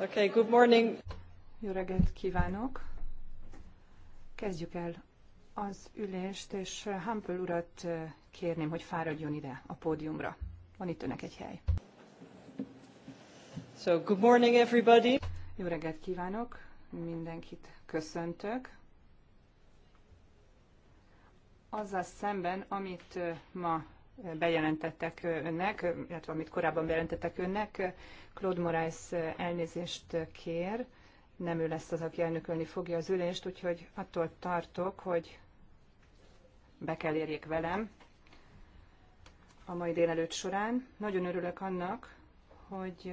Okay, good morning. Jó reggelt kívánok. Kezdjük el az ülést, és uh, Hampel urat uh, kérném, hogy fáradjon ide a pódiumra. Van itt önnek egy hely. So, good morning everybody. Jó reggelt kívánok, mindenkit köszöntök. Azzal szemben, amit uh, ma bejelentettek önnek, illetve amit korábban bejelentettek önnek, Claude Moraes elnézést kér, nem ő lesz az, aki elnökölni fogja az ülést, úgyhogy attól tartok, hogy be kell érjék velem a mai délelőtt során. Nagyon örülök annak, hogy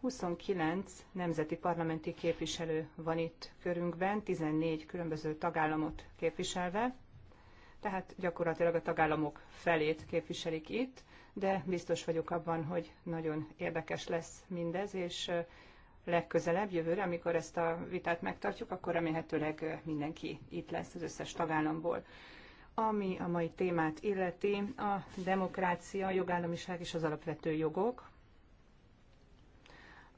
29 nemzeti parlamenti képviselő van itt körünkben, 14 különböző tagállamot képviselve tehát gyakorlatilag a tagállamok felét képviselik itt, de biztos vagyok abban, hogy nagyon érdekes lesz mindez, és legközelebb, jövőre, amikor ezt a vitát megtartjuk, akkor remélhetőleg mindenki itt lesz az összes tagállamból. Ami a mai témát illeti, a demokrácia, a jogállamiság és az alapvető jogok.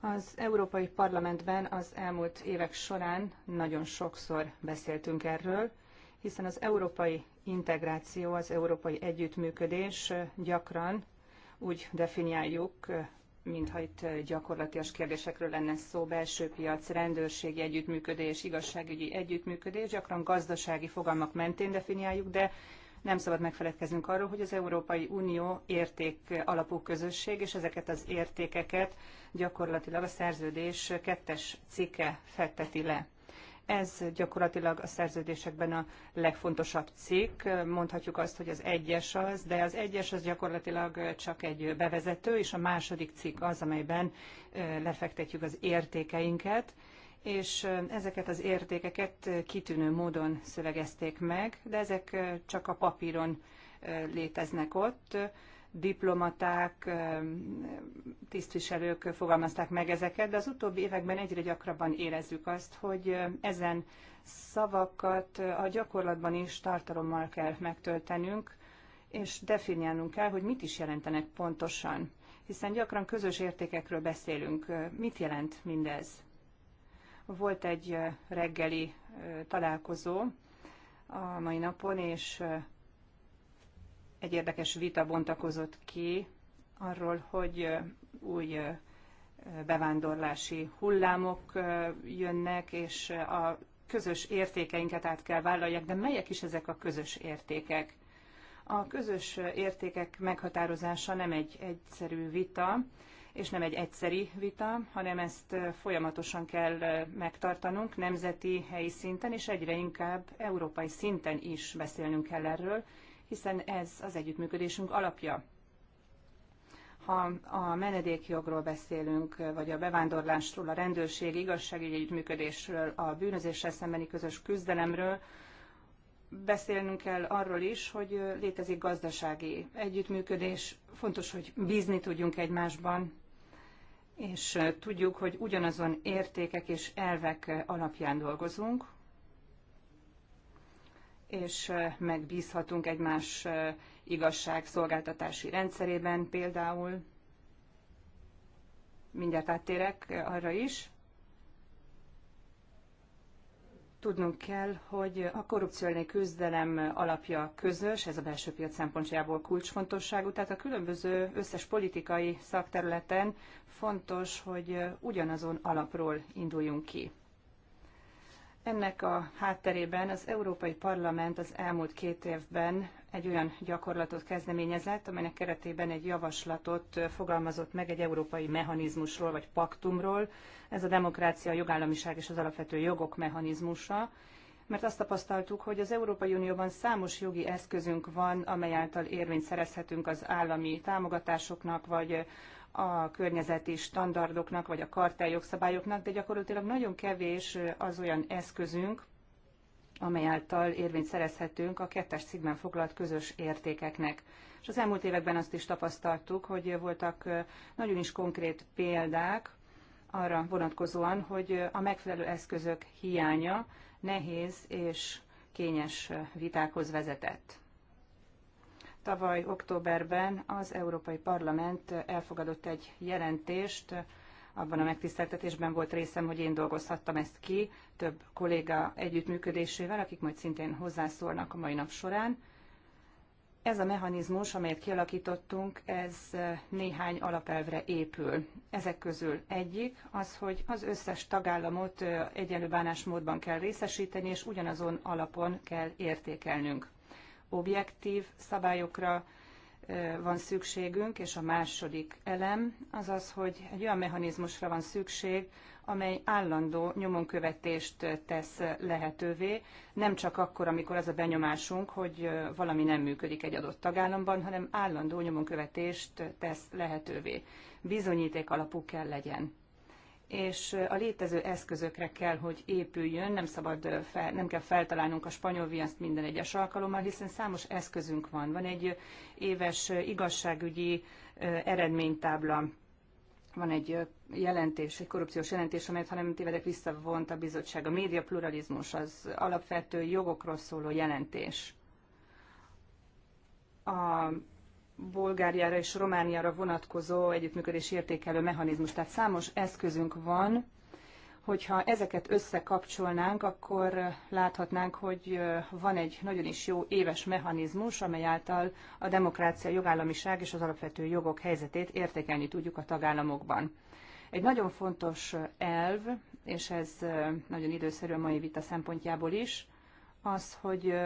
Az Európai Parlamentben az elmúlt évek során nagyon sokszor beszéltünk erről, hiszen az európai integráció, az európai együttműködés gyakran úgy definiáljuk, mintha itt gyakorlatias kérdésekről lenne szó, belső piac, rendőrségi együttműködés, igazságügyi együttműködés, gyakran gazdasági fogalmak mentén definiáljuk, de nem szabad megfeledkeznünk arról, hogy az Európai Unió érték alapú közösség, és ezeket az értékeket gyakorlatilag a szerződés kettes cikke fetteti le. Ez gyakorlatilag a szerződésekben a legfontosabb cikk. Mondhatjuk azt, hogy az egyes az, de az egyes az gyakorlatilag csak egy bevezető, és a második cikk az, amelyben lefektetjük az értékeinket és ezeket az értékeket kitűnő módon szövegezték meg, de ezek csak a papíron léteznek ott diplomaták, tisztviselők fogalmazták meg ezeket, de az utóbbi években egyre gyakrabban érezzük azt, hogy ezen szavakat a gyakorlatban is tartalommal kell megtöltenünk, és definiálnunk kell, hogy mit is jelentenek pontosan. Hiszen gyakran közös értékekről beszélünk. Mit jelent mindez? Volt egy reggeli találkozó a mai napon, és egy érdekes vita bontakozott ki arról, hogy új bevándorlási hullámok jönnek, és a közös értékeinket át kell vállalják, de melyek is ezek a közös értékek? A közös értékek meghatározása nem egy egyszerű vita, és nem egy egyszeri vita, hanem ezt folyamatosan kell megtartanunk nemzeti, helyi szinten, és egyre inkább európai szinten is beszélnünk kell erről, hiszen ez az együttműködésünk alapja. Ha a menedékjogról beszélünk, vagy a bevándorlásról, a rendőrség, igazságügyi együttműködésről, a bűnözéssel szembeni közös küzdelemről, beszélnünk kell arról is, hogy létezik gazdasági együttműködés. Fontos, hogy bízni tudjunk egymásban, és tudjuk, hogy ugyanazon értékek és elvek alapján dolgozunk, és megbízhatunk egymás igazságszolgáltatási rendszerében például. Mindjárt áttérek arra is. Tudnunk kell, hogy a korrupció elleni küzdelem alapja közös, ez a belső piac szempontjából kulcsfontosságú, tehát a különböző összes politikai szakterületen fontos, hogy ugyanazon alapról induljunk ki. Ennek a hátterében az Európai Parlament az elmúlt két évben egy olyan gyakorlatot kezdeményezett, amelynek keretében egy javaslatot fogalmazott meg egy európai mechanizmusról vagy paktumról. Ez a demokrácia, a jogállamiság és az alapvető jogok mechanizmusa, mert azt tapasztaltuk, hogy az Európai Unióban számos jogi eszközünk van, amely által érvényt szerezhetünk az állami támogatásoknak, vagy a környezeti standardoknak, vagy a karteljogszabályoknak, de gyakorlatilag nagyon kevés az olyan eszközünk, amely által érvényt szerezhetünk a kettes cikkben foglalt közös értékeknek. És az elmúlt években azt is tapasztaltuk, hogy voltak nagyon is konkrét példák arra vonatkozóan, hogy a megfelelő eszközök hiánya nehéz és kényes vitákhoz vezetett. Tavaly októberben az Európai Parlament elfogadott egy jelentést, abban a megtiszteltetésben volt részem, hogy én dolgozhattam ezt ki több kolléga együttműködésével, akik majd szintén hozzászólnak a mai nap során. Ez a mechanizmus, amelyet kialakítottunk, ez néhány alapelvre épül. Ezek közül egyik az, hogy az összes tagállamot egyenlő bánásmódban kell részesíteni, és ugyanazon alapon kell értékelnünk objektív szabályokra van szükségünk, és a második elem az az, hogy egy olyan mechanizmusra van szükség, amely állandó nyomonkövetést tesz lehetővé, nem csak akkor, amikor az a benyomásunk, hogy valami nem működik egy adott tagállamban, hanem állandó nyomonkövetést tesz lehetővé. Bizonyíték alapú kell legyen és a létező eszközökre kell, hogy épüljön, nem, szabad fel, nem kell feltalálnunk a spanyol viaszt minden egyes alkalommal, hiszen számos eszközünk van. Van egy éves igazságügyi eredménytábla, van egy jelentés, egy korrupciós jelentés, amelyet, ha nem tévedek, visszavont a bizottság. A média pluralizmus az alapvető jogokról szóló jelentés. A Bulgáriára és Romániára vonatkozó együttműködés értékelő mechanizmus. Tehát számos eszközünk van, hogyha ezeket összekapcsolnánk, akkor láthatnánk, hogy van egy nagyon is jó éves mechanizmus, amely által a demokrácia, jogállamiság és az alapvető jogok helyzetét értékelni tudjuk a tagállamokban. Egy nagyon fontos elv, és ez nagyon időszerű a mai vita szempontjából is, az, hogy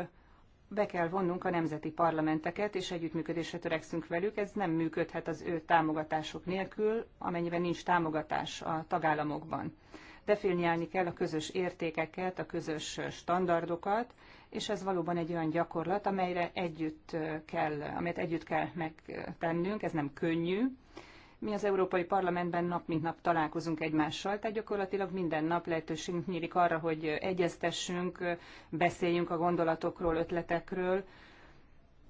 be kell vonnunk a nemzeti parlamenteket, és együttműködésre törekszünk velük. Ez nem működhet az ő támogatások nélkül, amennyiben nincs támogatás a tagállamokban. Definiálni kell a közös értékeket, a közös standardokat, és ez valóban egy olyan gyakorlat, amelyre együtt kell, amelyet együtt kell megtennünk, ez nem könnyű, mi az Európai Parlamentben nap mint nap találkozunk egymással, tehát gyakorlatilag minden nap lehetőségünk nyílik arra, hogy egyeztessünk, beszéljünk a gondolatokról, ötletekről,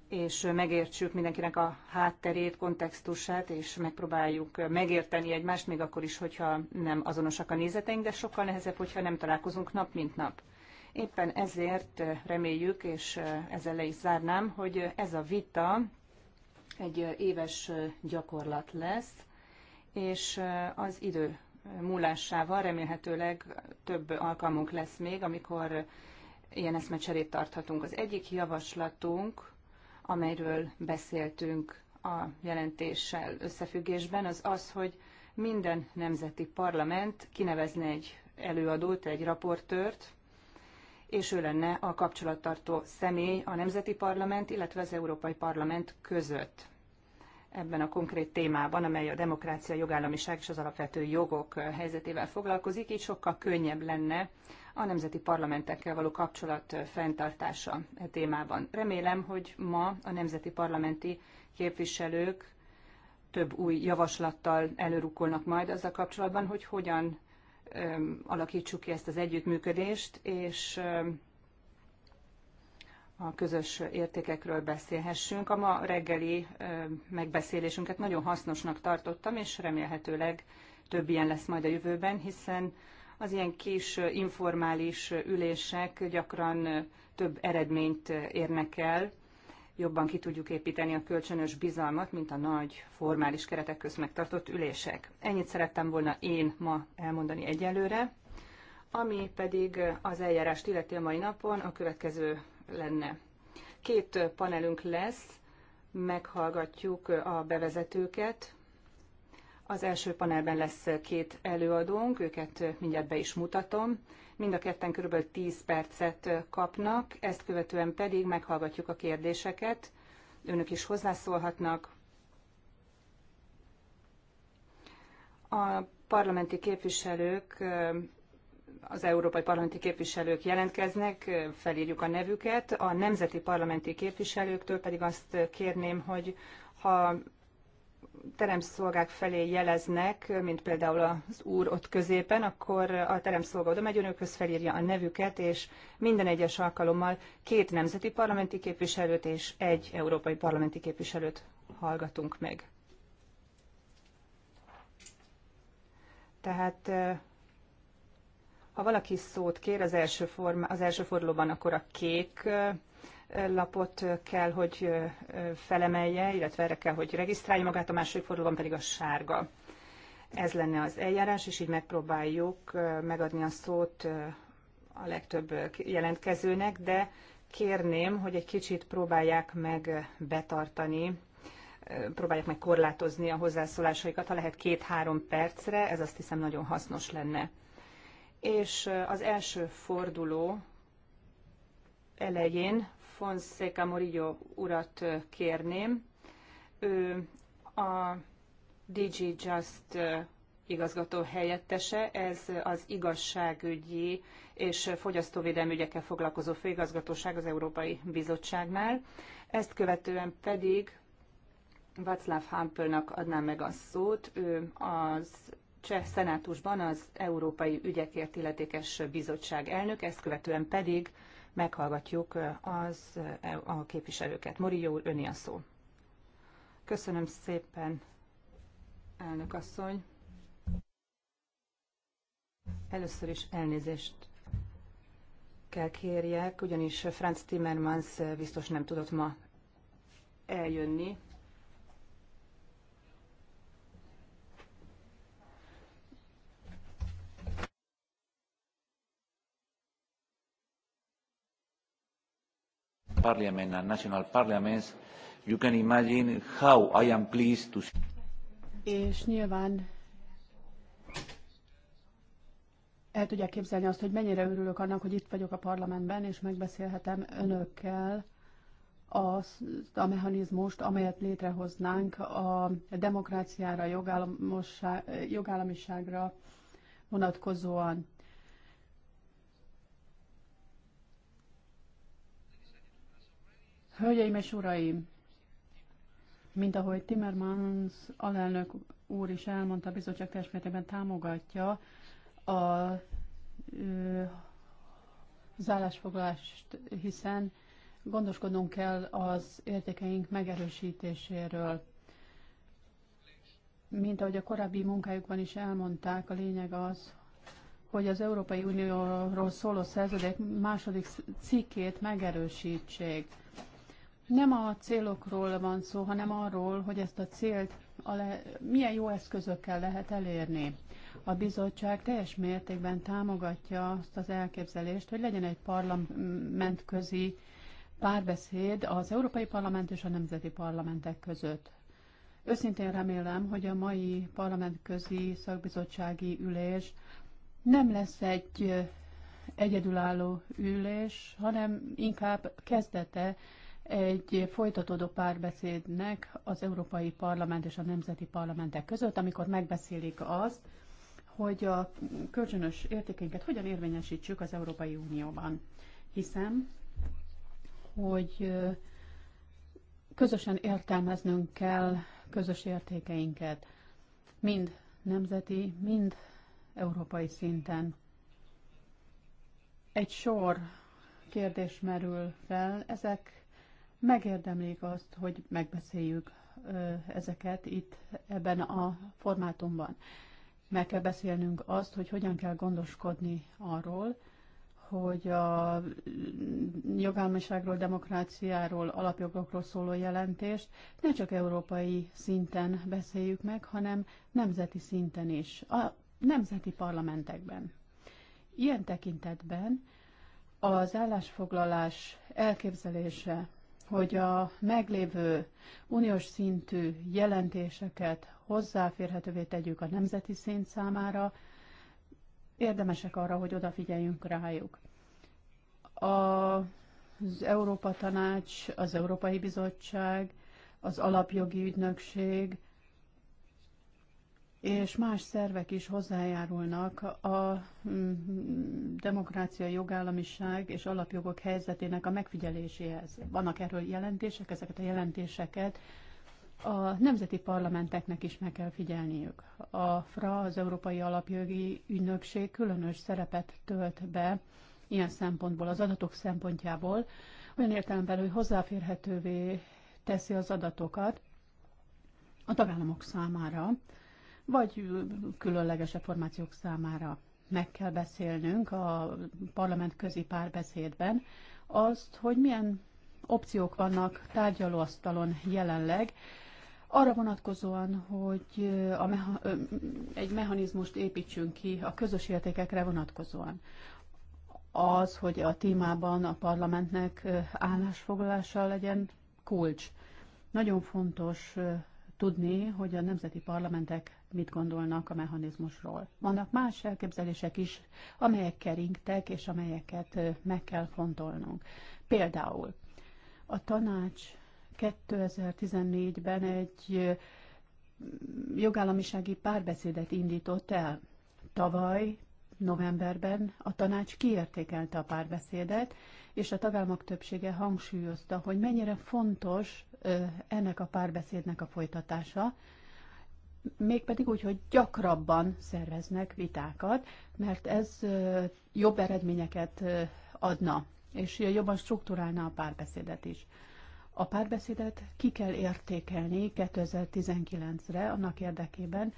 és megértsük mindenkinek a hátterét, kontextusát, és megpróbáljuk megérteni egymást, még akkor is, hogyha nem azonosak a nézeteink, de sokkal nehezebb, hogyha nem találkozunk nap mint nap. Éppen ezért reméljük, és ezzel le is zárnám, hogy ez a vita egy éves gyakorlat lesz, és az idő múlásával remélhetőleg több alkalmunk lesz még, amikor ilyen eszmecserét tarthatunk. Az egyik javaslatunk, amelyről beszéltünk a jelentéssel összefüggésben, az az, hogy minden nemzeti parlament kinevezne egy előadót, egy raportőrt, és ő lenne a kapcsolattartó személy a Nemzeti Parlament, illetve az Európai Parlament között ebben a konkrét témában, amely a demokrácia, jogállamiság és az alapvető jogok helyzetével foglalkozik, így sokkal könnyebb lenne a nemzeti parlamentekkel való kapcsolat fenntartása e témában. Remélem, hogy ma a nemzeti parlamenti képviselők több új javaslattal előrukkolnak majd azzal kapcsolatban, hogy hogyan alakítsuk ki ezt az együttműködést, és a közös értékekről beszélhessünk. A ma reggeli megbeszélésünket nagyon hasznosnak tartottam, és remélhetőleg több ilyen lesz majd a jövőben, hiszen az ilyen kis informális ülések gyakran több eredményt érnek el, jobban ki tudjuk építeni a kölcsönös bizalmat, mint a nagy formális keretek közt megtartott ülések. Ennyit szerettem volna én ma elmondani egyelőre, ami pedig az eljárást illeti a mai napon a következő lenne. Két panelünk lesz, meghallgatjuk a bevezetőket. Az első panelben lesz két előadónk, őket mindjárt be is mutatom. Mind a ketten kb. 10 percet kapnak, ezt követően pedig meghallgatjuk a kérdéseket. Önök is hozzászólhatnak. A parlamenti képviselők az európai parlamenti képviselők jelentkeznek, felírjuk a nevüket, a nemzeti parlamenti képviselőktől pedig azt kérném, hogy ha teremszolgák felé jeleznek, mint például az úr ott középen, akkor a teremszolga oda megy önökhöz, felírja a nevüket, és minden egyes alkalommal két nemzeti parlamenti képviselőt és egy európai parlamenti képviselőt hallgatunk meg. Tehát eh, ha valaki szót kér az első, forma, az első fordulóban, akkor a kék eh, lapot kell, hogy felemelje, illetve erre kell, hogy regisztrálja magát, a második fordulóban pedig a sárga. Ez lenne az eljárás, és így megpróbáljuk megadni a szót a legtöbb jelentkezőnek, de kérném, hogy egy kicsit próbálják meg betartani, próbálják meg korlátozni a hozzászólásaikat, ha lehet két-három percre, ez azt hiszem nagyon hasznos lenne. És az első forduló elején Fonseca Morillo urat kérném. Ő a DG Just igazgató helyettese, ez az igazságügyi és fogyasztóvédelmi ügyekkel foglalkozó főigazgatóság az Európai Bizottságnál. Ezt követően pedig Václav Hampelnak adnám meg a szót, ő az Cseh Szenátusban az Európai Ügyekért Illetékes Bizottság elnök, ezt követően pedig meghallgatjuk az, a képviselőket. Morió úr, öné a szó. Köszönöm szépen, elnök asszony. Először is elnézést kell kérjek, ugyanis Franz Timmermans biztos nem tudott ma eljönni, Parliament and national parliaments, you can imagine how I am pleased to És nyilván el tudják képzelni azt, hogy mennyire örülök annak, hogy itt vagyok a parlamentben, és megbeszélhetem önökkel azt a mechanizmust, amelyet létrehoznánk a demokráciára, jogállamiságra vonatkozóan. Hölgyeim és uraim, mint ahogy Timmermans alelnök úr is elmondta, a bizottság teljes mértékben támogatja a az állásfoglalást, hiszen gondoskodnunk kell az értékeink megerősítéséről. Mint ahogy a korábbi munkájukban is elmondták, a lényeg az, hogy az Európai Unióról szóló szerződék második cikkét megerősítsék nem a célokról van szó, hanem arról, hogy ezt a célt a le, milyen jó eszközökkel lehet elérni. A bizottság teljes mértékben támogatja azt az elképzelést, hogy legyen egy parlamentközi párbeszéd az Európai Parlament és a Nemzeti Parlamentek között. Őszintén remélem, hogy a mai parlamentközi szakbizottsági ülés nem lesz egy egyedülálló ülés, hanem inkább kezdete egy folytatódó párbeszédnek az Európai Parlament és a Nemzeti Parlamentek között, amikor megbeszélik azt, hogy a kölcsönös értékeinket hogyan érvényesítsük az Európai Unióban. Hiszem, hogy közösen értelmeznünk kell közös értékeinket, mind nemzeti, mind európai szinten. Egy sor kérdés merül fel, ezek megérdemlik azt, hogy megbeszéljük ezeket itt ebben a formátumban. Meg kell beszélnünk azt, hogy hogyan kell gondoskodni arról, hogy a jogállamiságról, demokráciáról, alapjogokról szóló jelentést ne csak európai szinten beszéljük meg, hanem nemzeti szinten is, a nemzeti parlamentekben. Ilyen tekintetben az állásfoglalás elképzelése hogy a meglévő uniós szintű jelentéseket hozzáférhetővé tegyük a nemzeti szint számára, érdemesek arra, hogy odafigyeljünk rájuk. Az Európa Tanács, az Európai Bizottság, az Alapjogi Ügynökség, és más szervek is hozzájárulnak a mm, demokrácia, jogállamiság és alapjogok helyzetének a megfigyeléséhez. Vannak erről jelentések, ezeket a jelentéseket a nemzeti parlamenteknek is meg kell figyelniük. A FRA, az Európai Alapjogi Ügynökség különös szerepet tölt be ilyen szempontból, az adatok szempontjából, olyan értelemben, hogy hozzáférhetővé teszi az adatokat a tagállamok számára, vagy különlegesebb formációk számára. Meg kell beszélnünk a parlament közi párbeszédben azt, hogy milyen opciók vannak tárgyalóasztalon jelenleg, arra vonatkozóan, hogy a meha- egy mechanizmust építsünk ki a közös értékekre vonatkozóan. Az, hogy a témában a parlamentnek állásfoglalása legyen kulcs. Nagyon fontos tudni, hogy a nemzeti parlamentek mit gondolnak a mechanizmusról. Vannak más elképzelések is, amelyek keringtek, és amelyeket meg kell fontolnunk. Például a tanács 2014-ben egy jogállamisági párbeszédet indított el. Tavaly novemberben a tanács kiértékelte a párbeszédet, és a tagállamok többsége hangsúlyozta, hogy mennyire fontos ennek a párbeszédnek a folytatása, mégpedig úgy, hogy gyakrabban szerveznek vitákat, mert ez jobb eredményeket adna, és jobban struktúrálna a párbeszédet is. A párbeszédet ki kell értékelni 2019-re annak érdekében,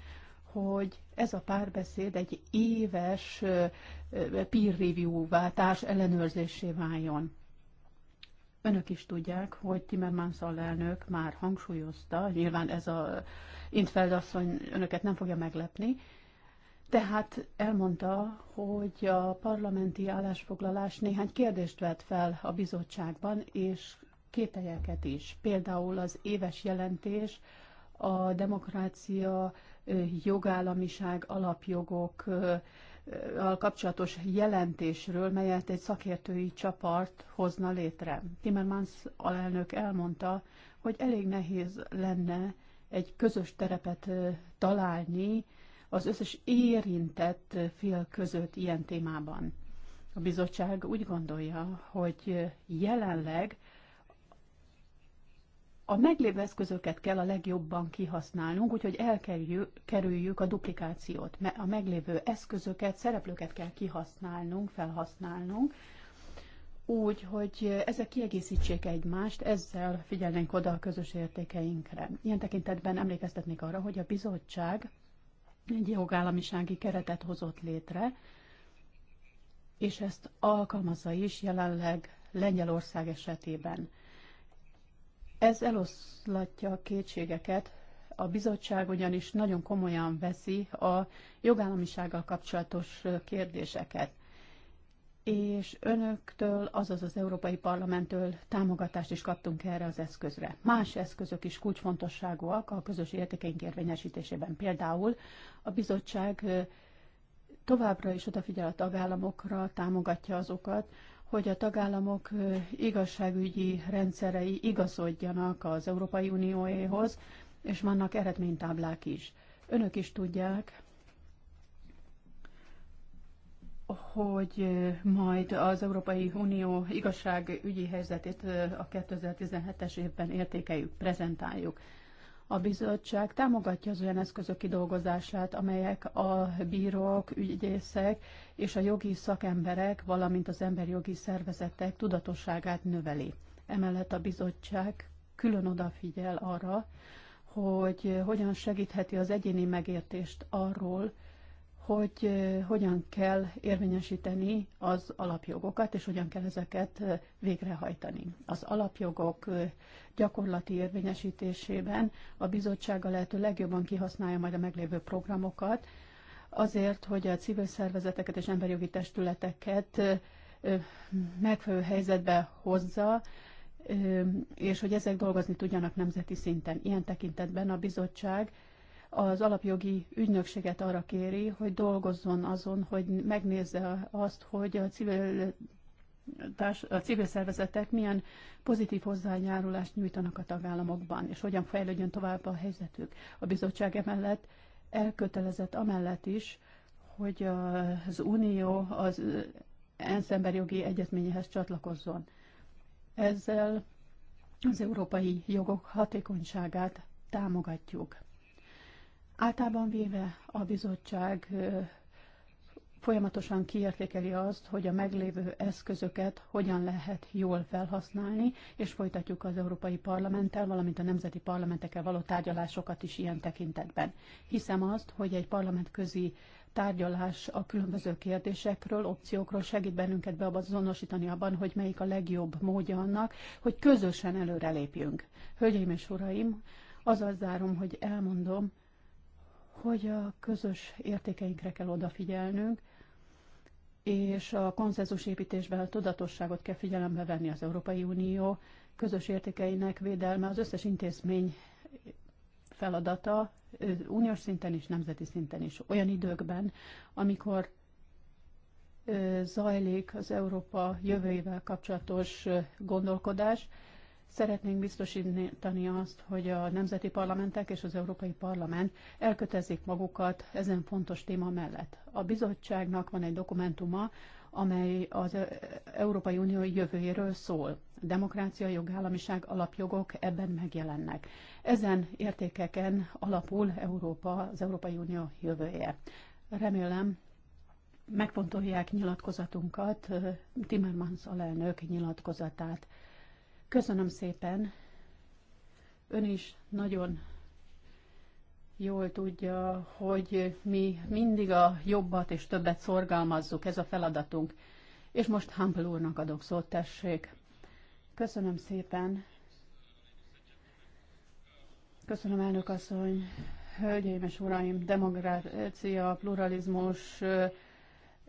hogy ez a párbeszéd egy éves peer review-vá, társ ellenőrzésé váljon. Önök is tudják, hogy Timmermans alelnök már hangsúlyozta, nyilván ez a Intfeld asszony önöket nem fogja meglepni, tehát elmondta, hogy a parlamenti állásfoglalás néhány kérdést vett fel a bizottságban, és kételyeket is. Például az éves jelentés a demokrácia, jogállamiság, alapjogok kapcsolatos jelentésről, melyet egy szakértői csapart hozna létre. Timmermans alelnök elmondta, hogy elég nehéz lenne egy közös terepet találni az összes érintett fél között ilyen témában. A bizottság úgy gondolja, hogy jelenleg a meglévő eszközöket kell a legjobban kihasználnunk, úgyhogy elkerüljük a duplikációt. A meglévő eszközöket, szereplőket kell kihasználnunk, felhasználnunk, úgy, hogy ezek kiegészítsék egymást, ezzel figyelnénk oda a közös értékeinkre. Ilyen tekintetben emlékeztetnék arra, hogy a bizottság egy jogállamisági keretet hozott létre, és ezt alkalmazza is jelenleg Lengyelország esetében. Ez eloszlatja a kétségeket, a bizottság ugyanis nagyon komolyan veszi a jogállamisággal kapcsolatos kérdéseket. És önöktől, azaz az Európai Parlamenttől támogatást is kaptunk erre az eszközre. Más eszközök is kulcsfontosságúak a közös értékeink érvényesítésében. Például a bizottság továbbra is odafigyel a tagállamokra, támogatja azokat, hogy a tagállamok igazságügyi rendszerei igazodjanak az Európai Unióéhoz, és vannak eredménytáblák is. Önök is tudják, hogy majd az Európai Unió igazságügyi helyzetét a 2017-es évben értékeljük, prezentáljuk. A bizottság támogatja az olyan eszközök kidolgozását, amelyek a bírók, ügyészek és a jogi szakemberek, valamint az emberjogi szervezetek tudatosságát növeli. Emellett a bizottság külön odafigyel arra, hogy hogyan segítheti az egyéni megértést arról, hogy hogyan kell érvényesíteni az alapjogokat, és hogyan kell ezeket végrehajtani. Az alapjogok gyakorlati érvényesítésében a bizottság a lehető legjobban kihasználja majd a meglévő programokat, azért, hogy a civil szervezeteket és emberjogi testületeket megfelelő helyzetbe hozza, és hogy ezek dolgozni tudjanak nemzeti szinten. Ilyen tekintetben a bizottság az alapjogi ügynökséget arra kéri, hogy dolgozzon azon, hogy megnézze azt, hogy a civil, társ, a civil szervezetek milyen pozitív hozzájárulást nyújtanak a tagállamokban, és hogyan fejlődjön tovább a helyzetük. A bizottság emellett elkötelezett amellett is, hogy az Unió az ENSZ emberjogi egyezményhez csatlakozzon. Ezzel az európai jogok hatékonyságát támogatjuk. Általában véve a bizottság folyamatosan kiértékeli azt, hogy a meglévő eszközöket hogyan lehet jól felhasználni, és folytatjuk az Európai Parlamenttel, valamint a nemzeti parlamentekkel való tárgyalásokat is ilyen tekintetben. Hiszem azt, hogy egy parlamentközi tárgyalás a különböző kérdésekről, opciókról segít bennünket beazonosítani abban, hogy melyik a legjobb módja annak, hogy közösen előrelépjünk. Hölgyeim és uraim, azzal zárom, hogy elmondom, hogy a közös értékeinkre kell odafigyelnünk, és a építésben a tudatosságot kell figyelembe venni az Európai Unió közös értékeinek védelme, az összes intézmény feladata uniós szinten is, nemzeti szinten is. Olyan időkben, amikor zajlik az Európa jövőjével kapcsolatos gondolkodás, Szeretnénk biztosítani azt, hogy a nemzeti parlamentek és az Európai Parlament elkötezik magukat ezen fontos téma mellett. A bizottságnak van egy dokumentuma, amely az e- Európai Unió jövőjéről szól. Demokrácia, jogállamiság, alapjogok ebben megjelennek. Ezen értékeken alapul Európa, az Európai Unió jövője. Remélem, megfontolják nyilatkozatunkat, Timmermans alelnök nyilatkozatát. Köszönöm szépen. Ön is nagyon jól tudja, hogy mi mindig a jobbat és többet szorgalmazzuk, ez a feladatunk. És most Hampel úrnak adok szót, tessék. Köszönöm szépen. Köszönöm, elnök asszony. Hölgyeim és uraim, demokrácia, pluralizmus,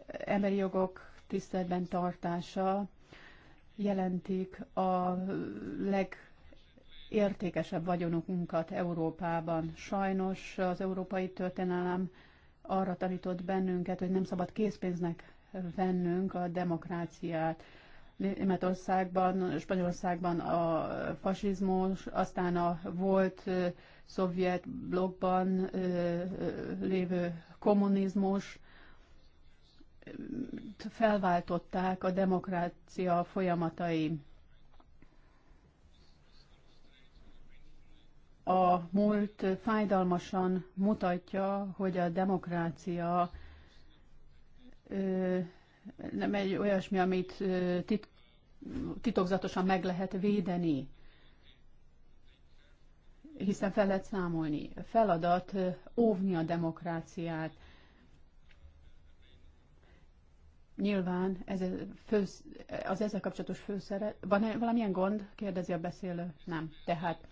emberi jogok tiszteletben tartása, jelentik a legértékesebb vagyonunkat Európában. Sajnos az európai történelem arra tanított bennünket, hogy nem szabad készpénznek vennünk a demokráciát. Németországban, Spanyolországban a fasizmus, aztán a volt szovjet blokkban lévő kommunizmus, felváltották a demokrácia folyamatai. A múlt fájdalmasan mutatja, hogy a demokrácia ö, nem egy olyasmi, amit tit, titokzatosan meg lehet védeni, hiszen fel lehet számolni. Feladat óvni a demokráciát Nyilván ez fő, az ezzel kapcsolatos főszere... Van -e valamilyen gond? Kérdezi a beszélő. Nem. Tehát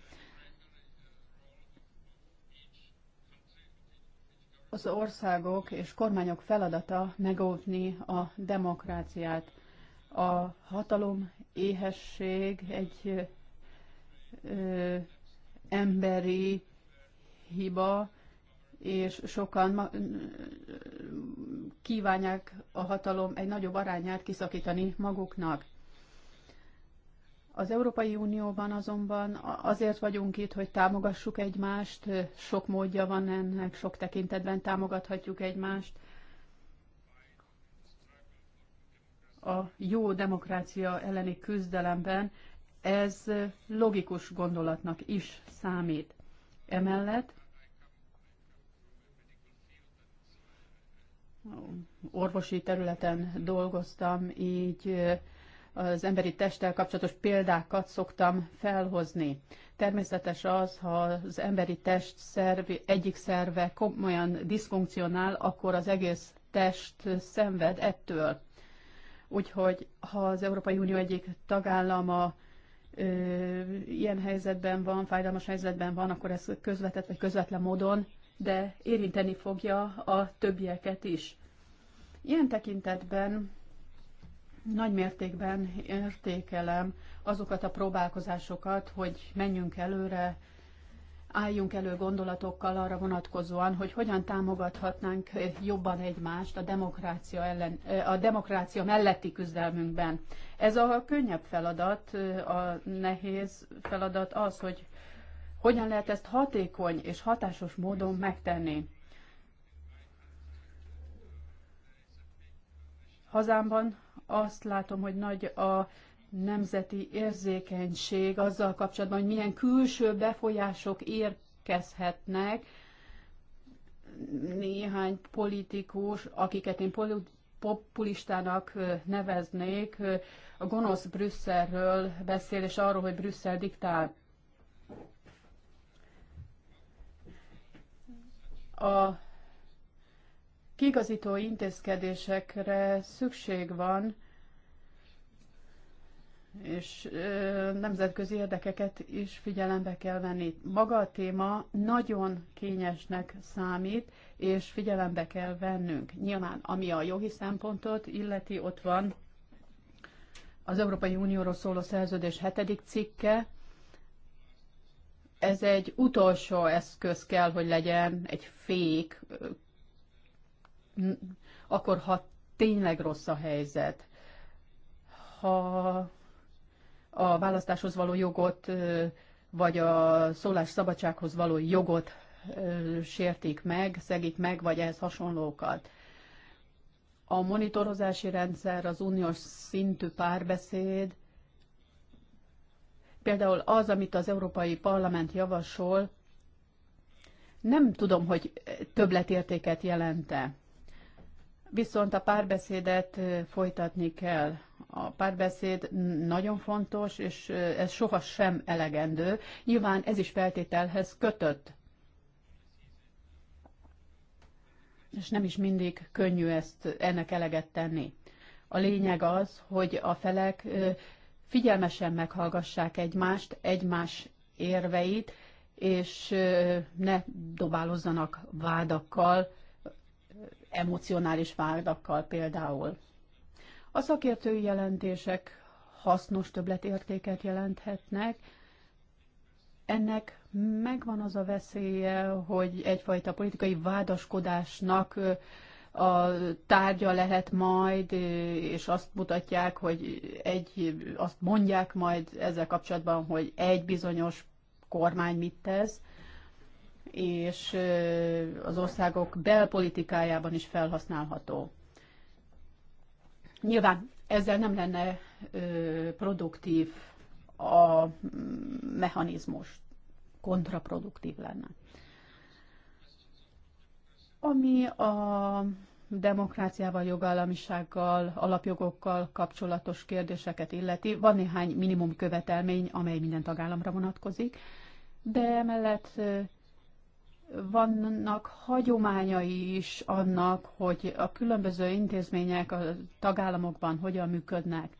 az országok és kormányok feladata megóvni a demokráciát. A hatalom éhesség egy ö, emberi hiba, és sokan kívánják a hatalom egy nagyobb arányát kiszakítani maguknak. Az Európai Unióban azonban azért vagyunk itt, hogy támogassuk egymást, sok módja van ennek, sok tekintetben támogathatjuk egymást. A jó demokrácia elleni küzdelemben ez logikus gondolatnak is számít. Emellett orvosi területen dolgoztam, így az emberi testtel kapcsolatos példákat szoktam felhozni. Természetes az, ha az emberi test szerv, egyik szerve komolyan diszfunkcionál, akkor az egész test szenved ettől. Úgyhogy ha az Európai Unió egyik tagállama ö, ilyen helyzetben van, fájdalmas helyzetben van, akkor ez közvetett vagy közvetlen módon de érinteni fogja a többieket is. Ilyen tekintetben nagy mértékben értékelem azokat a próbálkozásokat, hogy menjünk előre, álljunk elő gondolatokkal arra vonatkozóan, hogy hogyan támogathatnánk jobban egymást a demokrácia, ellen, a demokrácia melletti küzdelmünkben. Ez a könnyebb feladat, a nehéz feladat az, hogy hogyan lehet ezt hatékony és hatásos módon megtenni? Hazámban azt látom, hogy nagy a nemzeti érzékenység azzal kapcsolatban, hogy milyen külső befolyások érkezhetnek, néhány politikus, akiket én populistának neveznék, a gonosz Brüsszelről beszél, és arról, hogy Brüsszel diktál. A kigazító intézkedésekre szükség van, és nemzetközi érdekeket is figyelembe kell venni. Maga a téma nagyon kényesnek számít, és figyelembe kell vennünk. Nyilván, ami a jogi szempontot illeti, ott van az Európai Unióról szóló szerződés hetedik cikke, ez egy utolsó eszköz kell, hogy legyen, egy fék, akkor ha tényleg rossz a helyzet, ha a választáshoz való jogot, vagy a szabadsághoz való jogot sértik meg, szegik meg, vagy ehhez hasonlókat. A monitorozási rendszer, az uniós szintű párbeszéd, Például az, amit az Európai Parlament javasol, nem tudom, hogy többletértéket jelente. Viszont a párbeszédet folytatni kell. A párbeszéd nagyon fontos, és ez soha sem elegendő. Nyilván ez is feltételhez kötött. És nem is mindig könnyű ezt ennek eleget tenni. A lényeg az, hogy a felek figyelmesen meghallgassák egymást, egymás érveit, és ne dobálozzanak vádakkal, emocionális vádakkal például. A szakértői jelentések hasznos többletértéket jelenthetnek. Ennek megvan az a veszélye, hogy egyfajta politikai vádaskodásnak a tárgya lehet majd, és azt mutatják, hogy egy, azt mondják majd ezzel kapcsolatban, hogy egy bizonyos kormány mit tesz, és az országok belpolitikájában is felhasználható. Nyilván ezzel nem lenne produktív a mechanizmus, kontraproduktív lenne ami a demokráciával, jogállamisággal, alapjogokkal kapcsolatos kérdéseket illeti. Van néhány minimum követelmény, amely minden tagállamra vonatkozik, de emellett vannak hagyományai is annak, hogy a különböző intézmények a tagállamokban hogyan működnek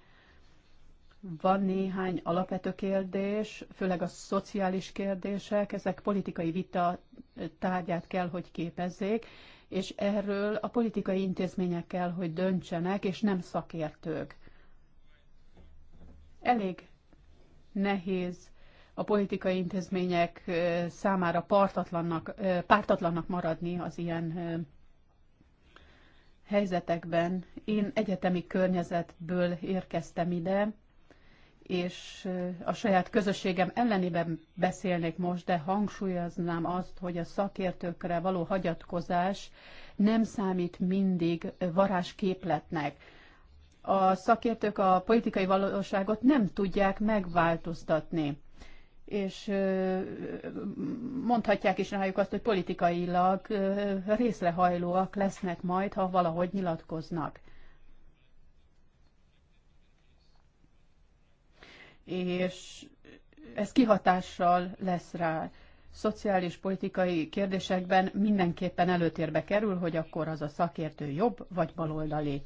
van néhány alapvető kérdés, főleg a szociális kérdések, ezek politikai vita tárgyát kell, hogy képezzék, és erről a politikai intézmények kell, hogy döntsenek, és nem szakértők. Elég nehéz a politikai intézmények számára partatlannak, pártatlannak maradni az ilyen helyzetekben. Én egyetemi környezetből érkeztem ide, és a saját közösségem ellenében beszélnék most, de hangsúlyoznám azt, hogy a szakértőkre való hagyatkozás nem számít mindig varázsképletnek. A szakértők a politikai valóságot nem tudják megváltoztatni és mondhatják is rájuk azt, hogy politikailag részrehajlóak lesznek majd, ha valahogy nyilatkoznak. és ez kihatással lesz rá. Szociális, politikai kérdésekben mindenképpen előtérbe kerül, hogy akkor az a szakértő jobb vagy baloldali.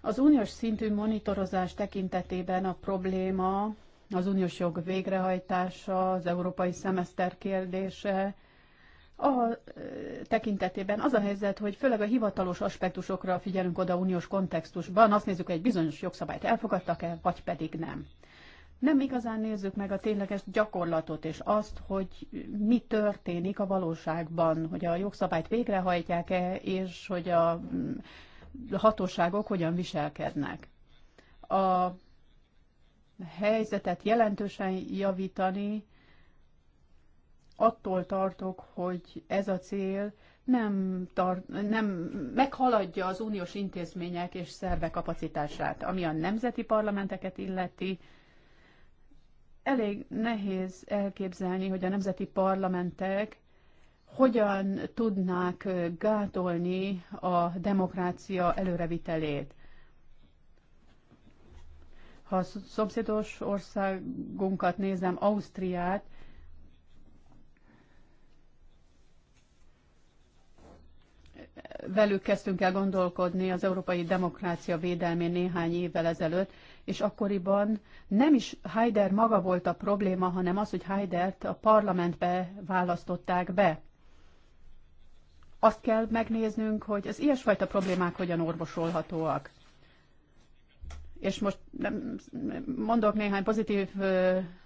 Az uniós szintű monitorozás tekintetében a probléma az uniós jog végrehajtása, az európai szemeszter kérdése, a tekintetében az a helyzet, hogy főleg a hivatalos aspektusokra figyelünk oda uniós kontextusban, azt nézzük, hogy egy bizonyos jogszabályt elfogadtak-e, vagy pedig nem. Nem igazán nézzük meg a tényleges gyakorlatot, és azt, hogy mi történik a valóságban, hogy a jogszabályt végrehajtják-e, és hogy a mm, hatóságok hogyan viselkednek. A helyzetet jelentősen javítani, attól tartok, hogy ez a cél nem, tar- nem meghaladja az uniós intézmények és szerve kapacitását, ami a nemzeti parlamenteket illeti. Elég nehéz elképzelni, hogy a nemzeti parlamentek hogyan tudnák gátolni a demokrácia előrevitelét. Ha a szomszédos országunkat nézem, Ausztriát, velük kezdtünk el gondolkodni az európai demokrácia védelmén néhány évvel ezelőtt, és akkoriban nem is Haider maga volt a probléma, hanem az, hogy Haidert a parlamentbe választották be. Azt kell megnéznünk, hogy az ilyesfajta problémák hogyan orvosolhatóak. És most nem, mondok néhány pozitív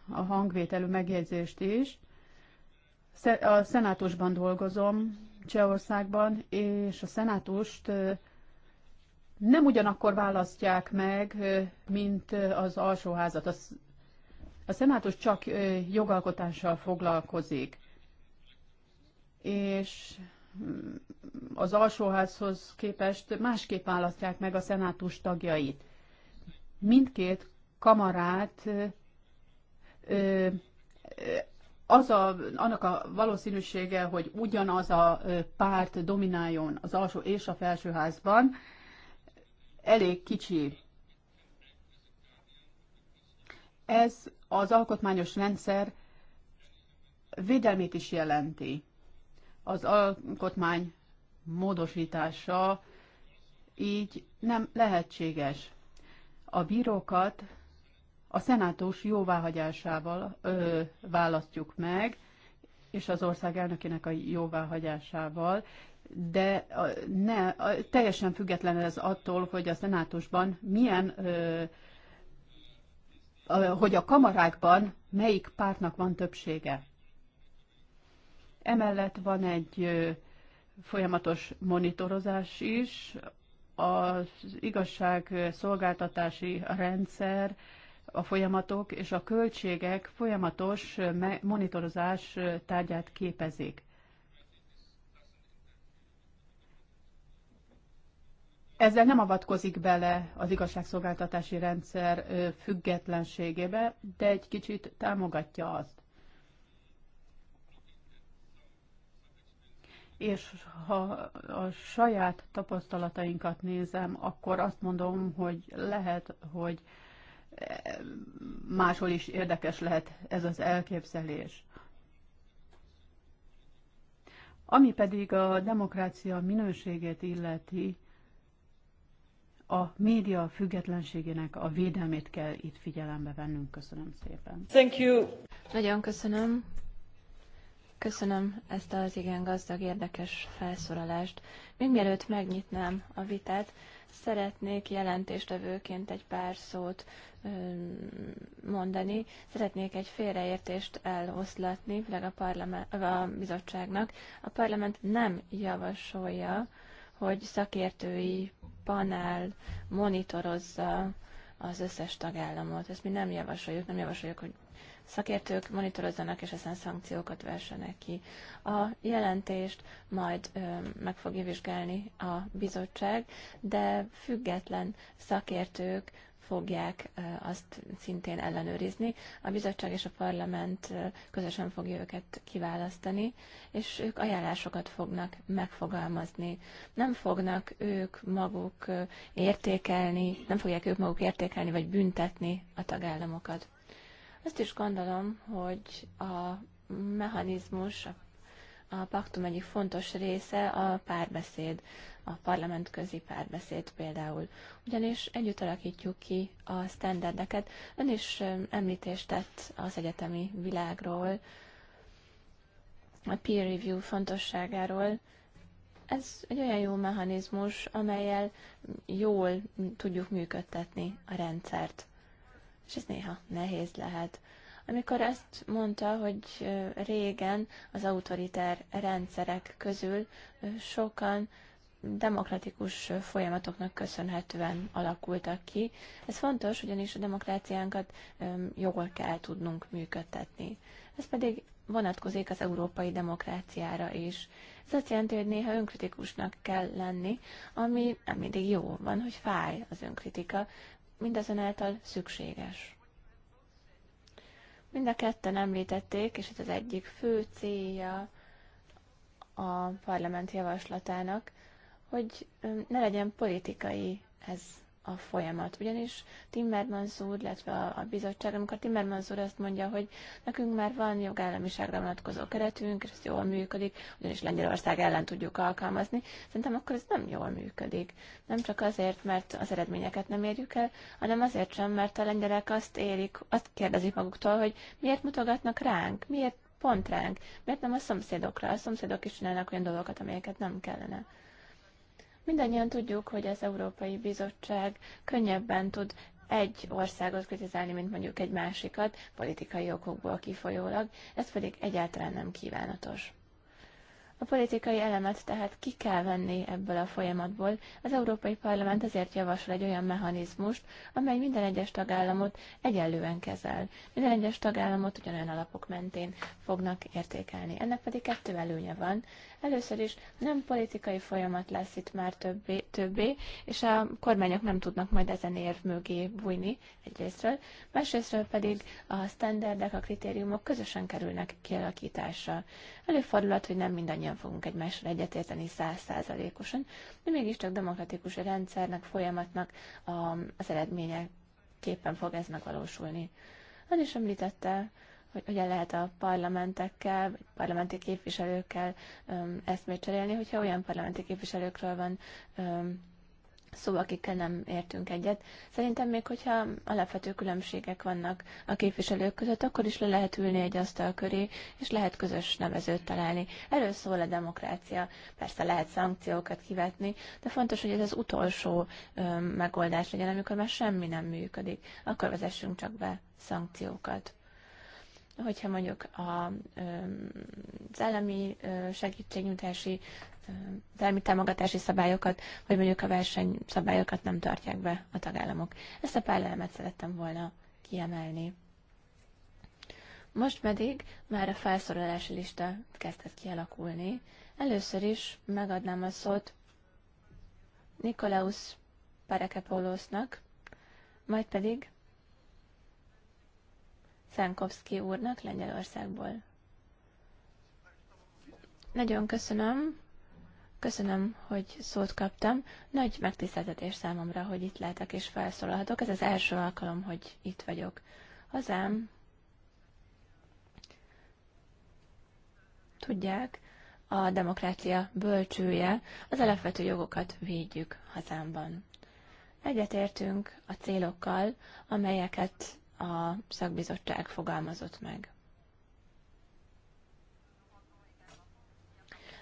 a hangvételű megjegyzést is. A szenátusban dolgozom, Csehországban, és a szenátust nem ugyanakkor választják meg, mint az alsóházat. A szenátus csak jogalkotással foglalkozik, és mm, az alsóházhoz képest másképp választják meg a szenátus tagjait. Mindkét kamarát az a, annak a valószínűsége, hogy ugyanaz a párt domináljon az alsó és a felsőházban, elég kicsi. Ez az alkotmányos rendszer védelmét is jelenti. Az alkotmány módosítása így nem lehetséges. A bírókat a szenátus jóváhagyásával ö, választjuk meg, és az ország elnökének a jóváhagyásával, de ne, teljesen független ez attól, hogy a szenátusban milyen, ö, hogy a kamarákban melyik pártnak van többsége. Emellett van egy folyamatos monitorozás is, az igazságszolgáltatási rendszer a folyamatok és a költségek folyamatos monitorozás tárgyát képezik. Ezzel nem avatkozik bele az igazságszolgáltatási rendszer függetlenségébe, de egy kicsit támogatja azt. És ha a saját tapasztalatainkat nézem, akkor azt mondom, hogy lehet, hogy máshol is érdekes lehet ez az elképzelés. Ami pedig a demokrácia minőségét illeti, a média függetlenségének a védelmét kell itt figyelembe vennünk. Köszönöm szépen. Thank you. Nagyon köszönöm. Köszönöm ezt az igen gazdag, érdekes felszólalást. Még mielőtt megnyitnám a vitát, Szeretnék jelentéstevőként egy pár szót mondani. Szeretnék egy félreértést eloszlatni, főleg a, parlament, a bizottságnak. A parlament nem javasolja, hogy szakértői panel monitorozza az összes tagállamot. Ezt mi nem javasoljuk, nem javasoljuk, hogy szakértők monitorozzanak, és aztán szankciókat versenek ki. A jelentést majd ö, meg fogja vizsgálni a bizottság, de független szakértők fogják azt szintén ellenőrizni. A bizottság és a parlament közösen fogja őket kiválasztani, és ők ajánlásokat fognak megfogalmazni. Nem fognak ők maguk értékelni, nem fogják ők maguk értékelni vagy büntetni a tagállamokat. Azt is gondolom, hogy a mechanizmus, a a paktum egyik fontos része a párbeszéd, a parlament közi párbeszéd például. Ugyanis együtt alakítjuk ki a standardeket. Ön is említést tett az egyetemi világról, a peer review fontosságáról. Ez egy olyan jó mechanizmus, amelyel jól tudjuk működtetni a rendszert és ez néha nehéz lehet. Amikor ezt mondta, hogy régen az autoriter rendszerek közül sokan demokratikus folyamatoknak köszönhetően alakultak ki. Ez fontos, ugyanis a demokráciánkat jól kell tudnunk működtetni. Ez pedig vonatkozik az európai demokráciára is. Ez azt jelenti, hogy néha önkritikusnak kell lenni, ami nem mindig jó van, hogy fáj az önkritika, mindezenáltal szükséges. Mind a ketten említették, és ez az egyik fő célja a parlament javaslatának, hogy ne legyen politikai ez a folyamat. Ugyanis Timmermans úr, illetve a, a bizottság, amikor Timmermans úr azt mondja, hogy nekünk már van jogállamiságra vonatkozó keretünk, és ez jól működik, ugyanis Lengyelország ellen tudjuk alkalmazni, szerintem akkor ez nem jól működik. Nem csak azért, mert az eredményeket nem érjük el, hanem azért sem, mert a lengyelek azt érik, azt kérdezik maguktól, hogy miért mutogatnak ránk, miért pont ránk, miért nem a szomszédokra, a szomszédok is csinálnak olyan dolgokat, amelyeket nem kellene. Mindannyian tudjuk, hogy az Európai Bizottság könnyebben tud egy országot kritizálni, mint mondjuk egy másikat, politikai okokból kifolyólag, ez pedig egyáltalán nem kívánatos. A politikai elemet tehát ki kell venni ebből a folyamatból. Az Európai Parlament ezért javasol egy olyan mechanizmust, amely minden egyes tagállamot egyenlően kezel. Minden egyes tagállamot ugyanolyan alapok mentén fognak értékelni. Ennek pedig kettő előnye van. Először is nem politikai folyamat lesz itt már többé, többé, és a kormányok nem tudnak majd ezen érv mögé bújni egyrésztről, másrésztről pedig a standardek, a kritériumok közösen kerülnek kialakításra. Előfordulhat, hogy nem mindannyian fogunk egymással egyetérteni százszázalékosan, de mégiscsak demokratikus rendszernek, folyamatnak az képen fog ez megvalósulni. Ön is említette, hogy hogyan lehet a parlamentekkel, vagy parlamenti képviselőkkel ezt eszmét cserélni, hogyha olyan parlamenti képviselőkről van öm, szó, akikkel nem értünk egyet. Szerintem még, hogyha alapvető különbségek vannak a képviselők között, akkor is le lehet ülni egy asztal köré, és lehet közös nevezőt találni. Erről szól a demokrácia. Persze lehet szankciókat kivetni, de fontos, hogy ez az utolsó ö, megoldás legyen, amikor már semmi nem működik. Akkor vezessünk csak be szankciókat hogyha mondjuk a, szellemi segítségnyújtási, szellemi támogatási szabályokat, vagy mondjuk a versenyszabályokat nem tartják be a tagállamok. Ezt a pár elemet szerettem volna kiemelni. Most pedig már a felszorolási lista kezdett kialakulni. Először is megadnám a szót Nikolaus Parekepolosnak, majd pedig Szenkovszki úrnak Lengyelországból. Nagyon köszönöm, köszönöm, hogy szót kaptam. Nagy megtiszteltetés számomra, hogy itt lehetek és felszólalhatok. Ez az első alkalom, hogy itt vagyok. Hazám, tudják, a demokrácia bölcsője, az alapvető jogokat védjük hazámban. Egyetértünk a célokkal, amelyeket a szakbizottság fogalmazott meg.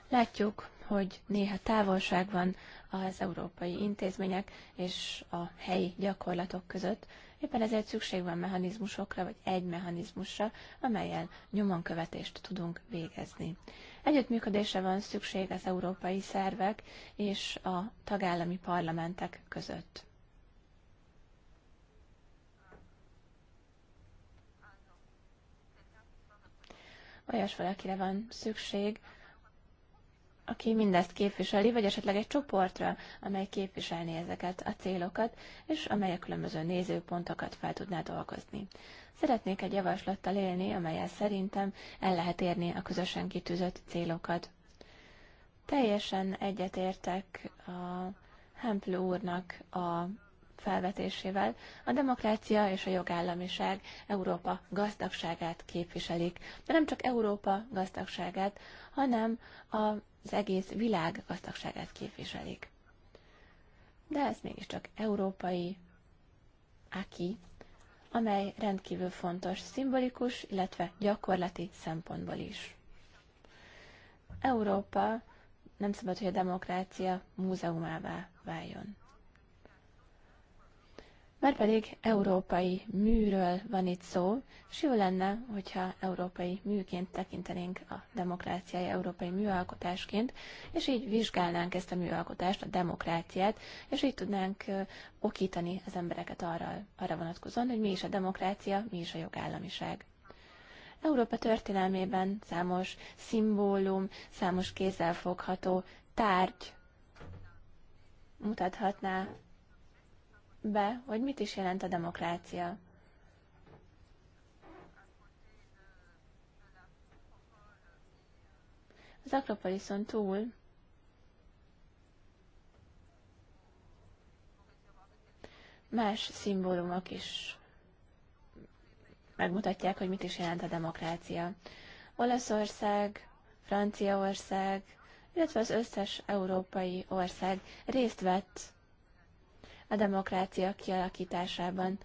Látjuk, hogy néha távolság van az európai intézmények és a helyi gyakorlatok között, éppen ezért szükség van mechanizmusokra, vagy egy mechanizmusra, amelyen nyomonkövetést tudunk végezni. Együttműködésre van szükség az európai szervek és a tagállami parlamentek között. olyas valakire van szükség, aki mindezt képviseli, vagy esetleg egy csoportra, amely képviselni ezeket a célokat, és amely a különböző nézőpontokat fel tudná dolgozni. Szeretnék egy javaslattal élni, amelyel szerintem el lehet érni a közösen kitűzött célokat. Teljesen egyetértek a Hempel úrnak a felvetésével a demokrácia és a jogállamiság Európa gazdagságát képviselik, de nem csak Európa gazdagságát, hanem az egész világ gazdagságát képviselik. De ez mégiscsak európai aki, amely rendkívül fontos szimbolikus, illetve gyakorlati szempontból is. Európa nem szabad, hogy a demokrácia múzeumává váljon. Mert pedig európai műről van itt szó, és jó lenne, hogyha európai műként tekintenénk a demokráciája európai műalkotásként, és így vizsgálnánk ezt a műalkotást, a demokráciát, és így tudnánk okítani az embereket arra, arra vonatkozóan, hogy mi is a demokrácia, mi is a jogállamiság. Európa történelmében számos szimbólum, számos kézzelfogható tárgy mutathatná be, hogy mit is jelent a demokrácia. Az Akropoliszon túl más szimbólumok is megmutatják, hogy mit is jelent a demokrácia. Olaszország, Franciaország, illetve az összes európai ország részt vett a demokrácia kialakításában.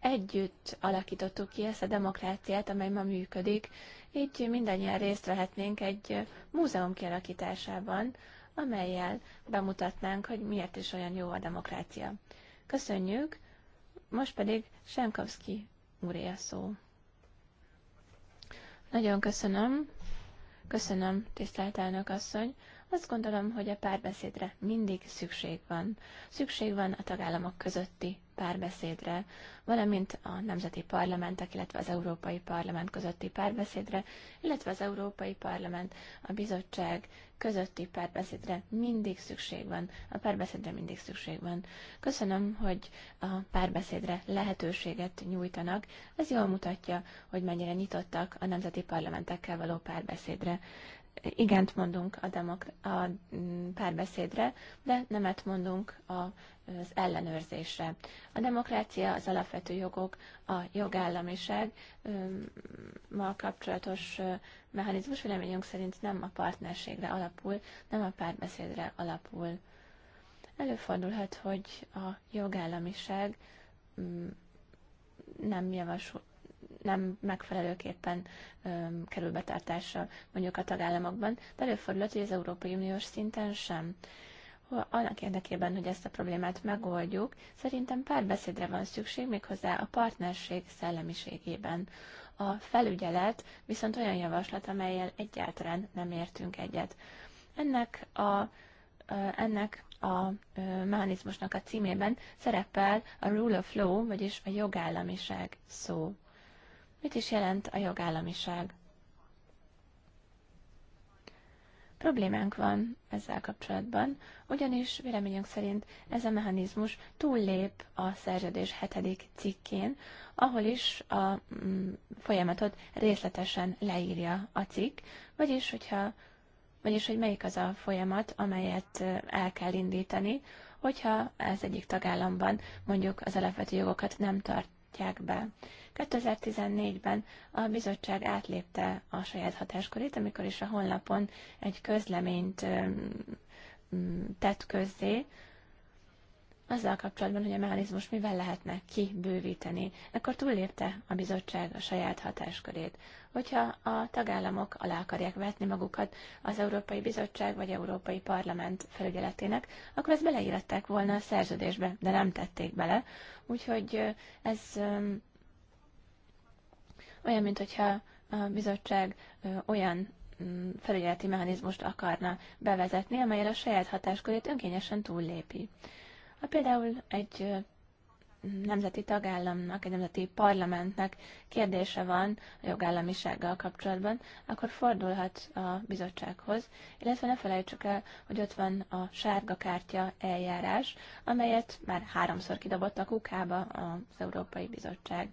Együtt alakítottuk ki ezt a demokráciát, amely ma működik, így mindannyian részt vehetnénk egy múzeum kialakításában, amelyel bemutatnánk, hogy miért is olyan jó a demokrácia. Köszönjük, most pedig Senkovski úré a szó. Nagyon köszönöm. Köszönöm, tisztelt elnök asszony. Azt gondolom, hogy a párbeszédre mindig szükség van. Szükség van a tagállamok közötti párbeszédre, valamint a nemzeti parlamentek, illetve az Európai Parlament közötti párbeszédre, illetve az Európai Parlament, a bizottság közötti párbeszédre mindig szükség van. A párbeszédre mindig szükség van. Köszönöm, hogy a párbeszédre lehetőséget nyújtanak. Ez jól mutatja, hogy mennyire nyitottak a nemzeti parlamentekkel való párbeszédre igent mondunk a, demokra- a párbeszédre, de nemet mondunk az ellenőrzésre. A demokrácia, az alapvető jogok, a jogállamiság mal kapcsolatos mechanizmus véleményünk szerint nem a partnerségre alapul, nem a párbeszédre alapul. Előfordulhat, hogy a jogállamiság nem javasol, nem megfelelőképpen um, kerül betartásra mondjuk a tagállamokban, de előfordulhat, hogy az Európai Uniós szinten sem. Annak érdekében, hogy ezt a problémát megoldjuk, szerintem párbeszédre van szükség méghozzá a partnerség szellemiségében. A felügyelet viszont olyan javaslat, amelyel egyáltalán nem értünk egyet. Ennek a ennek a mechanizmusnak a címében szerepel a rule of law, vagyis a jogállamiság szó. Mit is jelent a jogállamiság? Problémánk van ezzel kapcsolatban, ugyanis véleményünk szerint ez a mechanizmus túllép a szerződés hetedik cikkén, ahol is a mm, folyamatot részletesen leírja a cikk, vagyis, hogyha, vagyis hogy melyik az a folyamat, amelyet el kell indítani, hogyha ez egyik tagállamban mondjuk az alapvető jogokat nem, tart, mutatják be. 2014-ben a bizottság átlépte a saját hatáskörét, amikor is a honlapon egy közleményt tett közzé, azzal kapcsolatban, hogy a mechanizmus mivel lehetne kibővíteni, akkor túllépte a bizottság a saját hatáskörét. Hogyha a tagállamok alá akarják vetni magukat az Európai Bizottság vagy Európai Parlament felügyeletének, akkor ezt beleírták volna a szerződésbe, de nem tették bele. Úgyhogy ez olyan, mintha a bizottság olyan mm, felügyeleti mechanizmust akarna bevezetni, amelyel a saját hatáskörét önkényesen túllépi. Ha például egy nemzeti tagállamnak, egy nemzeti parlamentnek kérdése van a jogállamisággal kapcsolatban, akkor fordulhat a bizottsághoz, illetve ne felejtsük el, hogy ott van a sárga kártya eljárás, amelyet már háromszor kidobott a kukába az Európai Bizottság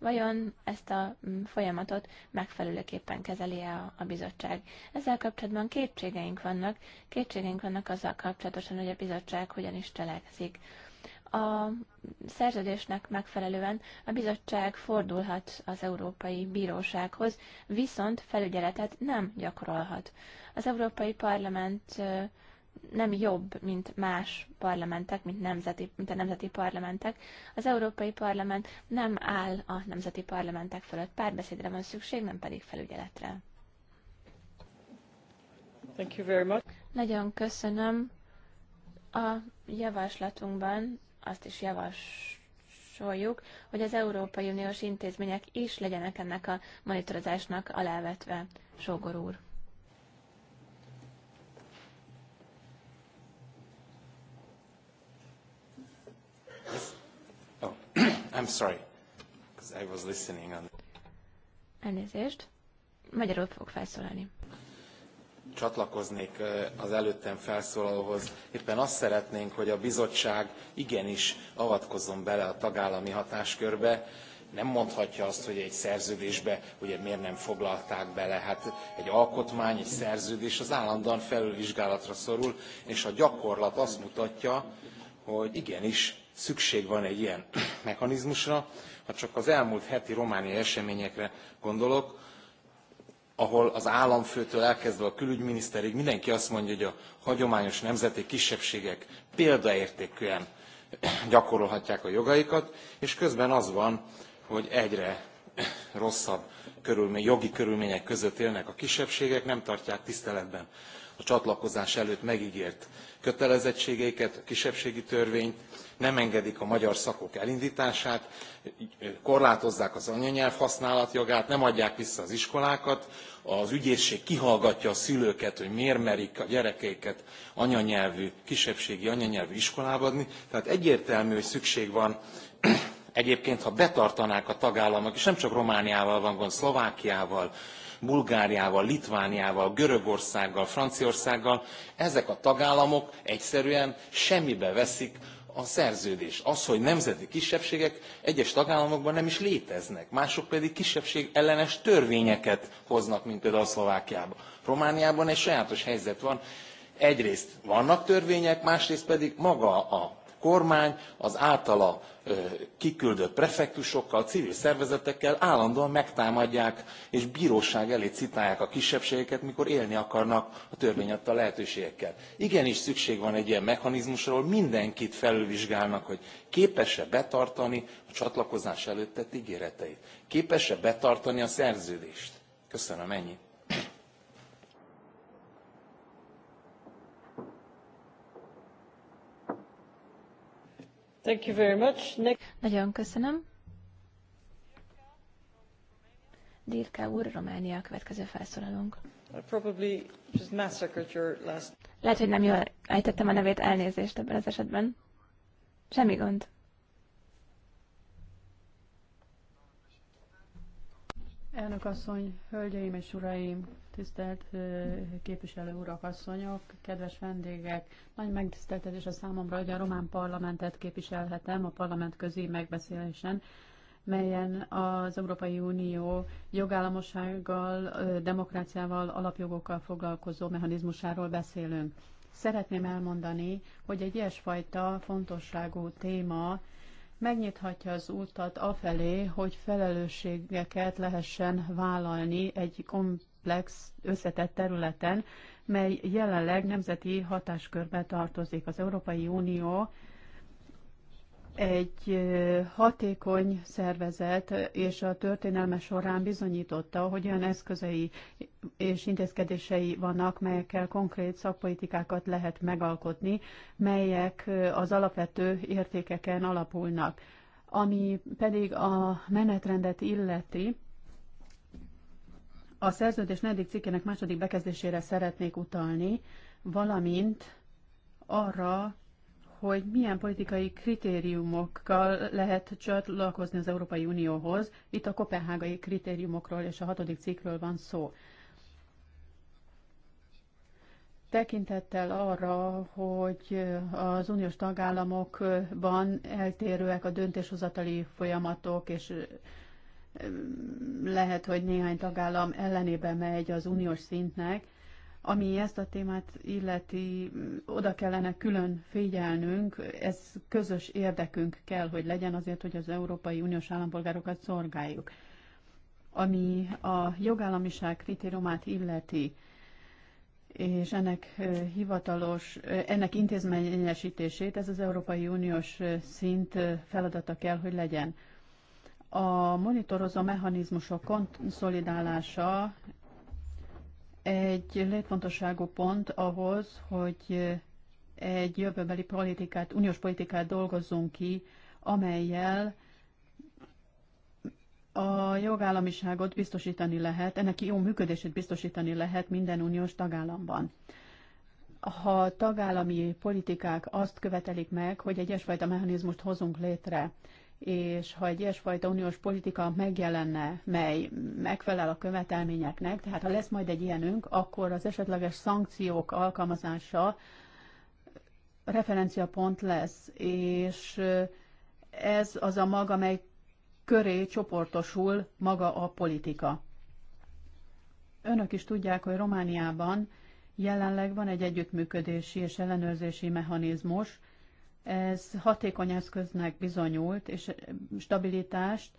vajon ezt a mm, folyamatot megfelelőképpen kezeli-e a, bizottság. Ezzel kapcsolatban kétségeink vannak, kétségeink vannak azzal kapcsolatosan, hogy a bizottság hogyan is cselekszik. A szerződésnek megfelelően a bizottság fordulhat az Európai Bírósághoz, viszont felügyeletet nem gyakorolhat. Az Európai Parlament nem jobb, mint más parlamentek, mint, nemzeti, mint a nemzeti parlamentek. Az Európai Parlament nem áll a nemzeti parlamentek fölött. Párbeszédre van szükség, nem pedig felügyeletre. Thank you very much. Nagyon köszönöm. A javaslatunkban azt is javasoljuk, hogy az Európai Uniós intézmények is legyenek ennek a monitorozásnak alávetve, Sógor úr. I'm sorry, because I was listening on... Elnézést. Magyarul fogok felszólalni. Csatlakoznék az előttem felszólalóhoz. Éppen azt szeretnénk, hogy a bizottság igenis avatkozzon bele a tagállami hatáskörbe, nem mondhatja azt, hogy egy szerződésbe ugye miért nem foglalták bele. Hát egy alkotmány, egy szerződés az állandóan felülvizsgálatra szorul, és a gyakorlat azt mutatja, hogy igenis szükség van egy ilyen mechanizmusra. Ha csak az elmúlt heti romániai eseményekre gondolok, ahol az államfőtől elkezdve a külügyminiszterig mindenki azt mondja, hogy a hagyományos nemzeti kisebbségek példaértékűen gyakorolhatják a jogaikat, és közben az van, hogy egyre rosszabb körülmény, jogi körülmények között élnek a kisebbségek, nem tartják tiszteletben a csatlakozás előtt meggért kötelezettségeiket, a kisebbségi törvény nem engedik a magyar szakok elindítását, korlátozzák az anyanyelv használat jogát, nem adják vissza az iskolákat, az ügyészség kihallgatja a szülőket, hogy miért merik a gyerekeiket anyanyelvű, kisebbségi anyanyelvű iskolába adni. Tehát egyértelmű, hogy szükség van egyébként, ha betartanák a tagállamok, és nem csak Romániával van gond, Szlovákiával, Bulgáriával, Litvániával, Görögországgal, Franciaországgal, ezek a tagállamok egyszerűen semmibe veszik a szerződést. Az, hogy nemzeti kisebbségek egyes tagállamokban nem is léteznek, mások pedig kisebbség ellenes törvényeket hoznak, mint például Szlovákiában. Romániában egy sajátos helyzet van. Egyrészt vannak törvények, másrészt pedig maga a kormány az általa kiküldött prefektusokkal, civil szervezetekkel állandóan megtámadják és bíróság elé citálják a kisebbségeket, mikor élni akarnak a törvény adta lehetőségekkel. Igenis szükség van egy ilyen mechanizmusra, ahol mindenkit felülvizsgálnak, hogy képes-e betartani a csatlakozás előtt tett géreteit Képes-e betartani a szerződést? Köszönöm, ennyi. Thank you very much. Next. Nagyon köszönöm. Dirka úr, Románia, következő felszólalunk. last... Lehet, hogy nem jól ejtettem a nevét, elnézést ebben az esetben. Semmi gond. Elnök asszony, hölgyeim és uraim, Tisztelt képviselő urak, asszonyok, kedves vendégek! Nagy megtiszteltetés a számomra, hogy a román parlamentet képviselhetem a parlament közé megbeszélésen, melyen az Európai Unió jogállamossággal, demokráciával, alapjogokkal foglalkozó mechanizmusáról beszélünk. Szeretném elmondani, hogy egy ilyesfajta fontosságú téma megnyithatja az útat afelé, hogy felelősségeket lehessen vállalni egy komplex, összetett területen, mely jelenleg nemzeti hatáskörbe tartozik. Az Európai Unió egy hatékony szervezet, és a történelme során bizonyította, hogy olyan eszközei és intézkedései vannak, melyekkel konkrét szakpolitikákat lehet megalkotni, melyek az alapvető értékeken alapulnak. Ami pedig a menetrendet illeti, a szerződés negyedik cikkének második bekezdésére szeretnék utalni, valamint arra, hogy milyen politikai kritériumokkal lehet csatlakozni az Európai Unióhoz. Itt a kopenhágai kritériumokról és a hatodik cikkről van szó. Tekintettel arra, hogy az uniós tagállamokban eltérőek a döntéshozatali folyamatok, és lehet, hogy néhány tagállam ellenébe megy az uniós szintnek, ami ezt a témát illeti, oda kellene külön figyelnünk, ez közös érdekünk kell, hogy legyen azért, hogy az Európai Uniós állampolgárokat szolgáljuk. Ami a jogállamiság kritériumát illeti, és ennek hivatalos, ennek intézményesítését, ez az Európai Uniós szint feladata kell, hogy legyen. A monitorozó mechanizmusok konszolidálása egy létfontosságú pont ahhoz, hogy egy jövőbeli politikát, uniós politikát dolgozzunk ki, amelyel a jogállamiságot biztosítani lehet, ennek jó működését biztosítani lehet minden uniós tagállamban. Ha tagállami politikák azt követelik meg, hogy egyesfajta mechanizmust hozunk létre, és ha egy ilyesfajta uniós politika megjelenne, mely megfelel a követelményeknek, tehát ha lesz majd egy ilyenünk, akkor az esetleges szankciók alkalmazása referenciapont lesz, és ez az a maga, mely köré csoportosul maga a politika. Önök is tudják, hogy Romániában jelenleg van egy együttműködési és ellenőrzési mechanizmus, ez hatékony eszköznek bizonyult, és stabilitást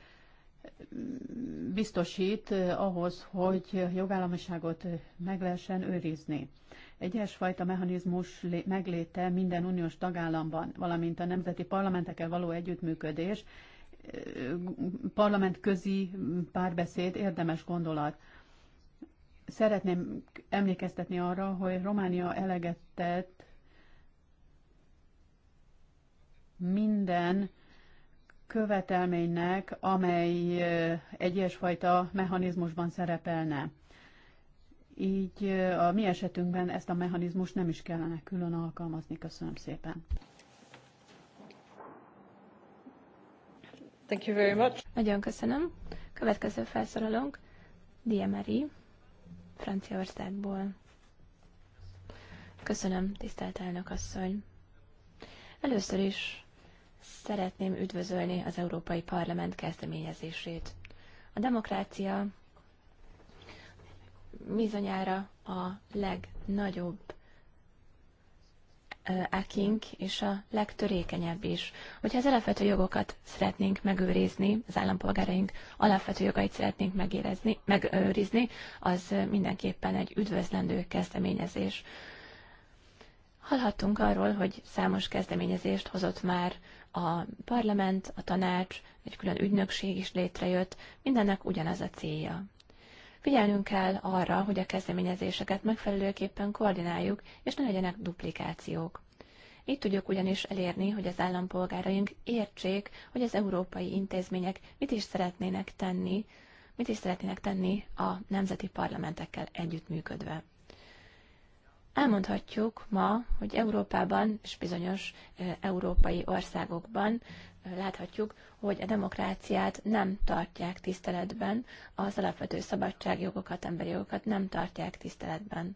biztosít eh, ahhoz, hogy jogállamiságot meg lehessen őrizni. Egyesfajta mechanizmus megléte minden uniós tagállamban, valamint a nemzeti parlamentekkel való együttműködés, eh, parlamentközi párbeszéd érdemes gondolat. Szeretném emlékeztetni arra, hogy Románia eleget tett minden követelménynek, amely egyesfajta mechanizmusban szerepelne. Így a mi esetünkben ezt a mechanizmust nem is kellene külön alkalmazni. Köszönöm szépen. Thank you very much. Nagyon köszönöm. Következő felszólalónk Diemeri, Franciaországból. Köszönöm, tisztelt elnök asszony. Először is Szeretném üdvözölni az Európai Parlament kezdeményezését. A demokrácia bizonyára a legnagyobb akink és a legtörékenyebb is. Hogyha az alapvető jogokat szeretnénk megőrizni, az állampolgáraink alapvető jogait szeretnénk megérezni, megőrizni, az mindenképpen egy üdvözlendő kezdeményezés. Hallhattunk arról, hogy számos kezdeményezést hozott már a parlament, a tanács, egy külön ügynökség is létrejött, mindennek ugyanez a célja. Figyelnünk kell arra, hogy a kezdeményezéseket megfelelőképpen koordináljuk, és ne legyenek duplikációk. Így tudjuk ugyanis elérni, hogy az állampolgáraink értsék, hogy az európai intézmények mit is szeretnének tenni, mit is szeretnének tenni a nemzeti parlamentekkel együttműködve. Elmondhatjuk ma, hogy Európában és bizonyos európai országokban láthatjuk, hogy a demokráciát nem tartják tiszteletben, az alapvető szabadságjogokat, emberi jogokat nem tartják tiszteletben.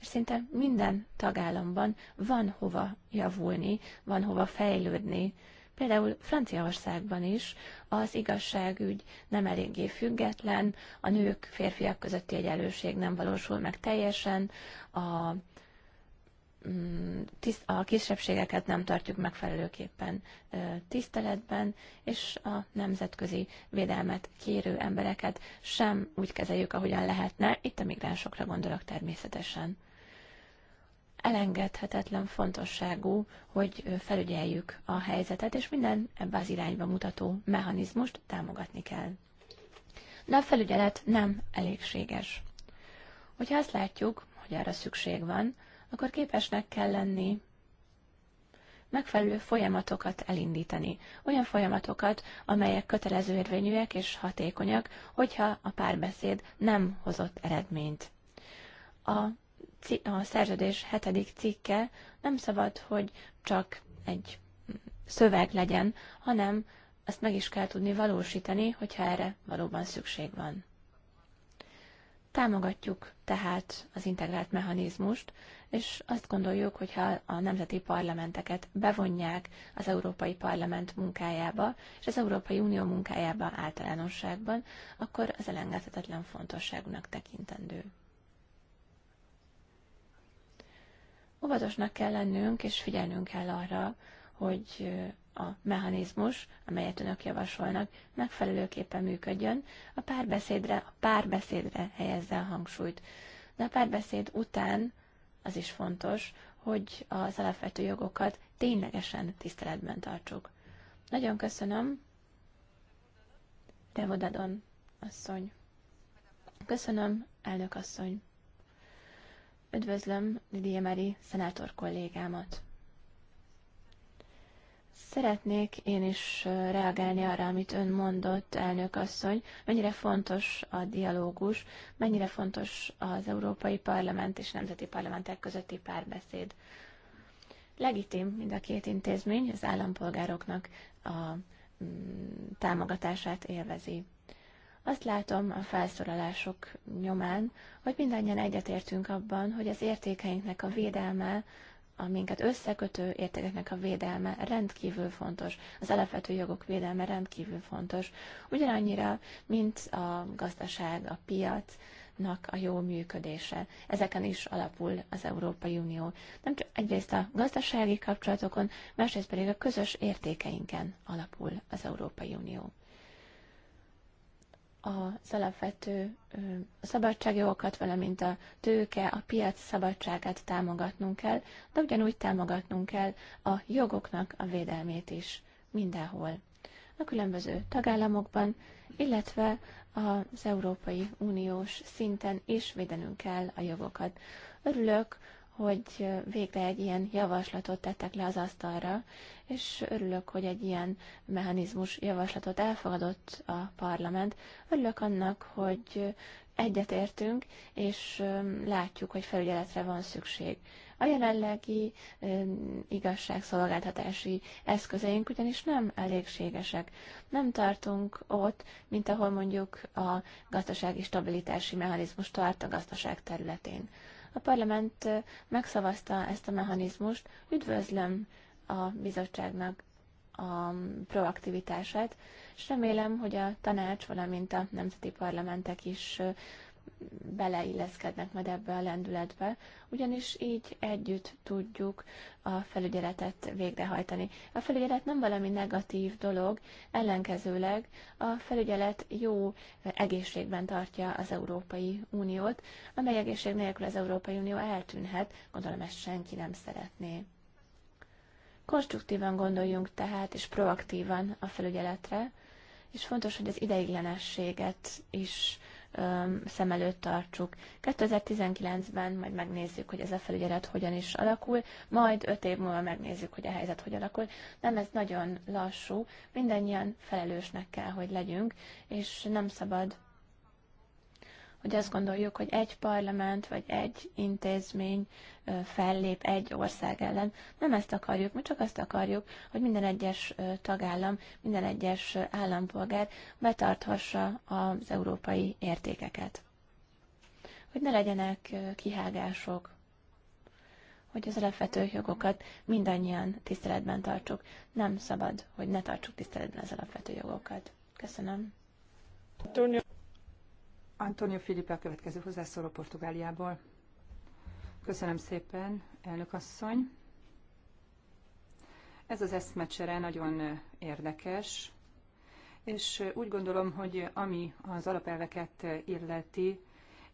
És szinte minden tagállamban van hova javulni, van hova fejlődni. Például Franciaországban is az igazságügy nem eléggé független, a nők, férfiak közötti egyenlőség nem valósul meg teljesen, a a kisebbségeket nem tartjuk megfelelőképpen tiszteletben, és a nemzetközi védelmet kérő embereket sem úgy kezeljük, ahogyan lehetne. Itt a migránsokra gondolok természetesen. Elengedhetetlen fontosságú, hogy felügyeljük a helyzetet, és minden ebbe az irányba mutató mechanizmust támogatni kell. De a felügyelet nem elégséges. Hogyha azt látjuk, hogy arra szükség van, akkor képesnek kell lenni megfelelő folyamatokat elindítani. Olyan folyamatokat, amelyek kötelező érvényűek és hatékonyak, hogyha a párbeszéd nem hozott eredményt. A, a szerződés hetedik cikke nem szabad, hogy csak egy szöveg legyen, hanem ezt meg is kell tudni valósítani, hogyha erre valóban szükség van. Támogatjuk tehát az integrált mechanizmust, és azt gondoljuk, hogy ha a nemzeti parlamenteket bevonják az Európai Parlament munkájába, és az Európai Unió munkájába általánosságban, akkor az elengedhetetlen fontosságúnak tekintendő. Óvatosnak kell lennünk, és figyelnünk kell arra, hogy a mechanizmus, amelyet önök javasolnak, megfelelőképpen működjön, a párbeszédre, a párbeszédre helyezze a hangsúlyt. De a párbeszéd után az is fontos, hogy az alapvető jogokat ténylegesen tiszteletben tartsuk. Nagyon köszönöm, Devodadon asszony. Köszönöm, elnök asszony. Üdvözlöm Lidia Mari szenátor kollégámat. Szeretnék én is reagálni arra, amit ön mondott, elnök asszony, mennyire fontos a dialógus, mennyire fontos az Európai Parlament és Nemzeti Parlamentek közötti párbeszéd. Legitim mind a két intézmény, az állampolgároknak a mm, támogatását élvezi. Azt látom a felszólalások nyomán, hogy mindannyian egyetértünk abban, hogy az értékeinknek a védelme a minket összekötő értékeknek a védelme rendkívül fontos, az alapvető jogok védelme rendkívül fontos, ugyanannyira, mint a gazdaság, a piac, a jó működése. Ezeken is alapul az Európai Unió. Nem csak egyrészt a gazdasági kapcsolatokon, másrészt pedig a közös értékeinken alapul az Európai Unió az alapvető szabadságjogokat, valamint a tőke, a piac szabadságát támogatnunk kell, de ugyanúgy támogatnunk kell a jogoknak a védelmét is mindenhol. A különböző tagállamokban, illetve az Európai Uniós szinten is védenünk kell a jogokat. Örülök, hogy végre egy ilyen javaslatot tettek le az asztalra, és örülök, hogy egy ilyen mechanizmus javaslatot elfogadott a parlament. Örülök annak, hogy egyetértünk, és látjuk, hogy felügyeletre van szükség. A jelenlegi igazságszolgáltatási eszközeink ugyanis nem elégségesek. Nem tartunk ott, mint ahol mondjuk a gazdasági stabilitási mechanizmus tart a gazdaság területén. A parlament megszavazta ezt a mechanizmust. Üdvözlöm a bizottságnak a proaktivitását, és remélem, hogy a tanács, valamint a nemzeti parlamentek is beleilleszkednek majd ebbe a lendületbe, ugyanis így együtt tudjuk a felügyeletet végrehajtani. A felügyelet nem valami negatív dolog, ellenkezőleg a felügyelet jó egészségben tartja az Európai Uniót, amely egészség nélkül az Európai Unió eltűnhet, gondolom ezt senki nem szeretné. Konstruktívan gondoljunk tehát, és proaktívan a felügyeletre, és fontos, hogy az ideiglenességet is szem előtt tartsuk. 2019-ben majd megnézzük, hogy ez a felügyelet hogyan is alakul, majd öt év múlva megnézzük, hogy a helyzet hogy alakul. Nem, ez nagyon lassú, mindannyian felelősnek kell, hogy legyünk, és nem szabad hogy azt gondoljuk, hogy egy parlament vagy egy intézmény fellép egy ország ellen. Nem ezt akarjuk, mi csak azt akarjuk, hogy minden egyes tagállam, minden egyes állampolgár betarthassa az európai értékeket. Hogy ne legyenek kihágások, hogy az alapvető jogokat mindannyian tiszteletben tartsuk. Nem szabad, hogy ne tartsuk tiszteletben az alapvető jogokat. Köszönöm. Antonio. Antonio Filipe a következő hozzászóló Portugáliából. Köszönöm szépen, elnök asszony. Ez az eszmecsere nagyon érdekes, és úgy gondolom, hogy ami az alapelveket illeti,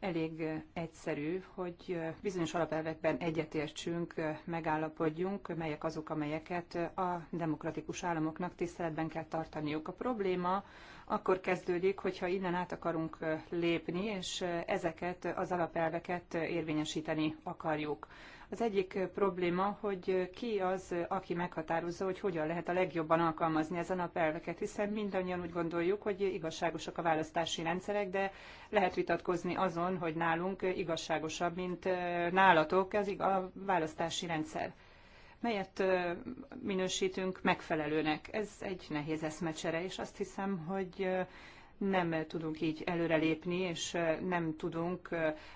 elég egyszerű, hogy bizonyos alapelvekben egyetértsünk, megállapodjunk, melyek azok, amelyeket a demokratikus államoknak tiszteletben kell tartaniuk. A probléma akkor kezdődik, hogyha innen át akarunk lépni, és ezeket az alapelveket érvényesíteni akarjuk. Az egyik probléma, hogy ki az, aki meghatározza, hogy hogyan lehet a legjobban alkalmazni ezen a pelveket, hiszen mindannyian úgy gondoljuk, hogy igazságosak a választási rendszerek, de lehet vitatkozni azon, hogy nálunk igazságosabb, mint nálatok az a választási rendszer melyet minősítünk megfelelőnek. Ez egy nehéz eszmecsere, és azt hiszem, hogy nem tudunk így előrelépni, és nem tudunk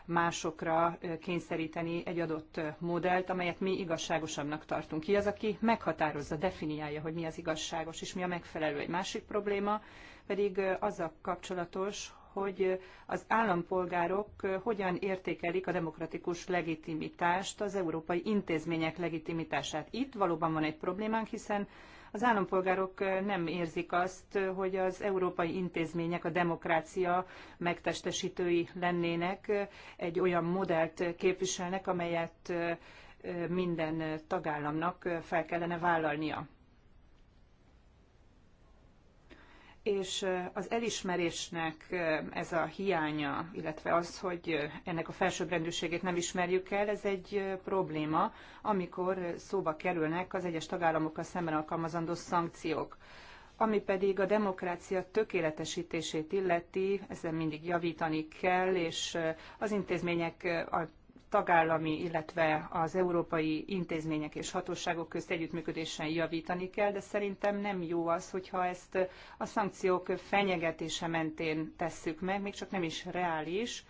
másokra kényszeríteni egy adott modellt, amelyet mi igazságosabbnak tartunk. Ki az, aki meghatározza, definiálja, hogy mi az igazságos, és mi a megfelelő. Egy másik probléma pedig az a kapcsolatos, hogy az állampolgárok hogyan értékelik a demokratikus legitimitást, az európai intézmények legitimitását. Itt valóban van egy problémánk, hiszen az állampolgárok nem érzik azt, hogy az európai intézmények a demokrácia megtestesítői lennének, egy olyan modellt képviselnek, amelyet minden tagállamnak fel kellene vállalnia. és az elismerésnek ez a hiánya, illetve az, hogy ennek a felsőbbrendűségét nem ismerjük el, ez egy probléma, amikor szóba kerülnek az egyes tagállamokkal szemben alkalmazandó szankciók. Ami pedig a demokrácia tökéletesítését illeti, ezen mindig javítani kell, és az intézmények a tagállami, illetve az európai intézmények és hatóságok közt együttműködésen javítani kell, de szerintem nem jó az, hogyha ezt a szankciók fenyegetése mentén tesszük meg, még csak nem is reális,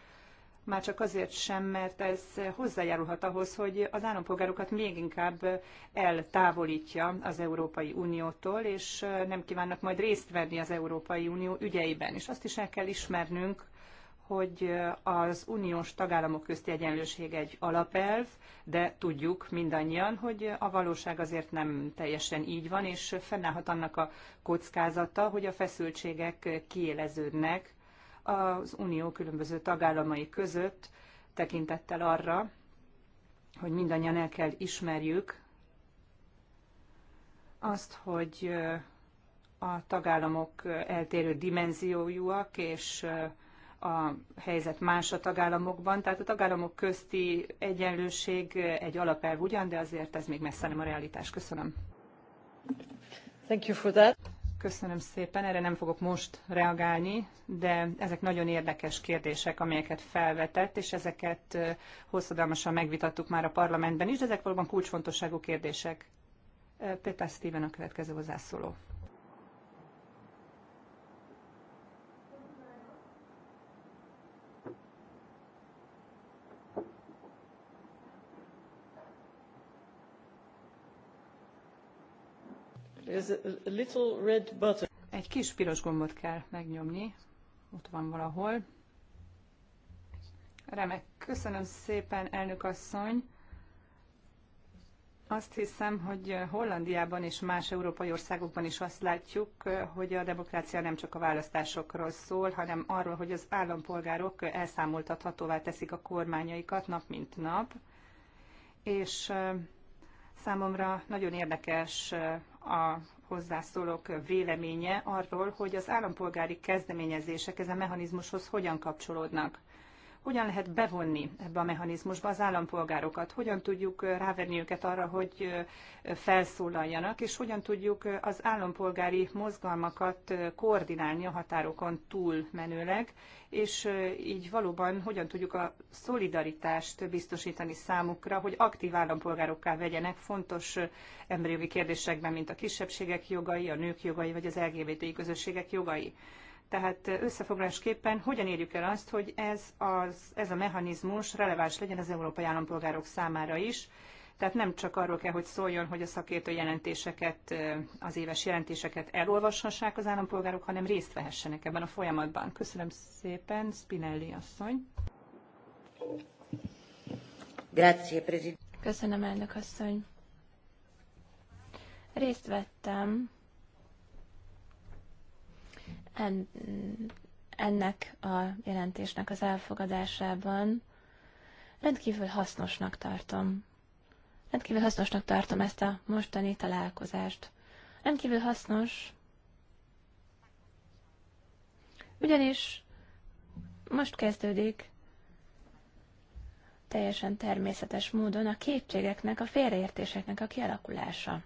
már csak azért sem, mert ez hozzájárulhat ahhoz, hogy az állampolgárokat még inkább eltávolítja az Európai Uniótól, és nem kívánnak majd részt venni az Európai Unió ügyeiben. És azt is el kell ismernünk, hogy az uniós tagállamok közti egyenlőség egy alapelv, de tudjuk mindannyian, hogy a valóság azért nem teljesen így van, és fennállhat annak a kockázata, hogy a feszültségek kiéleződnek az unió különböző tagállamai között, tekintettel arra, hogy mindannyian el kell ismerjük azt, hogy a tagállamok eltérő dimenziójúak, és a helyzet más a tagállamokban, tehát a tagállamok közti egyenlőség egy alapelv ugyan, de azért ez még messze nem a realitás. Köszönöm. Thank you for that. Köszönöm szépen, erre nem fogok most reagálni, de ezek nagyon érdekes kérdések, amelyeket felvetett, és ezeket hosszadalmasan megvitattuk már a parlamentben is, de ezek valóban kulcsfontosságú kérdések. Peter Steven a következő hozzászóló. Egy kis piros gombot kell megnyomni, ott van valahol. Remek, köszönöm szépen, elnök asszony. Azt hiszem, hogy Hollandiában és más európai országokban is azt látjuk, hogy a demokrácia nem csak a választásokról szól, hanem arról, hogy az állampolgárok elszámoltathatóvá teszik a kormányaikat nap mint nap. És számomra nagyon érdekes a hozzászólók véleménye arról, hogy az állampolgári kezdeményezések ezen mechanizmushoz hogyan kapcsolódnak. Hogyan lehet bevonni ebbe a mechanizmusba az állampolgárokat? Hogyan tudjuk ráverni őket arra, hogy felszólaljanak, és hogyan tudjuk az állampolgári mozgalmakat koordinálni a határokon túl menőleg, és így valóban hogyan tudjuk a szolidaritást biztosítani számukra, hogy aktív állampolgárokká vegyenek fontos emberi jogi kérdésekben, mint a kisebbségek jogai, a nők jogai, vagy az LGBT közösségek jogai. Tehát összefoglalásképpen hogyan érjük el azt, hogy ez, az, ez a mechanizmus releváns legyen az európai állampolgárok számára is, tehát nem csak arról kell, hogy szóljon, hogy a szakértő jelentéseket, az éves jelentéseket elolvashassák az állampolgárok, hanem részt vehessenek ebben a folyamatban. Köszönöm szépen, Spinelli asszony. Köszönöm, elnök asszony. Részt vettem ennek a jelentésnek az elfogadásában rendkívül hasznosnak tartom. Rendkívül hasznosnak tartom ezt a mostani találkozást. Rendkívül hasznos, ugyanis most kezdődik teljesen természetes módon a kétségeknek, a félreértéseknek a kialakulása.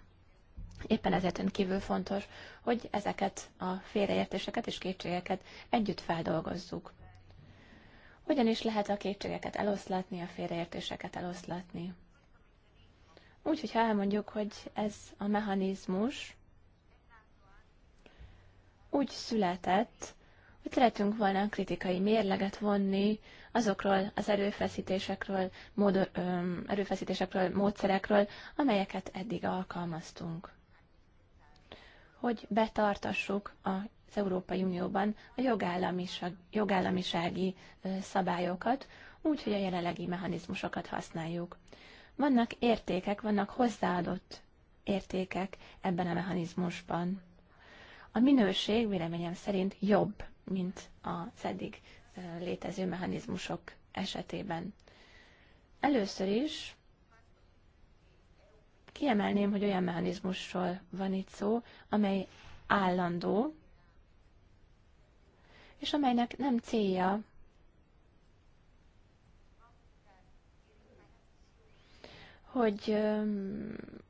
Éppen ezért rendkívül fontos, hogy ezeket a félreértéseket és kétségeket együtt feldolgozzuk. Hogyan is lehet a kétségeket eloszlatni, a félreértéseket eloszlatni? Úgy, hogyha elmondjuk, hogy ez a mechanizmus úgy született, hogy szeretünk volna kritikai mérleget vonni azokról az erőfeszítésekről, mód, erőfeszítésekről, módszerekről, amelyeket eddig alkalmaztunk hogy betartassuk az Európai Unióban a jogállamisági szabályokat, úgy, hogy a jelenlegi mechanizmusokat használjuk. Vannak értékek, vannak hozzáadott értékek ebben a mechanizmusban. A minőség véleményem szerint jobb, mint az eddig létező mechanizmusok esetében. Először is Kiemelném, hogy olyan mechanizmusról van itt szó, amely állandó, és amelynek nem célja hogy,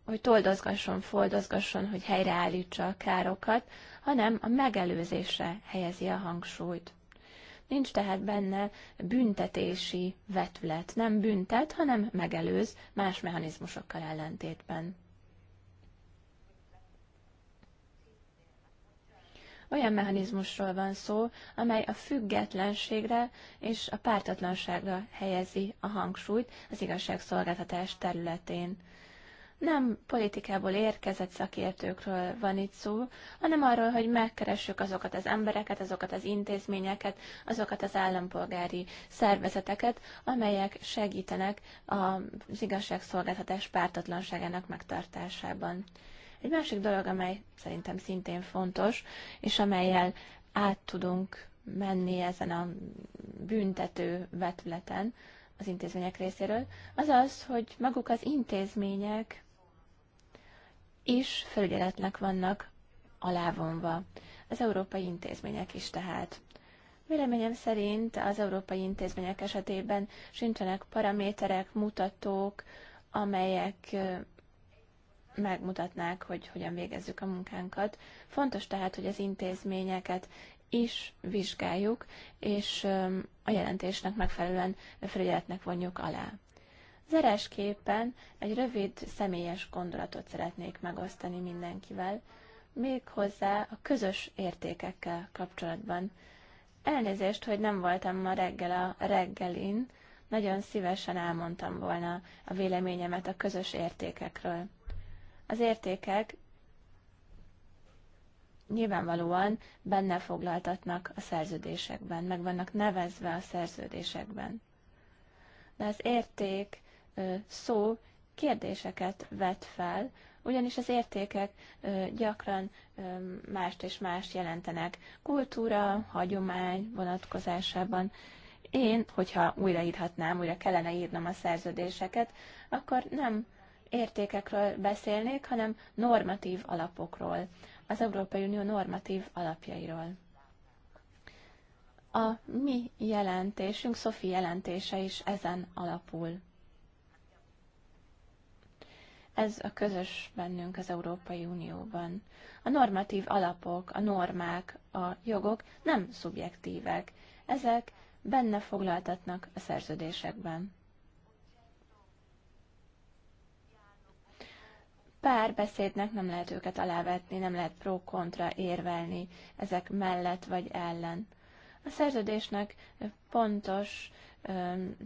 hogy toldozgasson, foldozgasson, hogy helyreállítsa a károkat, hanem a megelőzésre helyezi a hangsúlyt nincs tehát benne büntetési vetület. Nem büntet, hanem megelőz más mechanizmusokkal ellentétben. olyan mechanizmusról van szó, amely a függetlenségre és a pártatlanságra helyezi a hangsúlyt az igazságszolgáltatás területén nem politikából érkezett szakértőkről van itt szó, hanem arról, hogy megkeressük azokat az embereket, azokat az intézményeket, azokat az állampolgári szervezeteket, amelyek segítenek az igazságszolgáltatás pártatlanságának megtartásában. Egy másik dolog, amely szerintem szintén fontos, és amelyel át tudunk menni ezen a büntető vetületen az intézmények részéről, az az, hogy maguk az intézmények is felügyeletnek vannak alávonva. Az európai intézmények is tehát. Véleményem szerint az európai intézmények esetében sincsenek paraméterek, mutatók, amelyek megmutatnák, hogy hogyan végezzük a munkánkat. Fontos tehát, hogy az intézményeket is vizsgáljuk, és a jelentésnek megfelelően felügyeletnek vonjuk alá. Zeresképpen egy rövid személyes gondolatot szeretnék megosztani mindenkivel, méghozzá a közös értékekkel kapcsolatban. Elnézést, hogy nem voltam ma reggel a reggelin, nagyon szívesen elmondtam volna a véleményemet a közös értékekről. Az értékek nyilvánvalóan benne foglaltatnak a szerződésekben, meg vannak nevezve a szerződésekben. De az érték szó kérdéseket vet fel, ugyanis az értékek gyakran mást és mást jelentenek. Kultúra, hagyomány vonatkozásában. Én, hogyha újraírhatnám, újra kellene írnom a szerződéseket, akkor nem értékekről beszélnék, hanem normatív alapokról, az Európai Unió normatív alapjairól. A mi jelentésünk, Szofi jelentése is ezen alapul. Ez a közös bennünk az Európai Unióban. A normatív alapok, a normák, a jogok nem szubjektívek. Ezek benne foglaltatnak a szerződésekben. Pár beszédnek nem lehet őket alávetni, nem lehet pro-kontra érvelni ezek mellett vagy ellen. A szerződésnek pontos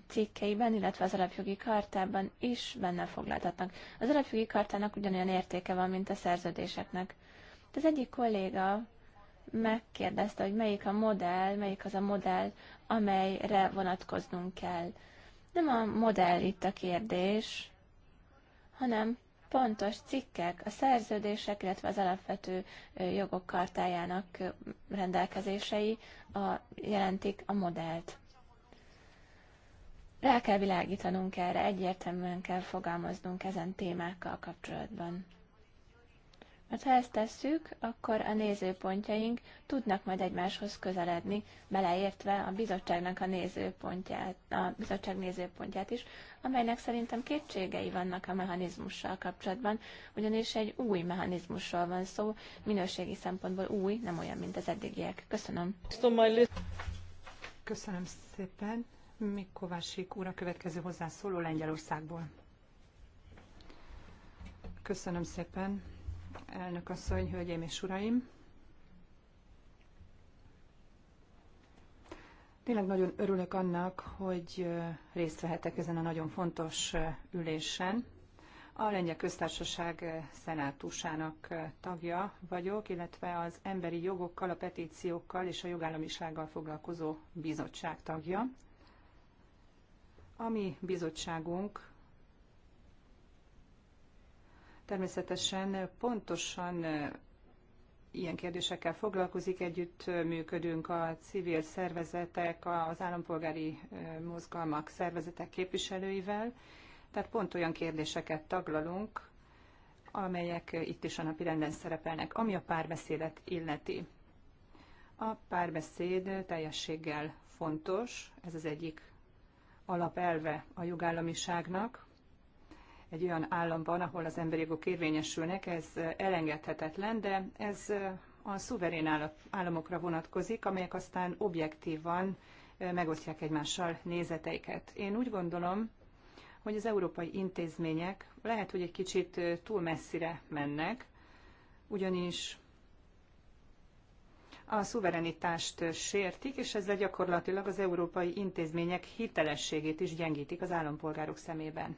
cikkeiben, illetve az alapjogi kartában is benne foglaltatnak. Az alapjogi kartának ugyanolyan értéke van, mint a szerződéseknek. De az egyik kolléga megkérdezte, hogy melyik a modell, melyik az a modell, amelyre vonatkoznunk kell. Nem a modell itt a kérdés, hanem pontos cikkek a szerződések, illetve az alapvető jogok kartájának rendelkezései a, jelentik a modellt. Rá kell világítanunk erre, egyértelműen kell fogalmaznunk ezen témákkal kapcsolatban. Mert ha ezt tesszük, akkor a nézőpontjaink tudnak majd egymáshoz közeledni, beleértve a bizottságnak a nézőpontját, a bizottság nézőpontját is, amelynek szerintem kétségei vannak a mechanizmussal kapcsolatban, ugyanis egy új mechanizmusról van szó, minőségi szempontból új, nem olyan, mint az eddigiek. Köszönöm. Köszönöm szépen. Mikovásik úr a következő hozzászóló Lengyelországból. Köszönöm szépen, elnök asszony, hölgyeim és uraim! Tényleg nagyon örülök annak, hogy részt vehetek ezen a nagyon fontos ülésen. A Lengyel Köztársaság szenátusának tagja vagyok, illetve az emberi jogokkal, a petíciókkal és a jogállamisággal foglalkozó bizottság tagja. A mi bizottságunk természetesen pontosan ilyen kérdésekkel foglalkozik, együtt működünk a civil szervezetek, az állampolgári mozgalmak szervezetek képviselőivel, tehát pont olyan kérdéseket taglalunk, amelyek itt is a renden szerepelnek, ami a párbeszédet illeti. A párbeszéd teljességgel fontos, ez az egyik alapelve a jogállamiságnak, egy olyan államban, ahol az emberi jogok érvényesülnek, ez elengedhetetlen, de ez a szuverén államokra vonatkozik, amelyek aztán objektívan megosztják egymással nézeteiket. Én úgy gondolom, hogy az európai intézmények lehet, hogy egy kicsit túl messzire mennek, ugyanis a szuverenitást sértik, és ezzel gyakorlatilag az európai intézmények hitelességét is gyengítik az állampolgárok szemében.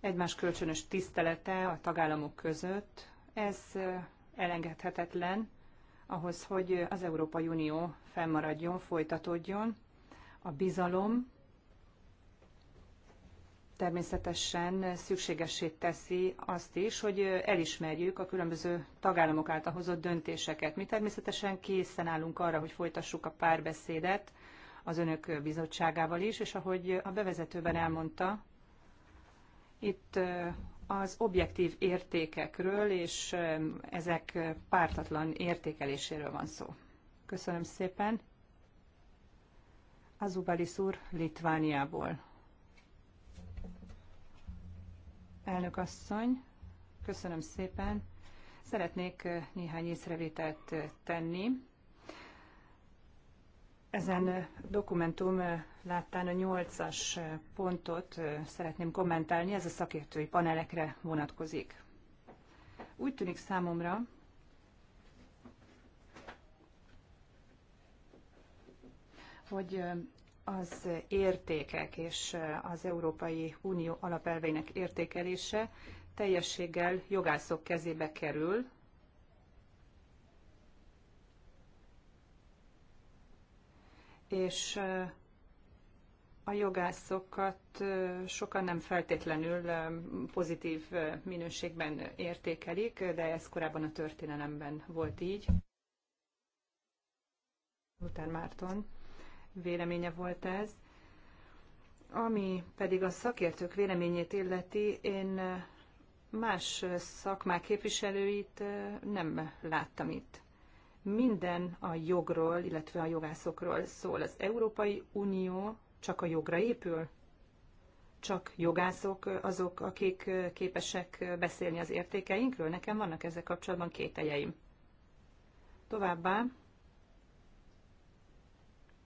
Egymás kölcsönös tisztelete a tagállamok között, ez elengedhetetlen ahhoz, hogy az Európai Unió fennmaradjon, folytatódjon. A bizalom, természetesen szükségessé teszi azt is, hogy elismerjük a különböző tagállamok által hozott döntéseket. Mi természetesen készen állunk arra, hogy folytassuk a párbeszédet az önök bizottságával is, és ahogy a bevezetőben elmondta, itt az objektív értékekről és ezek pártatlan értékeléséről van szó. Köszönöm szépen. Azubalis úr Litvániából. Elnök asszony, köszönöm szépen. Szeretnék eh, néhány észrevételt eh, tenni. Ezen eh, dokumentum láttán a nyolcas pontot szeretném kommentálni, ez a szakértői panelekre vonatkozik. Úgy tűnik számomra, hogy az értékek és az Európai Unió alapelveinek értékelése teljességgel jogászok kezébe kerül, és a jogászokat sokan nem feltétlenül pozitív minőségben értékelik, de ez korábban a történelemben volt így. Luther Márton véleménye volt ez. Ami pedig a szakértők véleményét illeti, én más szakmák képviselőit nem láttam itt. Minden a jogról, illetve a jogászokról szól. Az Európai Unió csak a jogra épül? Csak jogászok azok, akik képesek beszélni az értékeinkről? Nekem vannak ezzel kapcsolatban kételjeim. Továbbá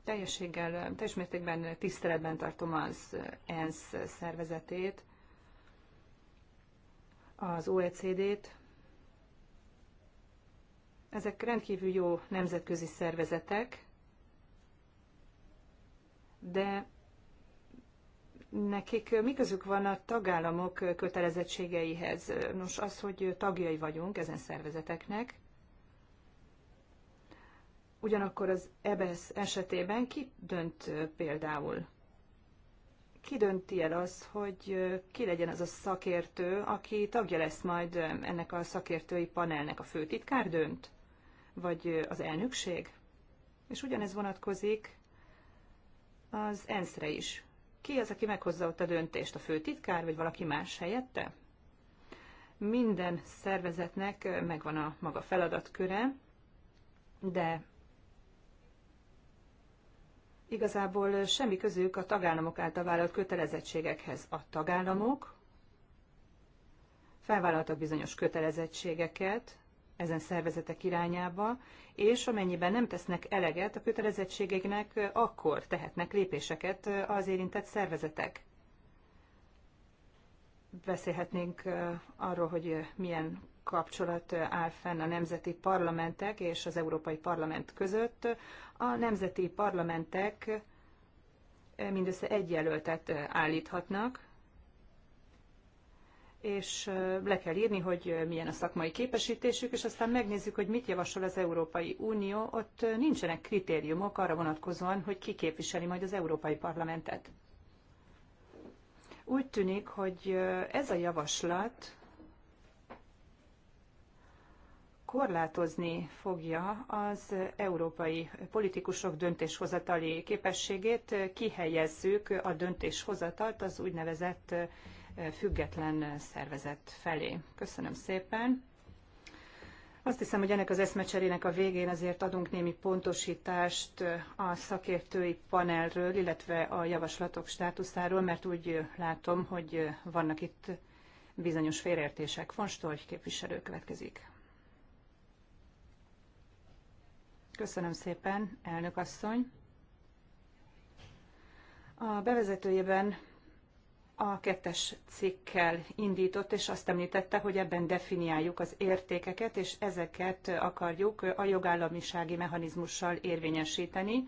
teljességgel, teljes mértékben tiszteletben tartom az ENSZ szervezetét, az OECD-t. Ezek rendkívül jó nemzetközi szervezetek, de nekik mi közük van a tagállamok kötelezettségeihez? Nos, az, hogy tagjai vagyunk ezen szervezeteknek, Ugyanakkor az EBSZ e esetében ki dönt például? Ki dönti el az, hogy ki legyen az a szakértő, aki tagja lesz majd ennek a szakértői panelnek? A főtitkár dönt? Vagy az elnökség? És ugyanez vonatkozik az ENSZ-re is. Ki az, aki meghozza ott a döntést? A főtitkár, vagy valaki más helyette? Minden szervezetnek megvan a maga feladatköre, de igazából semmi közük a tagállamok által vállalt kötelezettségekhez. A tagállamok felvállaltak bizonyos kötelezettségeket ezen szervezetek irányába, és amennyiben nem tesznek eleget a kötelezettségeknek, akkor tehetnek lépéseket az érintett szervezetek. Beszélhetnénk arról, hogy milyen kapcsolat áll fenn a nemzeti parlamentek és az Európai Parlament között. A nemzeti parlamentek mindössze egy jelöltet állíthatnak, és le kell írni, hogy milyen a szakmai képesítésük, és aztán megnézzük, hogy mit javasol az Európai Unió. Ott nincsenek kritériumok arra vonatkozóan, hogy ki képviseli majd az Európai Parlamentet. Úgy tűnik, hogy ez a javaslat korlátozni fogja az európai politikusok döntéshozatali képességét, kihelyezzük a döntéshozatalt az úgynevezett független szervezet felé. Köszönöm szépen! Azt hiszem, hogy ennek az eszmecserének a végén azért adunk némi pontosítást a szakértői panelről, illetve a javaslatok státuszáról, mert úgy látom, hogy vannak itt bizonyos félértések. Von Storch képviselő következik. Köszönöm szépen, elnök asszony. A bevezetőjében a kettes cikkkel indított, és azt említette, hogy ebben definiáljuk az értékeket, és ezeket akarjuk a jogállamisági mechanizmussal érvényesíteni,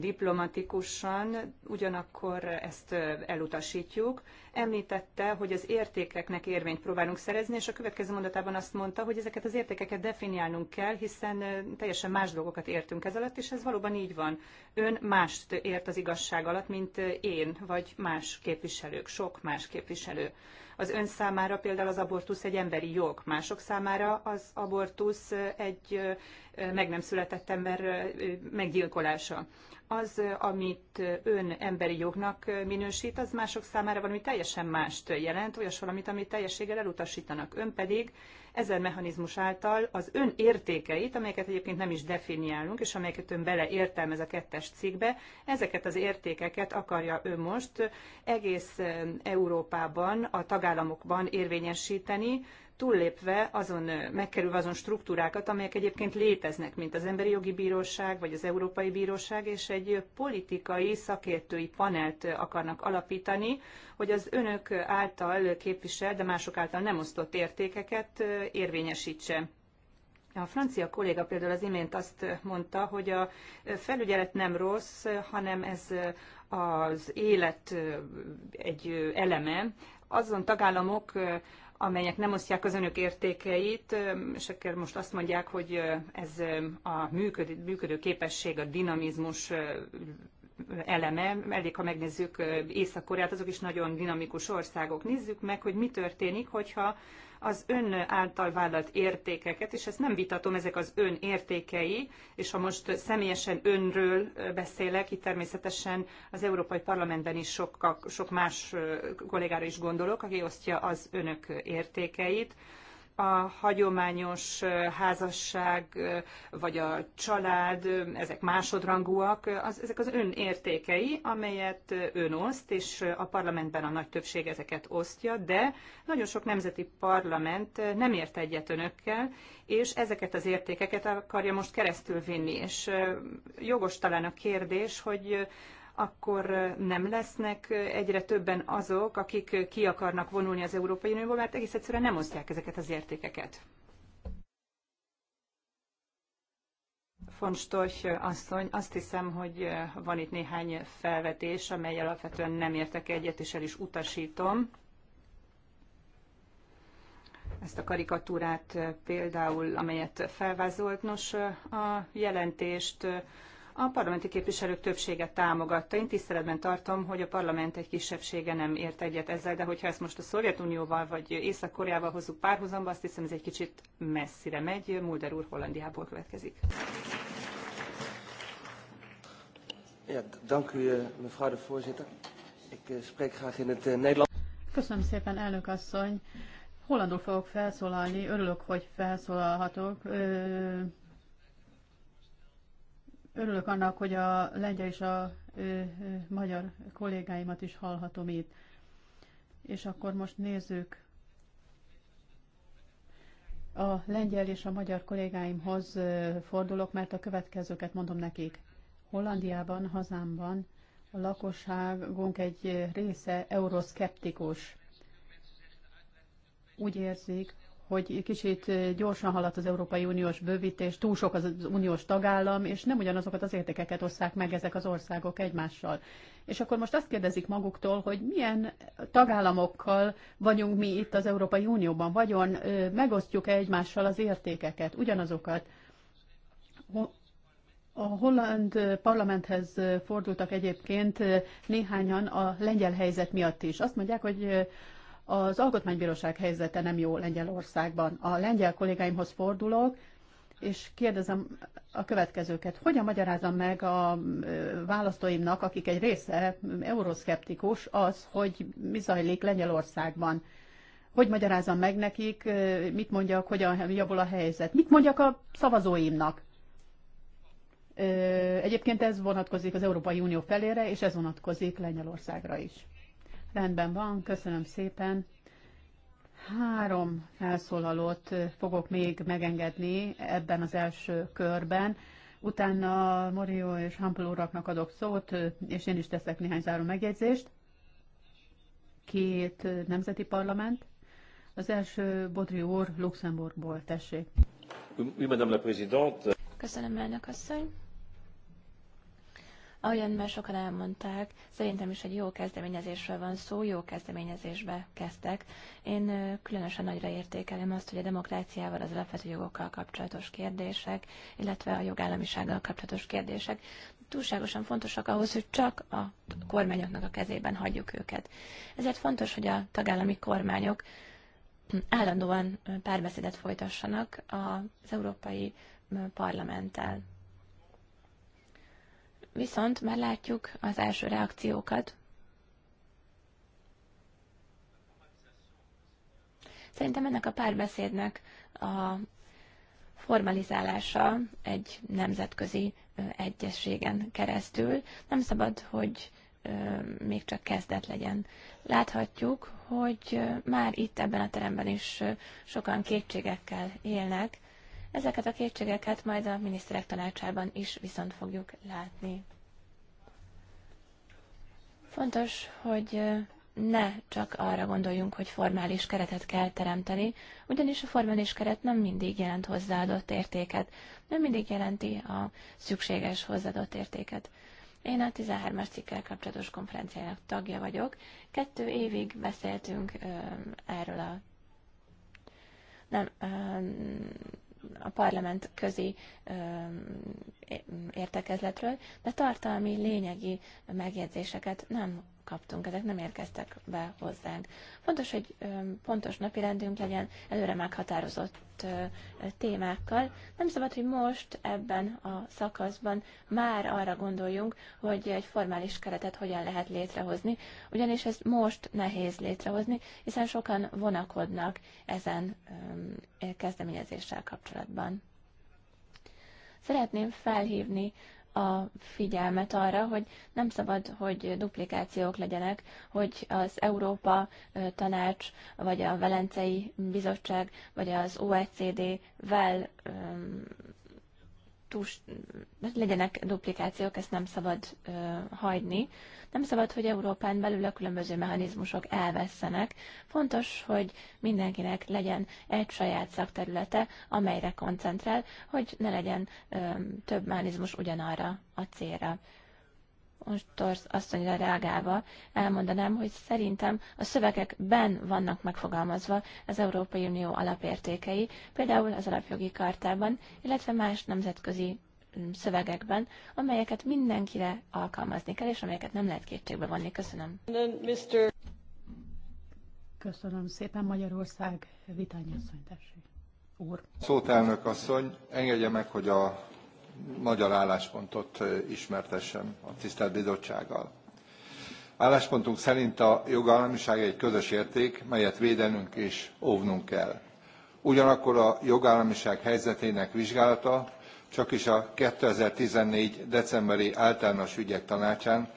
diplomatikusan, ugyanakkor ezt elutasítjuk. Említette, hogy az értékeknek érvényt próbálunk szerezni, és a következő mondatában azt mondta, hogy ezeket az értékeket definiálnunk kell, hiszen teljesen más dolgokat értünk ez alatt, és ez valóban így van. Ön mást ért az igazság alatt, mint én, vagy más képviselők, sok más képviselő. Az ön számára például az abortusz egy emberi jog, mások számára az abortusz egy meg nem született ember meggyilkolása az, amit ön emberi jognak minősít, az mások számára valami teljesen mást jelent, olyas valamit, amit teljességgel elutasítanak. Ön pedig ezen mechanizmus által az ön értékeit, amelyeket egyébként nem is definiálunk, és amelyeket ön beleértelmez a kettes cikkbe, ezeket az értékeket akarja ön most egész Európában, a tagállamokban érvényesíteni, túllépve azon, megkerülve azon struktúrákat, amelyek egyébként léteznek, mint az Emberi Jogi Bíróság, vagy az Európai Bíróság, és egy politikai szakértői panelt akarnak alapítani, hogy az önök által képviselt, de mások által nem osztott értékeket érvényesítse. A francia kolléga például az imént azt mondta, hogy a felügyelet nem rossz, hanem ez az élet egy eleme. Azon tagállamok, amelyek nem osztják az önök értékeit, és akkor most azt mondják, hogy ez a működő, működő képesség, a dinamizmus eleme. Elég, ha megnézzük Észak-Koreát, azok is nagyon dinamikus országok. Nézzük meg, hogy mi történik, hogyha az ön által vállalt értékeket, és ezt nem vitatom, ezek az ön értékei, és ha most személyesen önről beszélek, itt természetesen az Európai Parlamentben is sok, sok más kollégára is gondolok, aki osztja az önök értékeit, a hagyományos házasság vagy a család, ezek másodrangúak, az, ezek az ön értékei, amelyet ön oszt, és a parlamentben a nagy többség ezeket osztja, de nagyon sok nemzeti parlament nem ért egyet önökkel, és ezeket az értékeket akarja most keresztül vinni. És jogos talán a kérdés, hogy akkor nem lesznek egyre többen azok, akik ki akarnak vonulni az Európai Unióból, mert egész egyszerűen nem osztják ezeket az értékeket. Von Storch asszony, azt hiszem, hogy van itt néhány felvetés, amely alapvetően nem értek egyet, és el is utasítom. Ezt a karikatúrát például, amelyet felvázolt. Nos, a jelentést a parlamenti képviselők többsége támogatta. Én tiszteletben tartom, hogy a parlament egy kisebbsége nem ért egyet ezzel, de hogyha ezt most a Szovjetunióval vagy Észak-Koreával hozzuk párhuzamba, azt hiszem ez egy kicsit messzire megy. Mulder úr Hollandiából következik. Eh, eh, eh, Köszönöm szépen, elnök asszony. Hollandul fogok felszólalni, örülök, hogy felszólalhatok. Örülök annak, hogy a lengyel és a ö, ö, magyar kollégáimat is hallhatom itt. És akkor most nézzük a lengyel és a magyar kollégáimhoz fordulok, mert a következőket mondom nekik. Hollandiában, hazámban a lakosságunk egy része euroszkeptikus. Úgy érzik, hogy kicsit gyorsan haladt az Európai Uniós bővítés, túl sok az uniós tagállam, és nem ugyanazokat az értékeket osszák meg ezek az országok egymással. És akkor most azt kérdezik maguktól, hogy milyen tagállamokkal vagyunk mi itt az Európai Unióban, vagyon megosztjuk-e egymással az értékeket, ugyanazokat. A holland parlamenthez fordultak egyébként néhányan a lengyel helyzet miatt is. Azt mondják, hogy az alkotmánybíróság helyzete nem jó Lengyelországban. A lengyel kollégáimhoz fordulok, és kérdezem a következőket. Hogyan magyarázom meg a választóimnak, akik egy része euroszkeptikus, az, hogy mi zajlik Lengyelországban? Hogy magyarázom meg nekik, mit mondjak, hogyan javul a helyzet? Mit mondjak a szavazóimnak? Egyébként ez vonatkozik az Európai Unió felére, és ez vonatkozik Lengyelországra is. Rendben van, köszönöm szépen. Három felszólalót fogok még megengedni ebben az első körben. Utána Morio és Hampel uraknak adok szót, és én is teszek néhány záró megjegyzést. Két nemzeti parlament. Az első Bodri úr Luxemburgból, tessék. Köszönöm, elnök asszony. Ahogyan már sokan elmondták, szerintem is egy jó kezdeményezésről van szó, jó kezdeményezésbe kezdtek. Én különösen nagyra értékelem azt, hogy a demokráciával, az alapvető jogokkal kapcsolatos kérdések, illetve a jogállamisággal kapcsolatos kérdések túlságosan fontosak ahhoz, hogy csak a kormányoknak a kezében hagyjuk őket. Ezért fontos, hogy a tagállami kormányok állandóan párbeszédet folytassanak az Európai Parlamenttel. Viszont már látjuk az első reakciókat. Szerintem ennek a párbeszédnek a formalizálása egy nemzetközi egyességen keresztül. Nem szabad, hogy még csak kezdet legyen. Láthatjuk, hogy már itt ebben a teremben is sokan kétségekkel élnek, Ezeket a kétségeket majd a miniszterek tanácsában is viszont fogjuk látni. Fontos, hogy ne csak arra gondoljunk, hogy formális keretet kell teremteni, ugyanis a formális keret nem mindig jelent hozzáadott értéket, nem mindig jelenti a szükséges hozzáadott értéket. Én a 13-as cikkel kapcsolatos konferenciának tagja vagyok. Kettő évig beszéltünk ö, erről a nem, ö, a parlament közi értekezletről, de tartalmi, lényegi megjegyzéseket nem kaptunk, ezek nem érkeztek be hozzánk. Fontos, hogy pontos napirendünk legyen, előre meghatározott témákkal. Nem szabad, hogy most ebben a szakaszban már arra gondoljunk, hogy egy formális keretet hogyan lehet létrehozni, ugyanis ezt most nehéz létrehozni, hiszen sokan vonakodnak ezen kezdeményezéssel kapcsolatban. Szeretném felhívni a figyelmet arra, hogy nem szabad, hogy duplikációk legyenek, hogy az Európa Tanács, vagy a Velencei Bizottság, vagy az OECD-vel túl, hát legyenek duplikációk, ezt nem szabad ö, hagyni. Nem szabad, hogy Európán belül a különböző mechanizmusok elvesztenek. Fontos, hogy mindenkinek legyen egy saját szakterülete, amelyre koncentrál, hogy ne legyen ö, több mechanizmus ugyanarra a célra. Storz asszonyra reagálva elmondanám, hogy szerintem a szövegekben vannak megfogalmazva az Európai Unió alapértékei, például az alapjogi kartában, illetve más nemzetközi mm, szövegekben, amelyeket mindenkire alkalmazni kell, és amelyeket nem lehet kétségbe vonni. Köszönöm. Köszönöm szépen Magyarország vitányasszony, tessék. Úr. Szót elnök asszony, engedje meg, hogy a magyar álláspontot ismertessem a tisztelt bizottsággal. Álláspontunk szerint a jogállamiság egy közös érték, melyet védenünk és óvnunk kell. Ugyanakkor a jogállamiság helyzetének vizsgálata csakis a 2014. decemberi általános ügyek tanácsán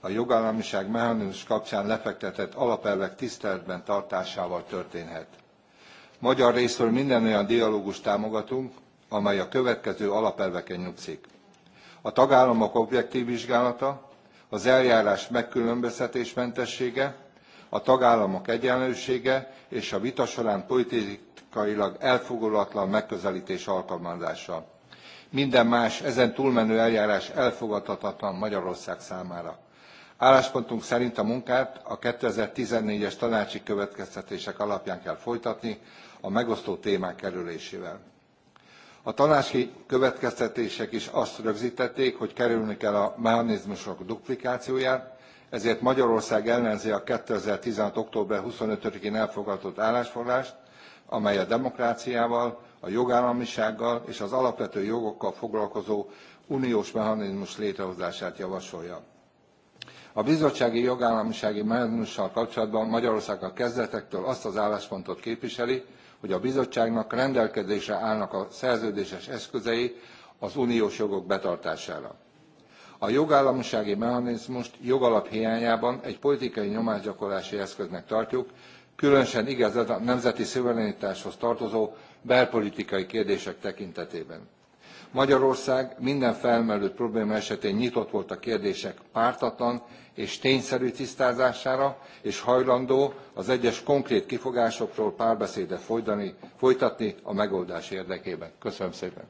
a jogállamiság mechanizmus kapcsán lefektetett alapelvek tiszteletben tartásával történhet. Magyar részről minden olyan dialógust támogatunk, amely a következő alapelveken nyugszik. A tagállamok objektív vizsgálata, az eljárás megkülönböztetésmentessége, a tagállamok egyenlősége és a vita során politikailag elfogadhatatlan megközelítés alkalmazása. Minden más ezen túlmenő eljárás elfogadhatatlan Magyarország számára. Álláspontunk szerint a munkát a 2014-es tanácsi következtetések alapján kell folytatni a megosztó témák kerülésével. A tanácsi következtetések is azt rögzítették, hogy kerülni kell a mechanizmusok duplikációját, ezért Magyarország ellenzi a 2016. október 25-én elfogadott állásfoglalást, amely a demokráciával, a jogállamisággal és az alapvető jogokkal foglalkozó uniós mechanizmus létrehozását javasolja. A bizottsági jogállamisági mechanizmussal kapcsolatban Magyarország a kezdetektől azt az álláspontot képviseli, hogy a bizottságnak rendelkezésre állnak a szerződéses eszközei az uniós jogok betartására. A jogállamisági mechanizmust jogalap hiányában egy politikai nyomásgyakorlási eszköznek tartjuk, különösen igaz a nemzeti szuverenitáshoz tartozó belpolitikai kérdések tekintetében. Magyarország minden felmerült probléma esetén nyitott volt a kérdések pártatlan és tényszerű tisztázására, és hajlandó az egyes konkrét kifogásokról párbeszédet folytani, folytatni a megoldás érdekében. Köszönöm szépen!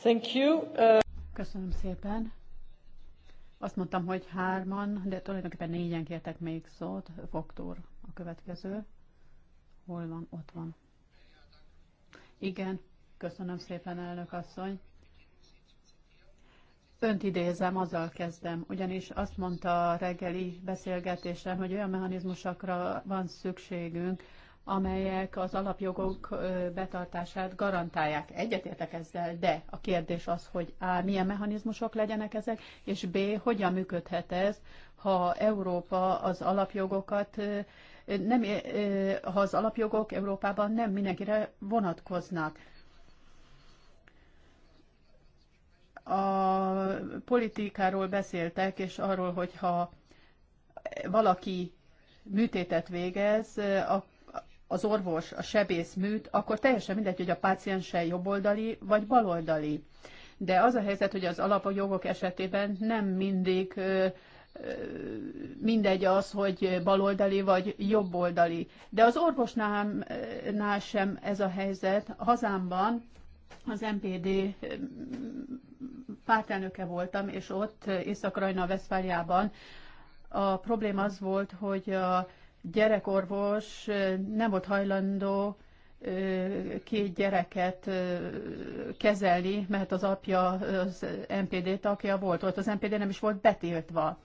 Thank you. Uh... Köszönöm szépen. Azt mondtam, hogy hárman, de tulajdonképpen négyen kértek még szót. Voktor a következő. Hol van? Ott van. Igen, köszönöm szépen, elnök asszony. Önt idézem, azzal kezdem, ugyanis azt mondta a reggeli beszélgetésem, hogy olyan mechanizmusokra van szükségünk, amelyek az alapjogok betartását garantálják. Egyetértek ezzel, de a kérdés az, hogy A. milyen mechanizmusok legyenek ezek, és B. hogyan működhet ez, ha Európa az alapjogokat nem, ha az alapjogok Európában nem mindenkire vonatkoznak. A politikáról beszéltek, és arról, hogyha valaki műtétet végez, az orvos, a sebész műt, akkor teljesen mindegy, hogy a páciense jobboldali vagy baloldali. De az a helyzet, hogy az alapjogok esetében nem mindig mindegy az, hogy baloldali vagy jobboldali. De az orvosnál sem ez a helyzet. Hazámban az MPD mm, pártelnöke voltam, és ott Észak-Rajna-Veszfáliában a probléma az volt, hogy a gyerekorvos nem volt hajlandó két gyereket kezelni, mert az apja az MPD tagja volt, ott az MPD nem is volt betiltva.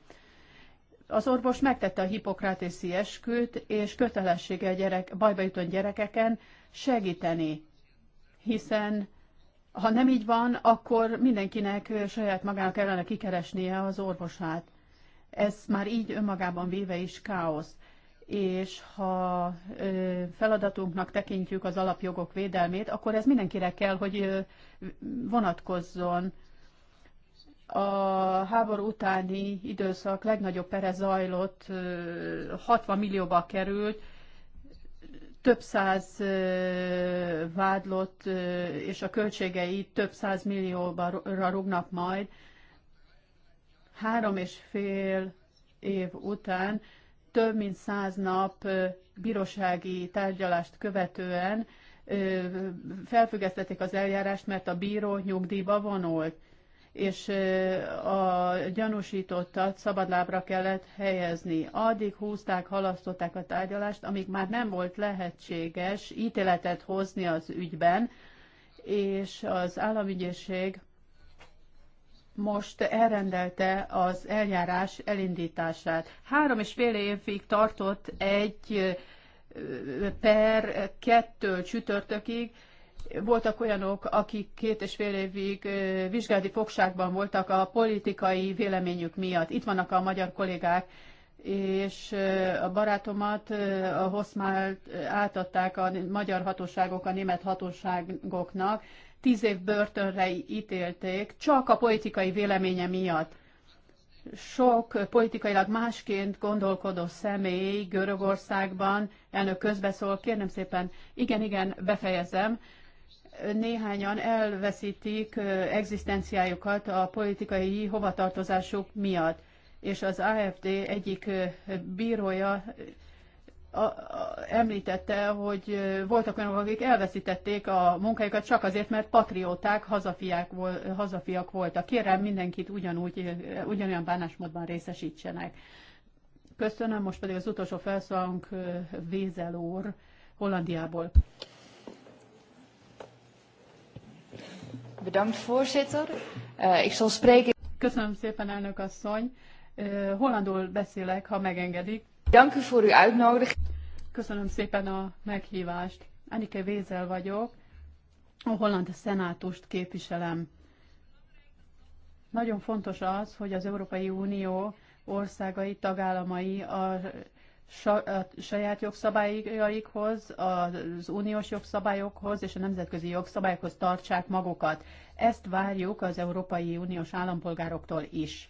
Az orvos megtette a hipokrátészi esküt, és kötelessége a gyerek, bajba jutott gyerekeken segíteni, hiszen ha nem így van, akkor mindenkinek saját magának kellene kikeresnie az orvosát. Ez már így önmagában véve is káosz. És ha feladatunknak tekintjük az alapjogok védelmét, akkor ez mindenkire kell, hogy vonatkozzon a háború utáni időszak legnagyobb pere zajlott, 60 millióba került, több száz vádlott, és a költségei több száz millióra rúgnak majd. Három és fél év után több mint száz nap bírósági tárgyalást követően felfüggesztették az eljárást, mert a bíró nyugdíjba vonult és a gyanúsítottat szabadlábra kellett helyezni. Addig húzták, halasztották a tárgyalást, amíg már nem volt lehetséges ítéletet hozni az ügyben, és az államügyészség most elrendelte az eljárás elindítását. Három és fél évig tartott egy per kettő csütörtökig, voltak olyanok, akik két és fél évig vizsgálati fogságban voltak a politikai véleményük miatt. Itt vannak a magyar kollégák, és a barátomat a Hoszmált átadták a magyar hatóságok a német hatóságoknak. Tíz év börtönre ítélték, csak a politikai véleménye miatt. Sok politikailag másként gondolkodó személy Görögországban, elnök közbeszól, kérném szépen, igen, igen, befejezem, néhányan elveszítik egzisztenciájukat a politikai hovatartozásuk miatt. És az AFD egyik bírója említette, hogy voltak olyanok, akik elveszítették a munkájukat csak azért, mert patrióták, hazafiak voltak. Kérem, mindenkit ugyanúgy, ugyanolyan bánásmódban részesítsenek. Köszönöm, most pedig az utolsó felszólunk Vézel úr Hollandiából. bedankt voorzitter. Eh, ik zal spreken... Köszönöm szépen, elnök asszony. Eh, hollandul beszélek, ha megengedik. Dank u voor uw uitnodiging. Köszönöm szépen a meghívást. Anike Vézel vagyok, a holland szenátust képviselem. Nagyon fontos az, hogy az Európai Unió országai, tagállamai a saját jogszabályaikhoz, az uniós jogszabályokhoz és a nemzetközi jogszabályokhoz tartsák magukat. Ezt várjuk az Európai Uniós állampolgároktól is.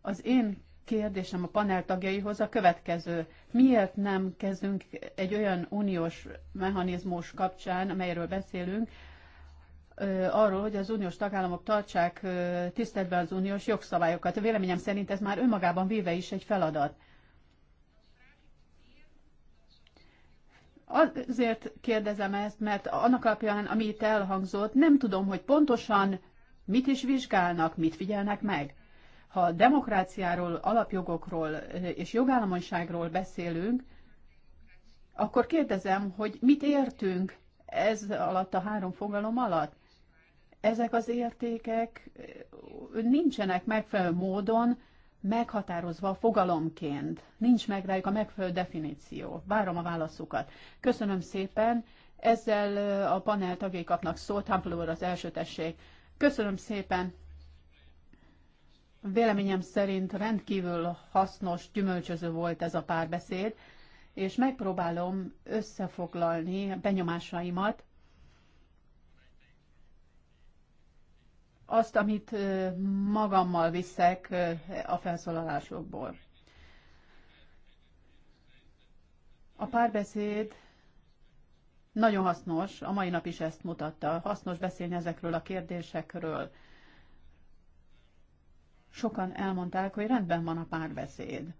Az én kérdésem a panel tagjaihoz a következő. Miért nem kezdünk egy olyan uniós mechanizmus kapcsán, amelyről beszélünk, arról, hogy az uniós tagállamok tartsák tiszteletben az uniós jogszabályokat. A véleményem szerint ez már önmagában véve is egy feladat. Azért kérdezem ezt, mert annak alapján, ami itt elhangzott, nem tudom, hogy pontosan mit is vizsgálnak, mit figyelnek meg. Ha demokráciáról, alapjogokról eh, és jogállamiságról beszélünk, akkor kérdezem, hogy mit értünk ez alatt a három fogalom alatt? Ezek az értékek eh, nincsenek megfelelő módon meghatározva fogalomként. Nincs meg rájuk a megfelelő definíció. Várom a válaszukat. Köszönöm szépen. Ezzel a panel tagjai kapnak szót. Hampel az első tessék. Köszönöm szépen. Véleményem szerint rendkívül hasznos, gyümölcsöző volt ez a párbeszéd, és megpróbálom összefoglalni benyomásaimat azt, amit magammal viszek a felszólalásokból. A párbeszéd nagyon hasznos, a mai nap is ezt mutatta. Hasznos beszélni ezekről a kérdésekről. Sokan elmondták, hogy rendben van a párbeszéd.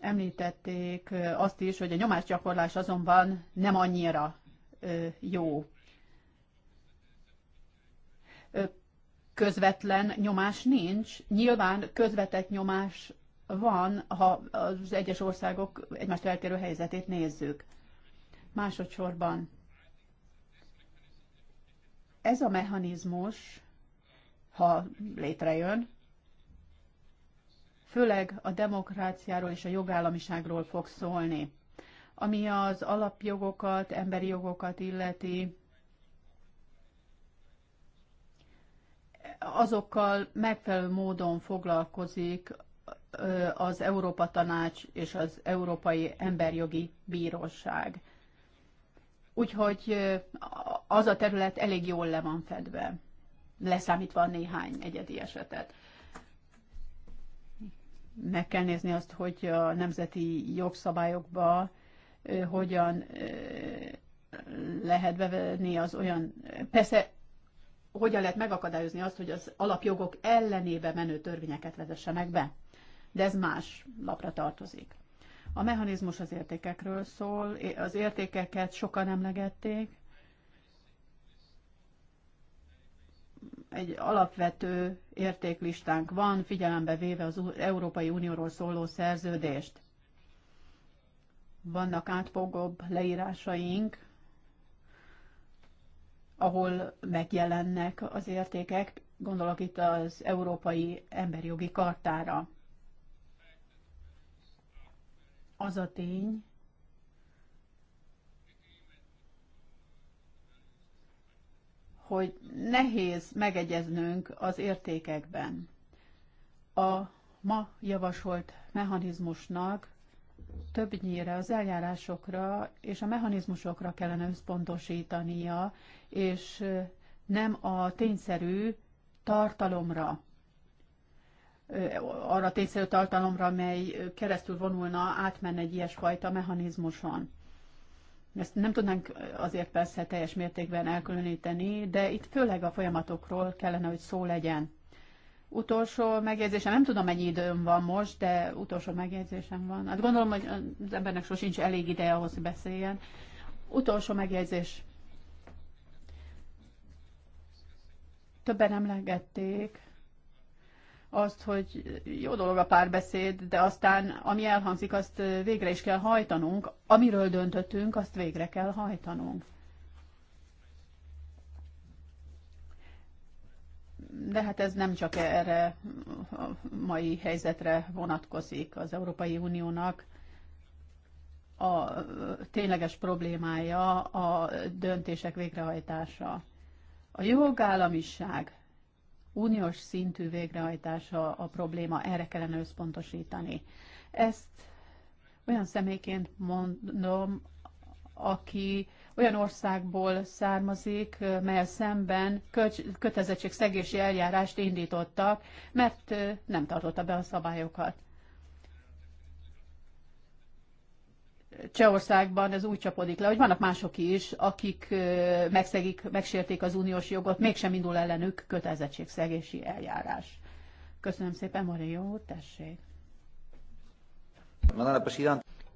Említették azt is, hogy a nyomásgyakorlás azonban nem annyira jó. közvetlen nyomás nincs. Nyilván közvetett nyomás van, ha az egyes országok egymást eltérő helyzetét nézzük. Másodszorban ez a mechanizmus, ha létrejön, főleg a demokráciáról és a jogállamiságról fog szólni. Ami az alapjogokat, emberi jogokat illeti, azokkal megfelelő módon foglalkozik az Európa Tanács és az Európai Emberjogi Bíróság. Úgyhogy az a terület elég jól le van fedve, leszámítva a néhány egyedi esetet. Meg kell nézni azt, hogy a nemzeti jogszabályokba hogyan lehet bevenni az olyan, persze hogyan lehet megakadályozni azt, hogy az alapjogok ellenébe menő törvényeket vezessenek be. De ez más lapra tartozik. A mechanizmus az értékekről szól, az értékeket sokan emlegették. Egy alapvető értéklistánk van, figyelembe véve az Európai Unióról szóló szerződést. Vannak átfogóbb leírásaink ahol megjelennek az értékek, gondolok itt az Európai emberi jogi Kartára. Az a tény, hogy nehéz megegyeznünk az értékekben. A ma javasolt mechanizmusnak többnyire az eljárásokra és a mechanizmusokra kellene összpontosítania, és nem a tényszerű tartalomra, arra a tényszerű tartalomra, mely keresztül vonulna, átmenne egy ilyesfajta mechanizmuson. Ezt nem tudnánk azért persze teljes mértékben elkülöníteni, de itt főleg a folyamatokról kellene, hogy szó legyen. Utolsó megjegyzésem, nem tudom mennyi időm van most, de utolsó megjegyzésem van. Hát gondolom, hogy az embernek sosincs elég ideje ahhoz, hogy beszéljen. Utolsó megjegyzés. Többen emlegették azt, hogy jó dolog a párbeszéd, de aztán ami elhangzik, azt végre is kell hajtanunk. Amiről döntöttünk, azt végre kell hajtanunk. de hát ez nem csak erre a mai helyzetre vonatkozik. Az Európai Uniónak a tényleges problémája a döntések végrehajtása. A jogállamiság uniós szintű végrehajtása a probléma, erre kellene összpontosítani. Ezt olyan személyként mondom, aki olyan országból származik, mely szemben szegési eljárást indítottak, mert nem tartotta be a szabályokat. Csehországban ez úgy csapodik le, hogy vannak mások is, akik megszegik, megsérték az uniós jogot, mégsem indul ellenük kötelezettségszegési eljárás. Köszönöm szépen, Maria, tessék.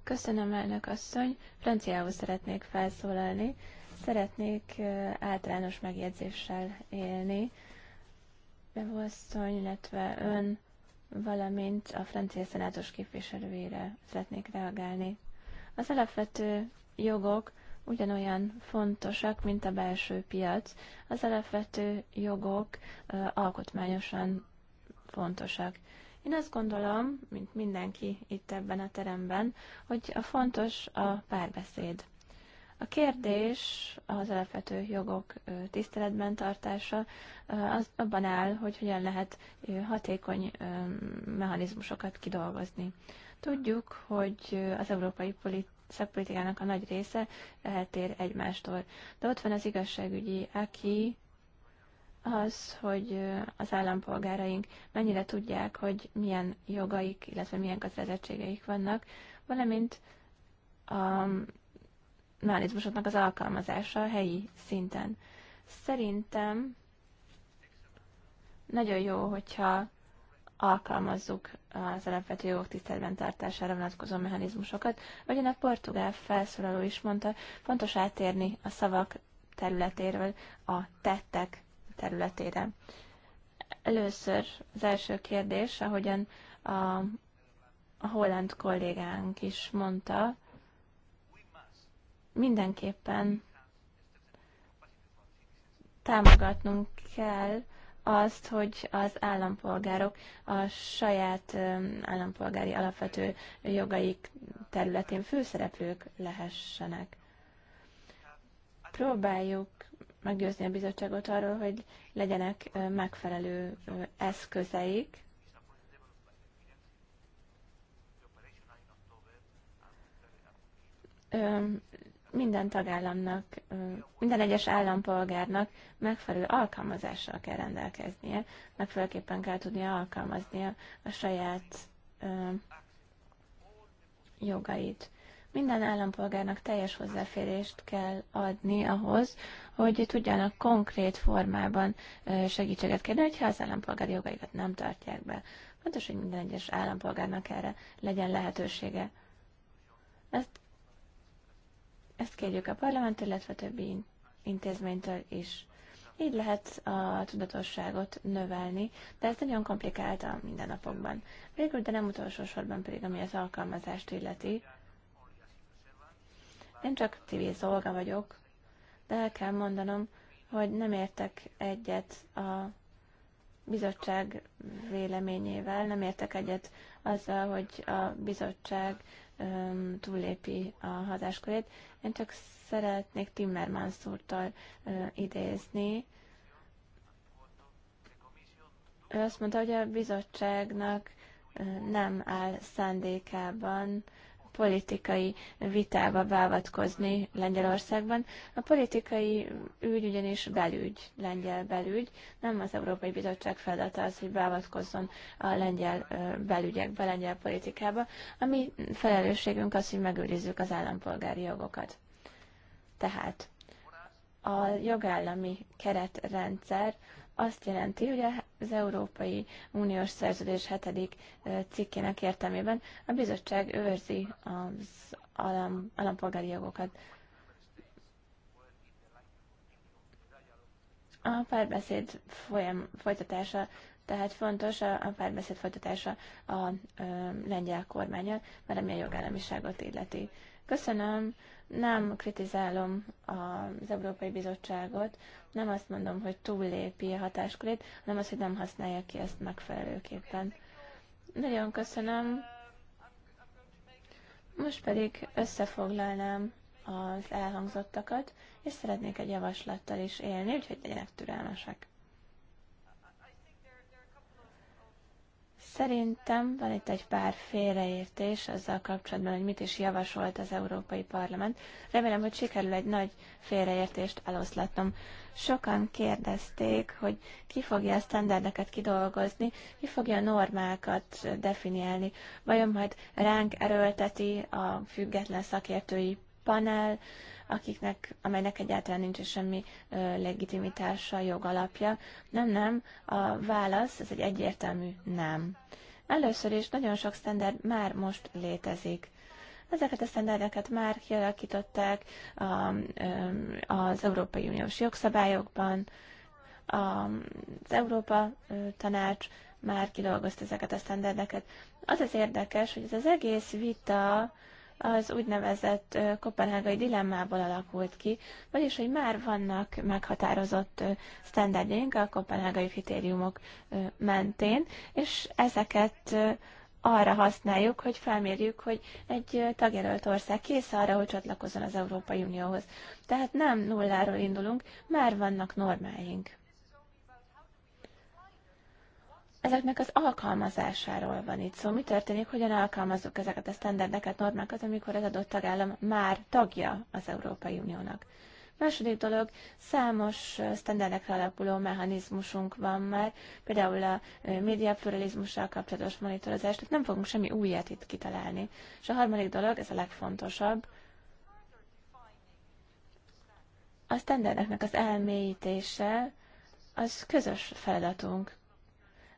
Köszönöm, elnök asszony. Franciául szeretnék felszólalni. Szeretnék általános megjegyzéssel élni. asszony, illetve ön, valamint a francia szenátus képviselőjére szeretnék reagálni. Az alapvető jogok ugyanolyan fontosak, mint a belső piac. Az alapvető jogok alkotmányosan fontosak. Én azt gondolom, mint mindenki itt ebben a teremben, hogy a fontos a párbeszéd. A kérdés az alapvető jogok tiszteletben tartása az abban áll, hogy hogyan lehet hatékony mechanizmusokat kidolgozni. Tudjuk, hogy az európai politikai szakpolitikának a nagy része eltér egymástól. De ott van az igazságügyi aki, az, hogy az állampolgáraink mennyire tudják, hogy milyen jogaik, illetve milyen kötelezettségeik vannak, valamint a mechanizmusoknak az alkalmazása a helyi szinten. Szerintem nagyon jó, hogyha alkalmazzuk az alapvető jogok tiszteletben tartására vonatkozó mechanizmusokat. Ahogyan a portugál felszólaló is mondta, fontos átérni a szavak területéről a tettek területére. Először az első kérdés, ahogyan a, a holland kollégánk is mondta, mindenképpen támogatnunk kell azt, hogy az állampolgárok a saját állampolgári alapvető jogaik területén főszereplők lehessenek. Próbáljuk meggyőzni a bizottságot arról, hogy legyenek megfelelő eszközeik, minden tagállamnak, minden egyes állampolgárnak megfelelő alkalmazással kell rendelkeznie, megfelelőképpen kell tudnia alkalmaznia a saját jogait. Minden állampolgárnak teljes hozzáférést kell adni ahhoz, hogy tudjanak konkrét formában segítséget kérni, hogyha az állampolgári jogaikat nem tartják be. Fontos, hogy minden egyes állampolgárnak erre legyen lehetősége. Ezt, ezt kérjük a parlamenttől, illetve többi intézménytől is. Így lehet a tudatosságot növelni, de ez nagyon komplikált a mindennapokban. Végül, de nem utolsó sorban pedig, ami az alkalmazást illeti, én csak civil szolga vagyok, de el kell mondanom, hogy nem értek egyet a bizottság véleményével, nem értek egyet azzal, hogy a bizottság um, túllépi a hatáskörét. Én csak szeretnék Timmermans úrtól uh, idézni. Ő azt mondta, hogy a bizottságnak uh, nem áll szándékában politikai vitába beavatkozni Lengyelországban. A politikai ügy ugyanis belügy, lengyel belügy, nem az Európai Bizottság feladata az, hogy beavatkozzon a lengyel belügyekbe, lengyel politikába. A mi felelősségünk az, hogy megőrizzük az állampolgári jogokat. Tehát a jogállami keretrendszer azt jelenti, hogy az Európai Uniós Szerződés 7. cikkének értelmében a bizottság őrzi az alam, alampolgári jogokat. A párbeszéd folyam, folytatása, tehát fontos a, a párbeszéd folytatása a ö, lengyel kormányon, mert ami a jogállamiságot illeti. Köszönöm, nem kritizálom az Európai Bizottságot, nem azt mondom, hogy túllépi a hatáskörét, hanem azt, hogy nem használja ki ezt megfelelőképpen. Nagyon köszönöm. Most pedig összefoglalnám az elhangzottakat, és szeretnék egy javaslattal is élni, úgyhogy legyenek türelmesek. Szerintem van itt egy pár félreértés azzal kapcsolatban, hogy mit is javasolt az Európai Parlament. Remélem, hogy sikerül egy nagy félreértést eloszlatnom. Sokan kérdezték, hogy ki fogja a sztenderdeket kidolgozni, ki fogja a normákat definiálni. Vajon majd ránk erőlteti a független szakértői panel, akiknek, amelynek egyáltalán nincs semmi ö, legitimitása, jogalapja. Nem, nem, a válasz, ez egy egyértelmű nem. Először is nagyon sok standard már most létezik. Ezeket a sztenderdeket már kialakították a, az Európai Uniós jogszabályokban, az Európa Tanács már kidolgozta ezeket a sztenderdeket. Az az érdekes, hogy ez az egész vita az úgynevezett kopenhágai dilemmából alakult ki, vagyis hogy már vannak meghatározott standardjaink a kopenhágai kritériumok mentén, és ezeket arra használjuk, hogy felmérjük, hogy egy tagjelölt ország kész arra, hogy csatlakozzon az Európai Unióhoz. Tehát nem nulláról indulunk, már vannak normáink ezeknek az alkalmazásáról van itt szó. Szóval mi történik, hogyan alkalmazzuk ezeket a standardeket, normákat, amikor az adott tagállam már tagja az Európai Uniónak. Második dolog, számos sztenderdekre alapuló mechanizmusunk van már, például a pluralizmussal kapcsolatos monitorozás, tehát nem fogunk semmi újat itt kitalálni. És a harmadik dolog, ez a legfontosabb, a sztenderdeknek az elmélyítése, az közös feladatunk.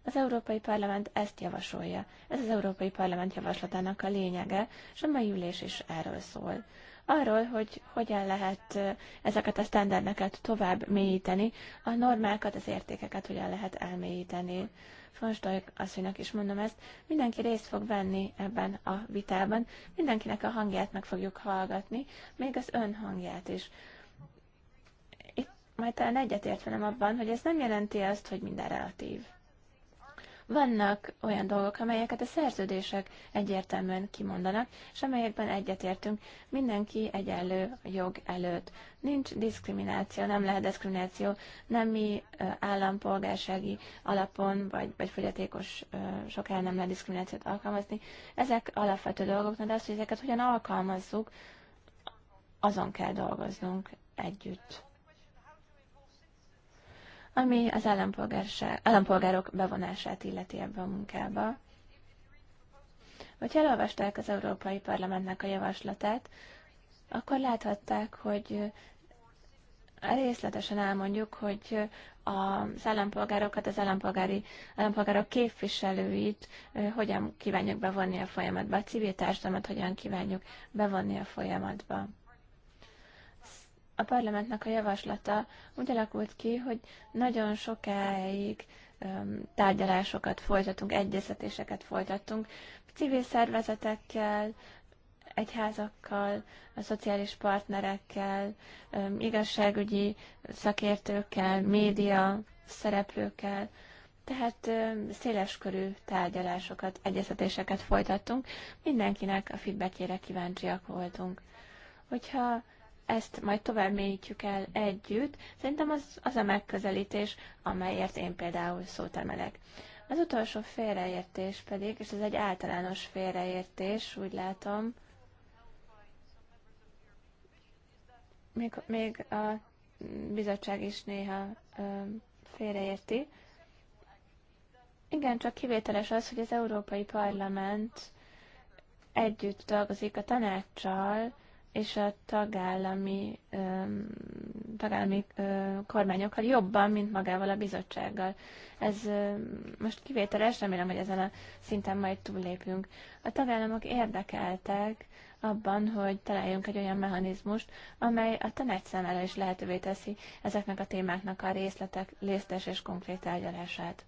Az Európai Parlament ezt javasolja. Ez az Európai Parlament javaslatának a lényege, és a mai ülés is erről szól. Arról, hogy hogyan lehet ezeket a standardeket tovább mélyíteni, a normákat, az értékeket hogyan lehet elmélyíteni. Fonstoly asszonynak is mondom ezt, mindenki részt fog venni ebben a vitában, mindenkinek a hangját meg fogjuk hallgatni, még az ön hangját is majd talán egyetért velem abban, hogy ez nem jelenti azt, hogy minden relatív. Vannak olyan dolgok, amelyeket a szerződések egyértelműen kimondanak, és amelyekben egyetértünk. Mindenki egyenlő jog előtt. Nincs diszkrimináció, nem lehet diszkrimináció nemi állampolgársági alapon, vagy, vagy fogyatékos sokáig nem lehet diszkriminációt alkalmazni. Ezek alapvető dolgok, de azt, hogy ezeket hogyan alkalmazzuk, azon kell dolgoznunk együtt ami az állampolgárok bevonását illeti ebbe a munkába. Hogyha elolvasták az Európai Parlamentnek a javaslatát, akkor láthatták, hogy részletesen elmondjuk, hogy az állampolgárokat, az állampolgári, állampolgárok képviselőit hogyan kívánjuk bevonni a folyamatba, a civil társadalmat hogyan kívánjuk bevonni a folyamatba a parlamentnek a javaslata úgy alakult ki, hogy nagyon sokáig tárgyalásokat folytatunk, egyeztetéseket folytattunk civil szervezetekkel, egyházakkal, a szociális partnerekkel, igazságügyi szakértőkkel, média szereplőkkel, tehát széleskörű tárgyalásokat, egyeztetéseket folytattunk, mindenkinek a feedbackjére kíváncsiak voltunk. Hogyha ezt majd tovább mélyítjük el együtt, szerintem az, az a megközelítés, amelyért én például szót emelek. Az utolsó félreértés pedig, és ez egy általános félreértés, úgy látom, még, még a bizottság is néha ö, félreérti. Igen, csak kivételes az, hogy az Európai Parlament együtt dolgozik a tanácssal, és a tagállami, tagállami kormányokkal jobban, mint magával a bizottsággal. Ez most kivételes, remélem, hogy ezen a szinten majd túllépünk. A tagállamok érdekeltek abban, hogy találjunk egy olyan mechanizmust, amely a tanács számára is lehetővé teszi ezeknek a témáknak a részletek, lésztes és konkrét tárgyalását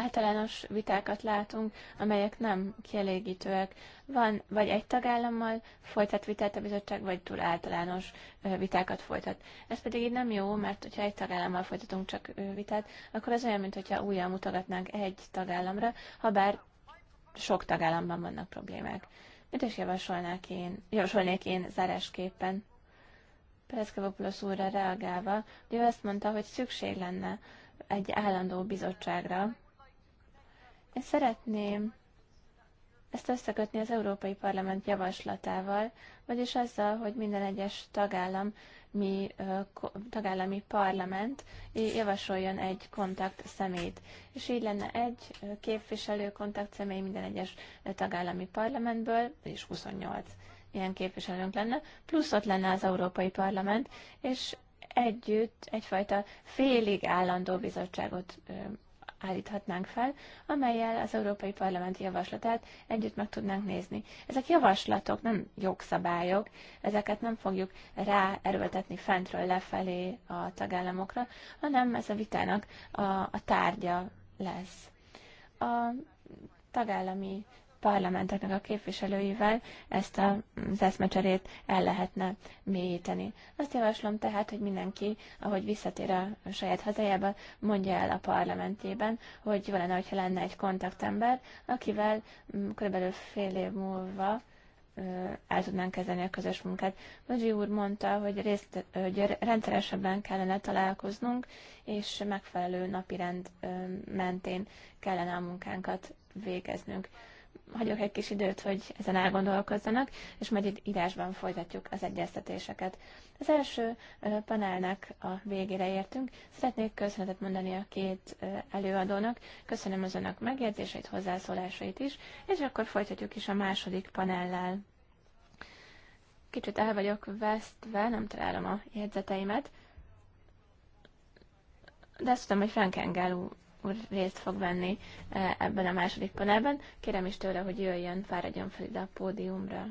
általános vitákat látunk, amelyek nem kielégítőek. Van vagy egy tagállammal folytat vitát a bizottság, vagy túl általános vitákat folytat. Ez pedig így nem jó, mert hogyha egy tagállammal folytatunk csak vitát, akkor az olyan, mintha újra mutogatnánk egy tagállamra, ha bár sok tagállamban vannak problémák. Mit is javasolnák én, javasolnék én zárásképpen? Pereszkevopulosz úrra reagálva, hogy ő azt mondta, hogy szükség lenne egy állandó bizottságra, én szeretném ezt összekötni az Európai Parlament javaslatával, vagyis azzal, hogy minden egyes tagállam mi, tagállami parlament javasoljon egy kontakt szemét. És így lenne egy képviselő kontakt személy minden egyes tagállami parlamentből, és 28 ilyen képviselőnk lenne, plusz ott lenne az Európai Parlament, és együtt egyfajta félig állandó bizottságot állíthatnánk fel, amelyel az Európai Parlamenti Javaslatát együtt meg tudnánk nézni. Ezek javaslatok, nem jogszabályok, ezeket nem fogjuk ráerőltetni fentről lefelé a tagállamokra, hanem ez a vitának a, a tárgya lesz. A tagállami parlamenteknek a képviselőivel ezt az eszmecserét el lehetne mélyíteni. Azt javaslom tehát, hogy mindenki, ahogy visszatér a saját hazájába, mondja el a parlamentében, hogy jó lenne, hogyha lenne egy kontaktember, akivel mm, körülbelül fél év múlva el tudnánk kezdeni a közös munkát. Magyi úr mondta, hogy, részt, hogy rendszeresebben kellene találkoznunk, és megfelelő napirend mentén kellene a munkánkat végeznünk hagyok egy kis időt, hogy ezen elgondolkozzanak, és majd itt írásban folytatjuk az egyeztetéseket. Az első panelnek a végére értünk. Szeretnék köszönetet mondani a két előadónak. Köszönöm az önök megjegyzéseit, hozzászólásait is, és akkor folytatjuk is a második panellel. Kicsit el vagyok vesztve, nem találom a jegyzeteimet, de azt tudom, hogy Frank Engel úr részt fog venni eh, ebben a második panelben. Kérem is tőle, hogy jöjjön, fáradjon fel ide a pódiumra.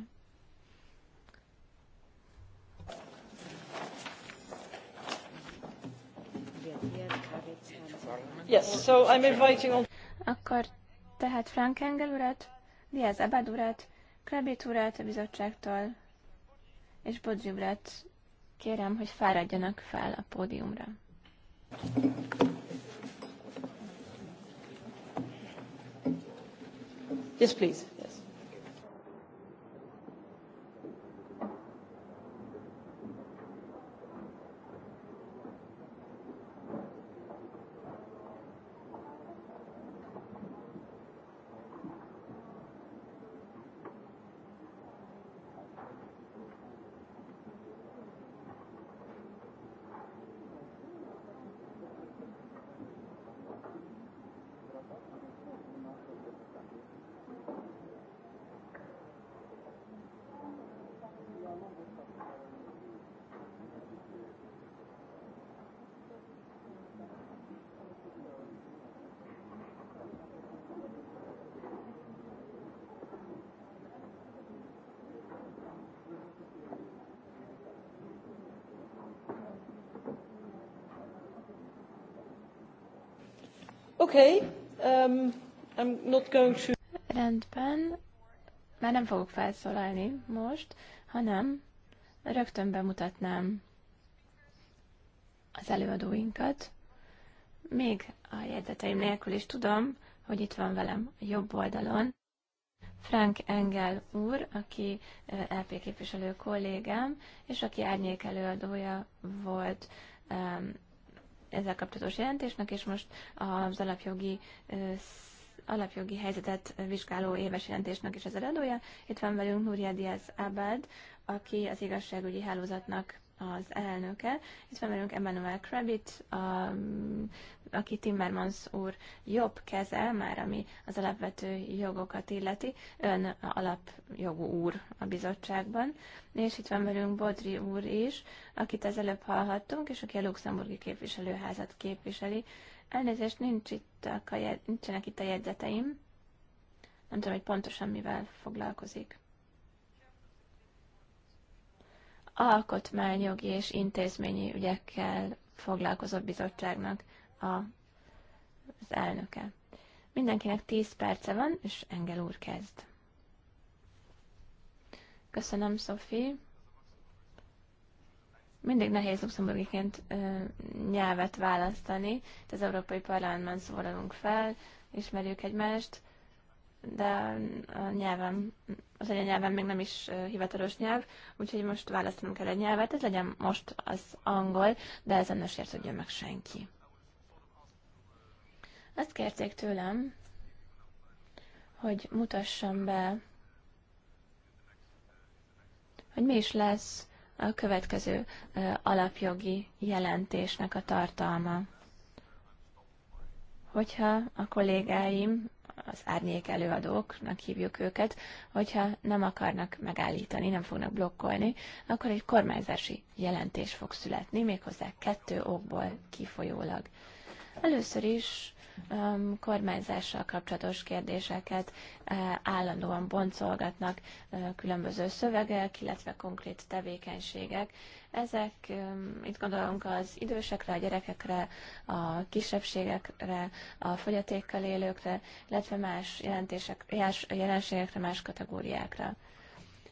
Yes, so I'm inviting on... Akkor tehát Frank Engel urat, Diaz Abad urat, Krabit urat a bizottságtól, és Bodzsi urat kérem, hogy fáradjanak fel a pódiumra. yes please. Okay, um, I'm not going to... Rendben, már nem fogok felszólalni most, hanem rögtön bemutatnám az előadóinkat. Még a jegyzeteim nélkül is tudom, hogy itt van velem a jobb oldalon. Frank Engel úr, aki LP képviselő kollégám, és aki árnyék előadója volt ezzel kapcsolatos jelentésnek, és most az alapjogi alapjogi helyzetet vizsgáló éves jelentésnek is az eredője. Itt van velünk Núria Diaz Abad, aki az igazságügyi hálózatnak az elnöke. Itt van velünk Emmanuel Krabit, a aki Timmermans úr jobb keze, már ami az alapvető jogokat illeti, ön alapjogú úr a bizottságban, és itt van velünk Bodri úr is, akit az előbb hallhattunk, és aki a luxemburgi képviselőházat képviseli. Elnézést, nincs itt a, nincsenek itt a jegyzeteim. Nem tudom, hogy pontosan mivel foglalkozik. Alkotmányjogi és intézményi ügyekkel foglalkozó bizottságnak a, az elnöke. Mindenkinek 10 perce van, és Engel úr kezd. Köszönöm, Szofi. Mindig nehéz luxemburgiként nyelvet választani. Itt az Európai Parlamentben szólalunk fel, ismerjük egymást, de a nyelvem, az anyanyelvem még nem is ö, hivatalos nyelv, úgyhogy most választanunk kell egy nyelvet. Ez legyen most az angol, de ezen ne sértődjön meg senki. Azt kérték tőlem, hogy mutassam be, hogy mi is lesz a következő alapjogi jelentésnek a tartalma. Hogyha a kollégáim, az árnyék előadóknak hívjuk őket, hogyha nem akarnak megállítani, nem fognak blokkolni, akkor egy kormányzási jelentés fog születni, méghozzá kettő okból kifolyólag. Először is Um, kormányzással kapcsolatos kérdéseket uh, állandóan boncolgatnak uh, különböző szövegek, illetve konkrét tevékenységek. Ezek, um, itt gondolunk az idősekre, a gyerekekre, a kisebbségekre, a fogyatékkal élőkre, illetve más jelentések, jelenségekre, más kategóriákra.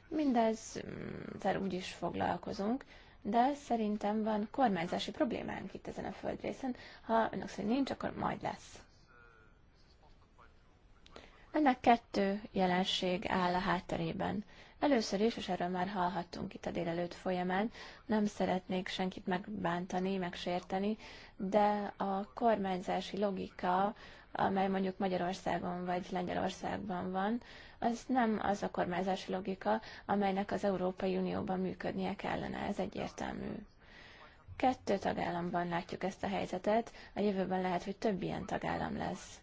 Mindezzel úgy is foglalkozunk, de szerintem van kormányzási problémánk itt ezen a földrészen. Ha önök szerint nincs, akkor majd lesz. Ennek kettő jelenség áll a hátterében. Először is, és erről már hallhattunk itt a délelőtt folyamán, nem szeretnék senkit megbántani, megsérteni, de a kormányzási logika, amely mondjuk Magyarországon vagy Lengyelországban van, az nem az a kormányzási logika, amelynek az Európai Unióban működnie kellene, ez egyértelmű. Kettő tagállamban látjuk ezt a helyzetet, a jövőben lehet, hogy több ilyen tagállam lesz.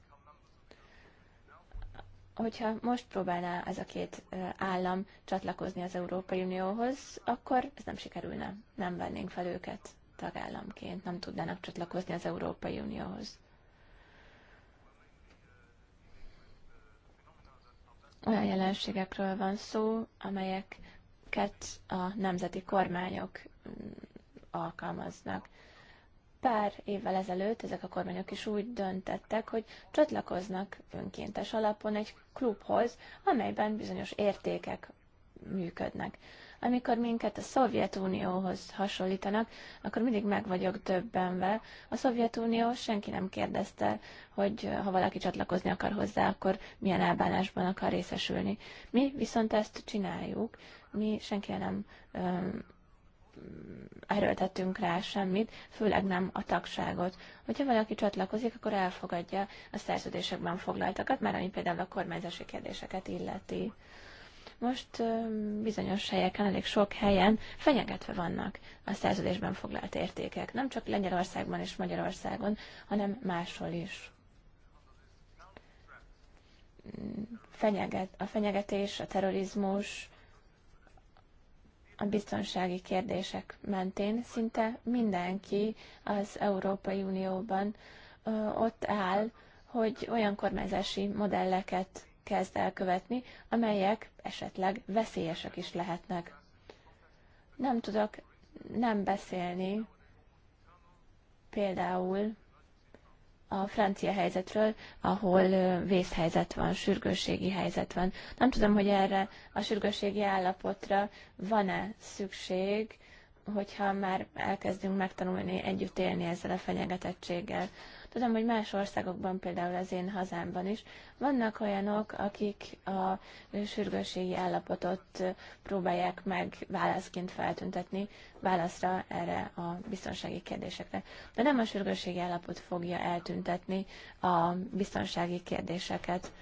Hogyha most próbálná ez a két állam csatlakozni az Európai Unióhoz, akkor ez nem sikerülne. Nem vennénk fel őket tagállamként, nem tudnának csatlakozni az Európai Unióhoz. olyan jelenségekről van szó, amelyeket a nemzeti kormányok mm, alkalmaznak. Pár évvel ezelőtt ezek a kormányok is úgy döntettek, hogy csatlakoznak önkéntes alapon egy klubhoz, amelyben bizonyos értékek működnek. Amikor minket a Szovjetunióhoz hasonlítanak, akkor mindig meg vagyok döbbenve. A Szovjetunió senki nem kérdezte, hogy ha valaki csatlakozni akar hozzá, akkor milyen elbánásban akar részesülni. Mi viszont ezt csináljuk, mi senki nem öm, erőltetünk rá semmit, főleg nem a tagságot. Hogyha valaki csatlakozik, akkor elfogadja a szerződésekben foglaltakat, mert ami például a kormányzási kérdéseket illeti most bizonyos helyeken, elég sok helyen fenyegetve vannak a szerződésben foglalt értékek. Nem csak Lengyelországban és Magyarországon, hanem máshol is. Fenyeget, a fenyegetés, a terrorizmus, a biztonsági kérdések mentén szinte mindenki az Európai Unióban ott áll, hogy olyan kormányzási modelleket kezd elkövetni, amelyek esetleg veszélyesek is lehetnek. Nem tudok nem beszélni például a francia helyzetről, ahol vészhelyzet van, sürgősségi helyzet van. Nem tudom, hogy erre a sürgősségi állapotra van-e szükség, hogyha már elkezdünk megtanulni együtt élni ezzel a fenyegetettséggel. Tudom, hogy más országokban, például az én hazámban is, vannak olyanok, akik a sürgősségi állapotot próbálják meg válaszként feltüntetni, válaszra erre a biztonsági kérdésekre. De nem a sürgősségi állapot fogja eltüntetni a biztonsági kérdéseket.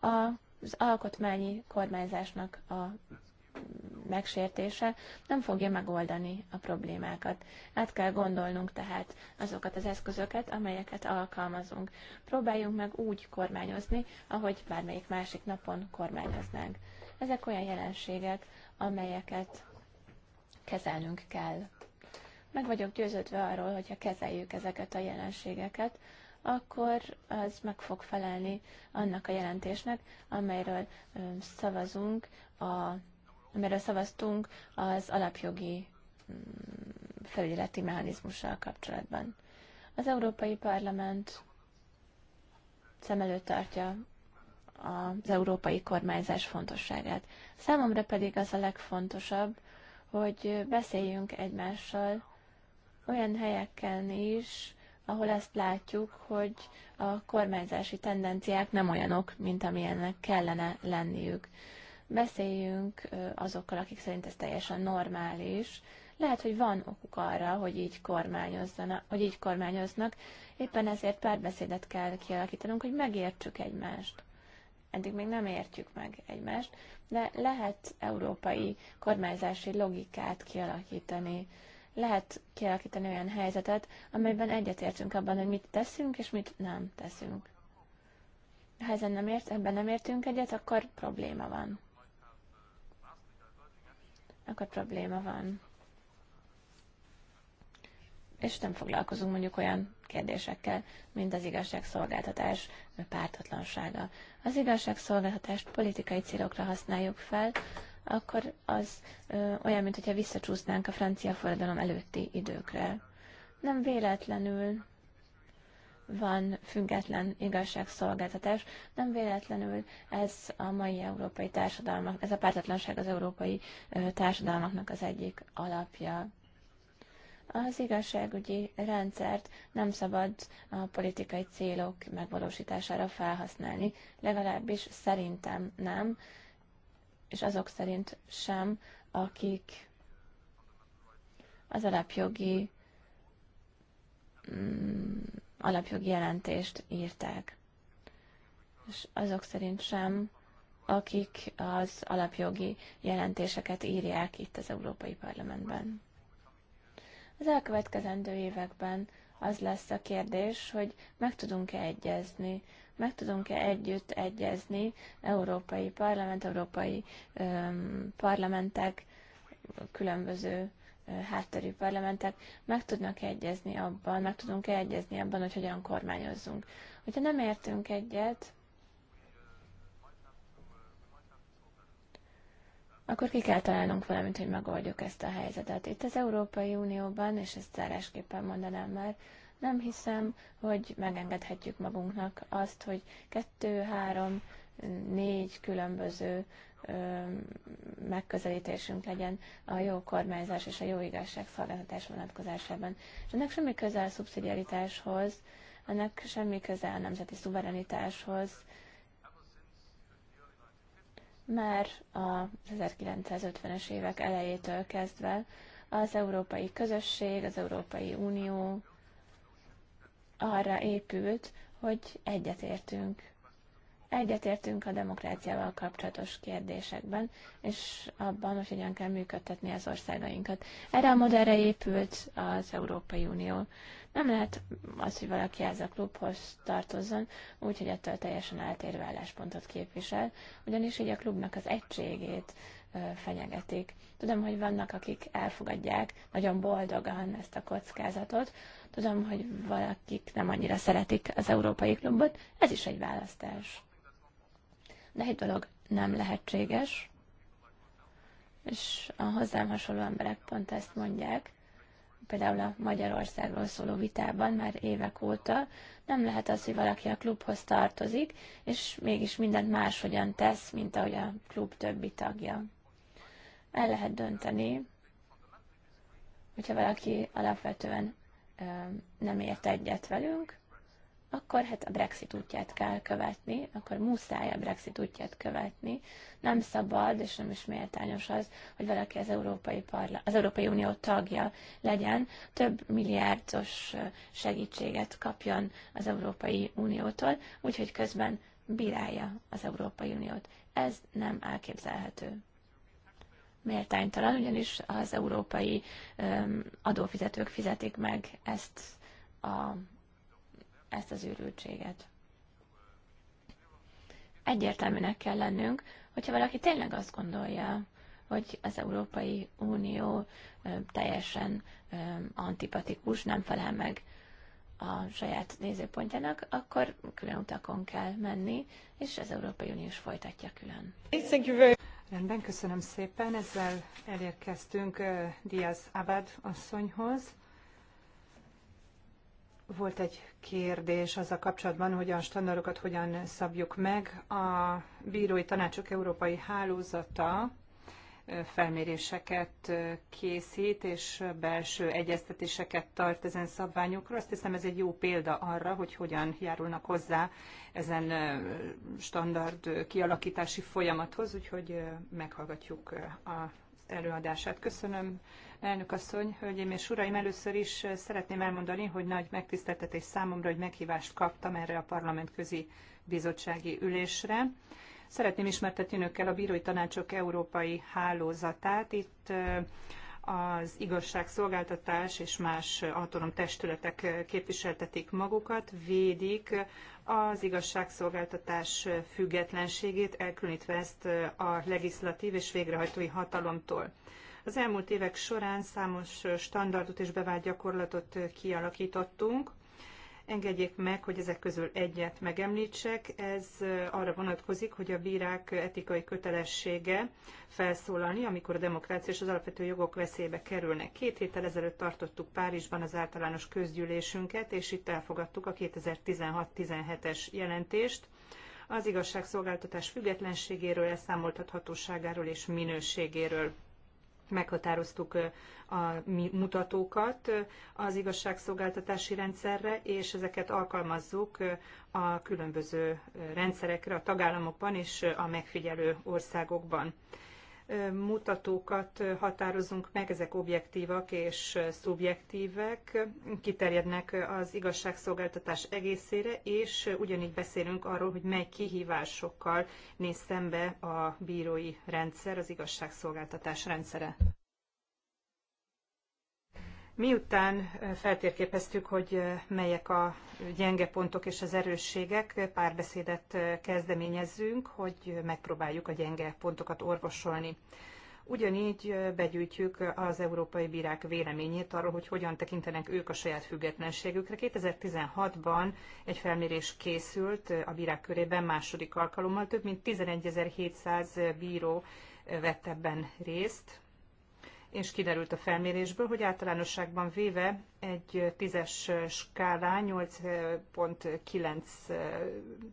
A az alkotmányi kormányzásnak a megsértése nem fogja megoldani a problémákat. Át kell gondolnunk tehát azokat az eszközöket, amelyeket alkalmazunk. Próbáljunk meg úgy kormányozni, ahogy bármelyik másik napon kormányoznánk. Ezek olyan jelenségek, amelyeket kezelnünk kell. Meg vagyok győződve arról, hogyha kezeljük ezeket a jelenségeket, akkor az meg fog felelni annak a jelentésnek, amelyről szavazunk a amire szavaztunk, az alapjogi mm, felületi mechanizmussal kapcsolatban. Az Európai Parlament szem előtt tartja az európai kormányzás fontosságát. Számomra pedig az a legfontosabb, hogy beszéljünk egymással olyan helyeken is, ahol azt látjuk, hogy a kormányzási tendenciák nem olyanok, mint amilyennek kellene lenniük. Beszéljünk azokkal, akik szerint ez teljesen normális. Lehet, hogy van okuk arra, hogy így, hogy így kormányoznak, éppen ezért párbeszédet kell kialakítanunk, hogy megértsük egymást eddig még nem értjük meg egymást, de lehet európai kormányzási logikát kialakítani. Lehet kialakítani olyan helyzetet, amelyben egyetértünk abban, hogy mit teszünk és mit nem teszünk. Ha ezen nem ért, ebben nem értünk egyet, akkor probléma van akkor probléma van. És nem foglalkozunk mondjuk olyan kérdésekkel, mint az igazságszolgáltatás pártatlansága. Az igazságszolgáltatást politikai célokra használjuk fel, akkor az ö, olyan, mintha visszacsúsznánk a francia forradalom előtti időkre. Nem véletlenül van független igazságszolgáltatás. Nem véletlenül ez a mai európai társadalmak, ez a pártatlanság az európai társadalmaknak az egyik alapja. Az igazságügyi rendszert nem szabad a politikai célok megvalósítására felhasználni, legalábbis szerintem nem, és azok szerint sem, akik az alapjogi mm, alapjogi jelentést írták. És azok szerint sem, akik az alapjogi jelentéseket írják itt az Európai Parlamentben. Az elkövetkezendő években az lesz a kérdés, hogy meg tudunk-e egyezni, meg tudunk-e együtt egyezni Európai Parlament, Európai öm, Parlamentek, különböző hátterű parlamentek meg tudnak egyezni abban, meg tudunk egyezni abban, hogy hogyan kormányozzunk. Hogyha nem értünk egyet, akkor ki kell találnunk valamit, hogy megoldjuk ezt a helyzetet. Itt az Európai Unióban, és ezt zárásképpen mondanám már, nem hiszem, hogy megengedhetjük magunknak azt, hogy kettő, három, négy különböző megközelítésünk legyen a jó kormányzás és a jó igazság szolgáltatás vonatkozásában. És ennek semmi köze a szubszidiaritáshoz, ennek semmi köze a nemzeti szuverenitáshoz, már a 1950-es évek elejétől kezdve az európai közösség, az Európai Unió arra épült, hogy egyetértünk Egyetértünk a demokráciával kapcsolatos kérdésekben, és abban, hogy hogyan kell működtetni az országainkat. Erre a modellre épült az Európai Unió. Nem lehet az, hogy valaki ez a klubhoz tartozzon, úgyhogy ettől teljesen eltérő álláspontot képvisel, ugyanis így a klubnak az egységét fenyegetik. Tudom, hogy vannak, akik elfogadják nagyon boldogan ezt a kockázatot, tudom, hogy valakik nem annyira szeretik az Európai Klubot, ez is egy választás de egy dolog nem lehetséges, és a hozzám hasonló emberek pont ezt mondják, például a Magyarországról szóló vitában már évek óta, nem lehet az, hogy valaki a klubhoz tartozik, és mégis mindent máshogyan tesz, mint ahogy a klub többi tagja. El lehet dönteni, hogyha valaki alapvetően nem ért egyet velünk, akkor hát a Brexit útját kell követni, akkor muszáj a Brexit útját követni. Nem szabad, és nem is méltányos az, hogy valaki az Európai, Parla- az Európai Unió tagja legyen, több milliárdos segítséget kapjon az Európai Uniótól, úgyhogy közben bírálja az Európai Uniót. Ez nem elképzelhető méltánytalan, ugyanis az európai öm, adófizetők fizetik meg ezt a ezt az őrültséget. Egyértelműnek kell lennünk, hogyha valaki tényleg azt gondolja, hogy az Európai Unió teljesen antipatikus, nem felel meg a saját nézőpontjának, akkor külön utakon kell menni, és az Európai Unió is folytatja külön. Rendben, köszönöm szépen. Ezzel elérkeztünk Diaz Abad asszonyhoz. Volt egy kérdés az a kapcsolatban, hogy a standardokat hogyan szabjuk meg. A Bírói Tanácsok Európai Hálózata felméréseket készít, és belső egyeztetéseket tart ezen szabványokról. Azt hiszem ez egy jó példa arra, hogy hogyan járulnak hozzá ezen standard kialakítási folyamathoz, úgyhogy meghallgatjuk a előadását. Köszönöm, elnök asszony, hölgyeim és uraim. Először is eh, szeretném elmondani, hogy nagy megtiszteltetés számomra, hogy meghívást kaptam erre a parlamentközi bizottsági ülésre. Szeretném ismertetni önökkel a Bírói Tanácsok Európai Hálózatát. Itt eh, az igazságszolgáltatás és más autonóm testületek képviseltetik magukat, védik az igazságszolgáltatás függetlenségét, elkülönítve ezt a legislatív és végrehajtói hatalomtól. Az elmúlt évek során számos standardot és bevált gyakorlatot kialakítottunk, Engedjék meg, hogy ezek közül egyet megemlítsek. Ez arra vonatkozik, hogy a bírák etikai kötelessége felszólalni, amikor a demokrácia és az alapvető jogok veszélybe kerülnek. Két héttel ezelőtt tartottuk Párizsban az általános közgyűlésünket, és itt elfogadtuk a 2016-17-es jelentést az igazságszolgáltatás függetlenségéről, elszámoltathatóságáról és minőségéről meghatároztuk a mutatókat az igazságszolgáltatási rendszerre, és ezeket alkalmazzuk a különböző rendszerekre a tagállamokban és a megfigyelő országokban mutatókat határozunk meg, ezek objektívak és szubjektívek, kiterjednek az igazságszolgáltatás egészére, és ugyanígy beszélünk arról, hogy mely kihívásokkal néz szembe a bírói rendszer, az igazságszolgáltatás rendszere. Miután feltérképeztük, hogy melyek a gyenge pontok és az erősségek, párbeszédet kezdeményezzünk, hogy megpróbáljuk a gyenge pontokat orvosolni. Ugyanígy begyűjtjük az európai bírák véleményét arról, hogy hogyan tekintenek ők a saját függetlenségükre. 2016-ban egy felmérés készült a bírák körében második alkalommal. Több mint 11.700 bíró vett ebben részt, és kiderült a felmérésből, hogy általánosságban véve egy tízes skálán 8.9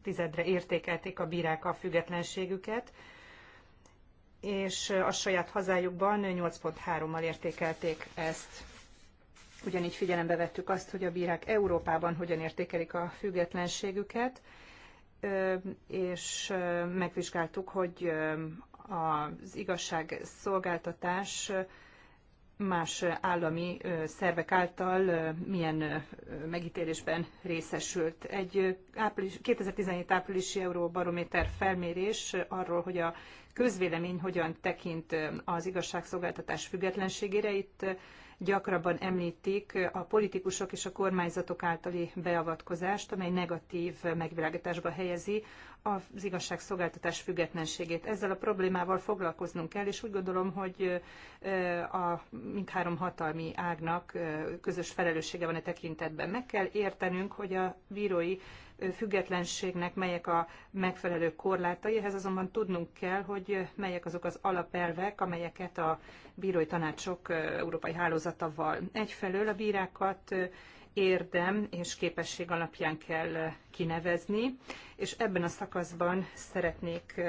tizedre értékelték a bírák a függetlenségüket, és a saját hazájukban 8.3-mal értékelték ezt. Ugyanígy figyelembe vettük azt, hogy a bírák Európában hogyan értékelik a függetlenségüket, és megvizsgáltuk, hogy az igazságszolgáltatás szolgáltatás más állami szervek által milyen megítélésben részesült. Egy április, 2017 áprilisi euróbarométer felmérés arról, hogy a közvélemény hogyan tekint az igazságszolgáltatás függetlenségére. Itt gyakrabban említik a politikusok és a kormányzatok általi beavatkozást, amely negatív megvilágításba helyezi az igazságszolgáltatás függetlenségét. Ezzel a problémával foglalkoznunk kell, és úgy gondolom, hogy eh, a mindhárom hatalmi ágnak eh, közös felelőssége van a e tekintetben. Meg kell értenünk, hogy a bírói függetlenségnek melyek a megfelelő korlátai, ehhez azonban tudnunk kell, hogy melyek azok az alapelvek, amelyeket a bírói tanácsok európai val. egyfelől a bírákat érdem és képesség alapján kell kinevezni, és ebben a szakaszban szeretnék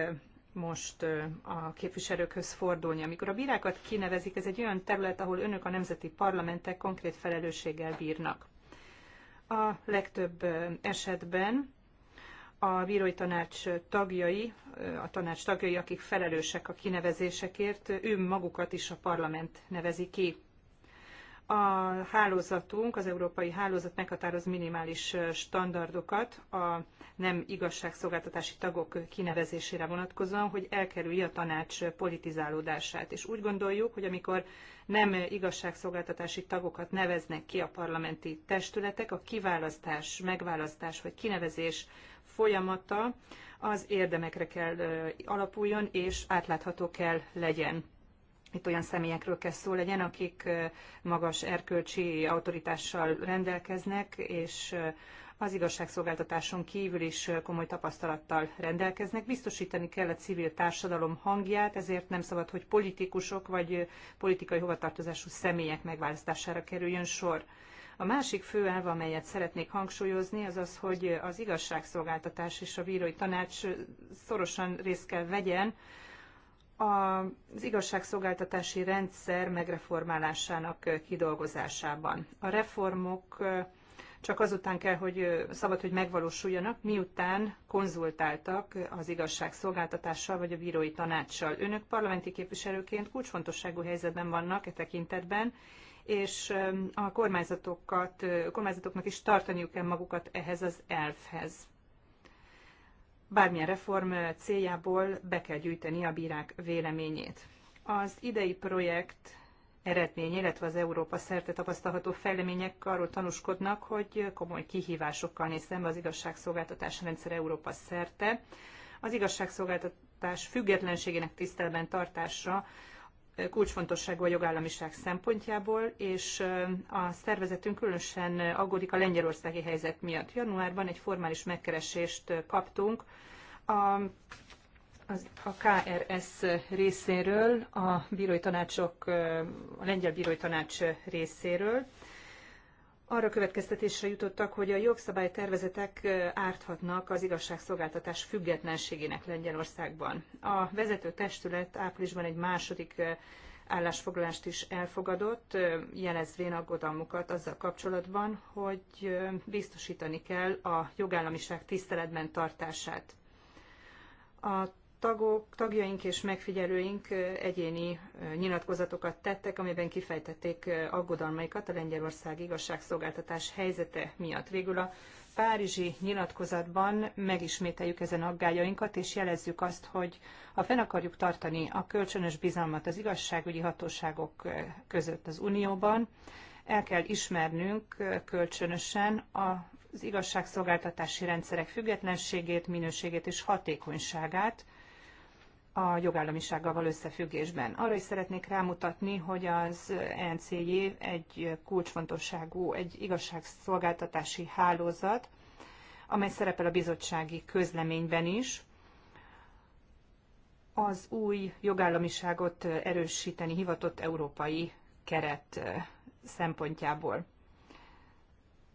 most a képviselőkhöz fordulni. Amikor a bírákat kinevezik, ez egy olyan terület, ahol önök a nemzeti parlamentek konkrét felelősséggel bírnak. A legtöbb esetben a bírói tanács tagjai, a tanács tagjai, akik felelősek a kinevezésekért, ő magukat is a parlament nevezi ki a hálózatunk, az európai hálózat meghatároz minimális standardokat a nem igazságszolgáltatási tagok kinevezésére vonatkozóan, hogy elkerülje a tanács politizálódását. És úgy gondoljuk, hogy amikor nem igazságszolgáltatási tagokat neveznek ki a parlamenti testületek, a kiválasztás, megválasztás vagy kinevezés folyamata az érdemekre kell alapuljon és átlátható kell legyen itt olyan személyekről kell szó legyen, akik magas erkölcsi autoritással rendelkeznek, és az igazságszolgáltatáson kívül is komoly tapasztalattal rendelkeznek. Biztosítani kell a civil társadalom hangját, ezért nem szabad, hogy politikusok vagy politikai hovatartozású személyek megválasztására kerüljön sor. A másik fő elv, amelyet szeretnék hangsúlyozni, az az, hogy az igazságszolgáltatás és a bírói tanács szorosan részt kell vegyen az igazságszolgáltatási rendszer megreformálásának kidolgozásában. A reformok csak azután kell, hogy szabad, hogy megvalósuljanak, miután konzultáltak az igazságszolgáltatással vagy a bírói tanácssal. Önök parlamenti képviselőként kulcsfontosságú helyzetben vannak e tekintetben, és a kormányzatokat, kormányzatoknak is tartaniuk kell magukat ehhez az elfhez bármilyen reform céljából be kell gyűjteni a bírák véleményét. Az idei projekt eredmény, illetve az Európa szerte tapasztalható fejlemények arról tanúskodnak, hogy komoly kihívásokkal néz szembe az igazságszolgáltatás rendszer Európa szerte. Az igazságszolgáltatás függetlenségének tisztelben tartása kulcsfontosságú a jogállamiság szempontjából, és a szervezetünk különösen aggódik a lengyelországi helyzet miatt. Januárban egy formális megkeresést kaptunk a, az, a KRS részéről, a, bírói tanácsok, a lengyel bírói tanács részéről, arra következtetésre jutottak, hogy a jogszabálytervezetek árthatnak az igazságszolgáltatás függetlenségének Lengyelországban. A vezető testület áprilisban egy második állásfoglalást is elfogadott, jelezvén aggodalmukat azzal kapcsolatban, hogy biztosítani kell a jogállamiság tiszteletben tartását. A tagok, tagjaink és megfigyelőink egyéni nyilatkozatokat tettek, amiben kifejtették aggodalmaikat a Lengyelország igazságszolgáltatás helyzete miatt. Végül a Párizsi nyilatkozatban megismételjük ezen aggájainkat, és jelezzük azt, hogy ha fenn akarjuk tartani a kölcsönös bizalmat az igazságügyi hatóságok között az Unióban, el kell ismernünk kölcsönösen a az igazságszolgáltatási rendszerek függetlenségét, minőségét és hatékonyságát, a jogállamisággal való összefüggésben. Arra is szeretnék rámutatni, hogy az NCJ egy kulcsfontosságú, egy igazságszolgáltatási hálózat, amely szerepel a bizottsági közleményben is, az új jogállamiságot erősíteni hivatott európai keret szempontjából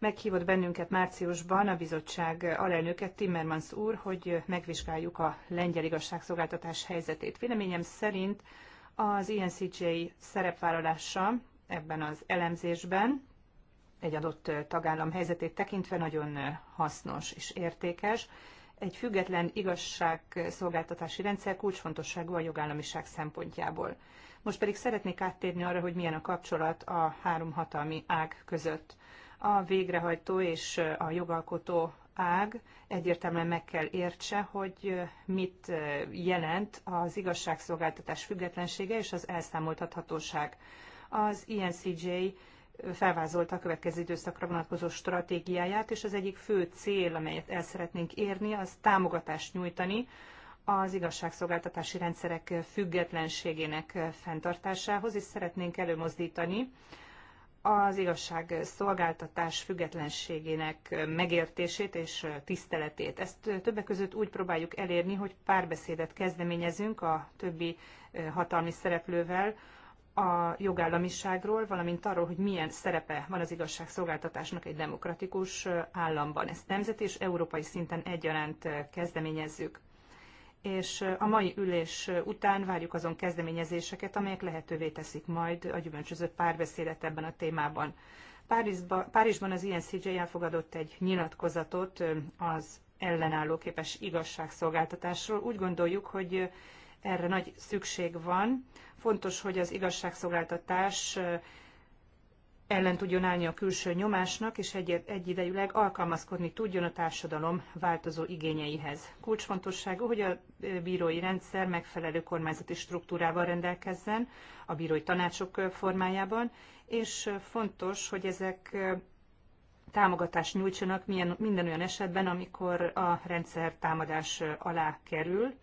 meghívott bennünket márciusban a bizottság alelnöke Timmermans úr, hogy megvizsgáljuk a lengyel igazságszolgáltatás helyzetét. Véleményem szerint az INCJ szerepvállalása ebben az elemzésben egy adott tagállam helyzetét tekintve nagyon hasznos és értékes. Egy független igazságszolgáltatási rendszer kulcsfontosságú a jogállamiság szempontjából. Most pedig szeretnék áttérni arra, hogy milyen a kapcsolat a három hatalmi ág között a végrehajtó és a jogalkotó ág egyértelműen meg kell értse, hogy mit jelent az igazságszolgáltatás függetlensége és az elszámoltathatóság. Az INCJ e felvázolta a következő időszakra vonatkozó stratégiáját, és az egyik fő cél, amelyet el szeretnénk érni, az támogatást nyújtani az igazságszolgáltatási rendszerek függetlenségének fenntartásához, és szeretnénk előmozdítani az igazság szolgáltatás függetlenségének megértését és tiszteletét. Ezt többek között úgy próbáljuk elérni, hogy párbeszédet kezdeményezünk a többi hatalmi szereplővel a jogállamiságról, valamint arról, hogy milyen szerepe van az igazságszolgáltatásnak egy demokratikus államban. Ezt nemzeti és európai szinten egyaránt kezdeményezzük és a mai ülés után várjuk azon kezdeményezéseket, amelyek lehetővé teszik majd a gyümölcsözött párbeszédet ebben a témában. Párizba, Párizsban az INCJ elfogadott egy nyilatkozatot az ellenállóképes igazságszolgáltatásról. Úgy gondoljuk, hogy erre nagy szükség van. Fontos, hogy az igazságszolgáltatás ellen tudjon állni a külső nyomásnak, és egy, egyidejűleg alkalmazkodni tudjon a társadalom változó igényeihez. Kulcsfontosságú, hogy a bírói rendszer megfelelő kormányzati struktúrával rendelkezzen, a bírói tanácsok formájában, és fontos, hogy ezek támogatást nyújtsanak milyen, minden olyan esetben, amikor a rendszer támadás alá kerül,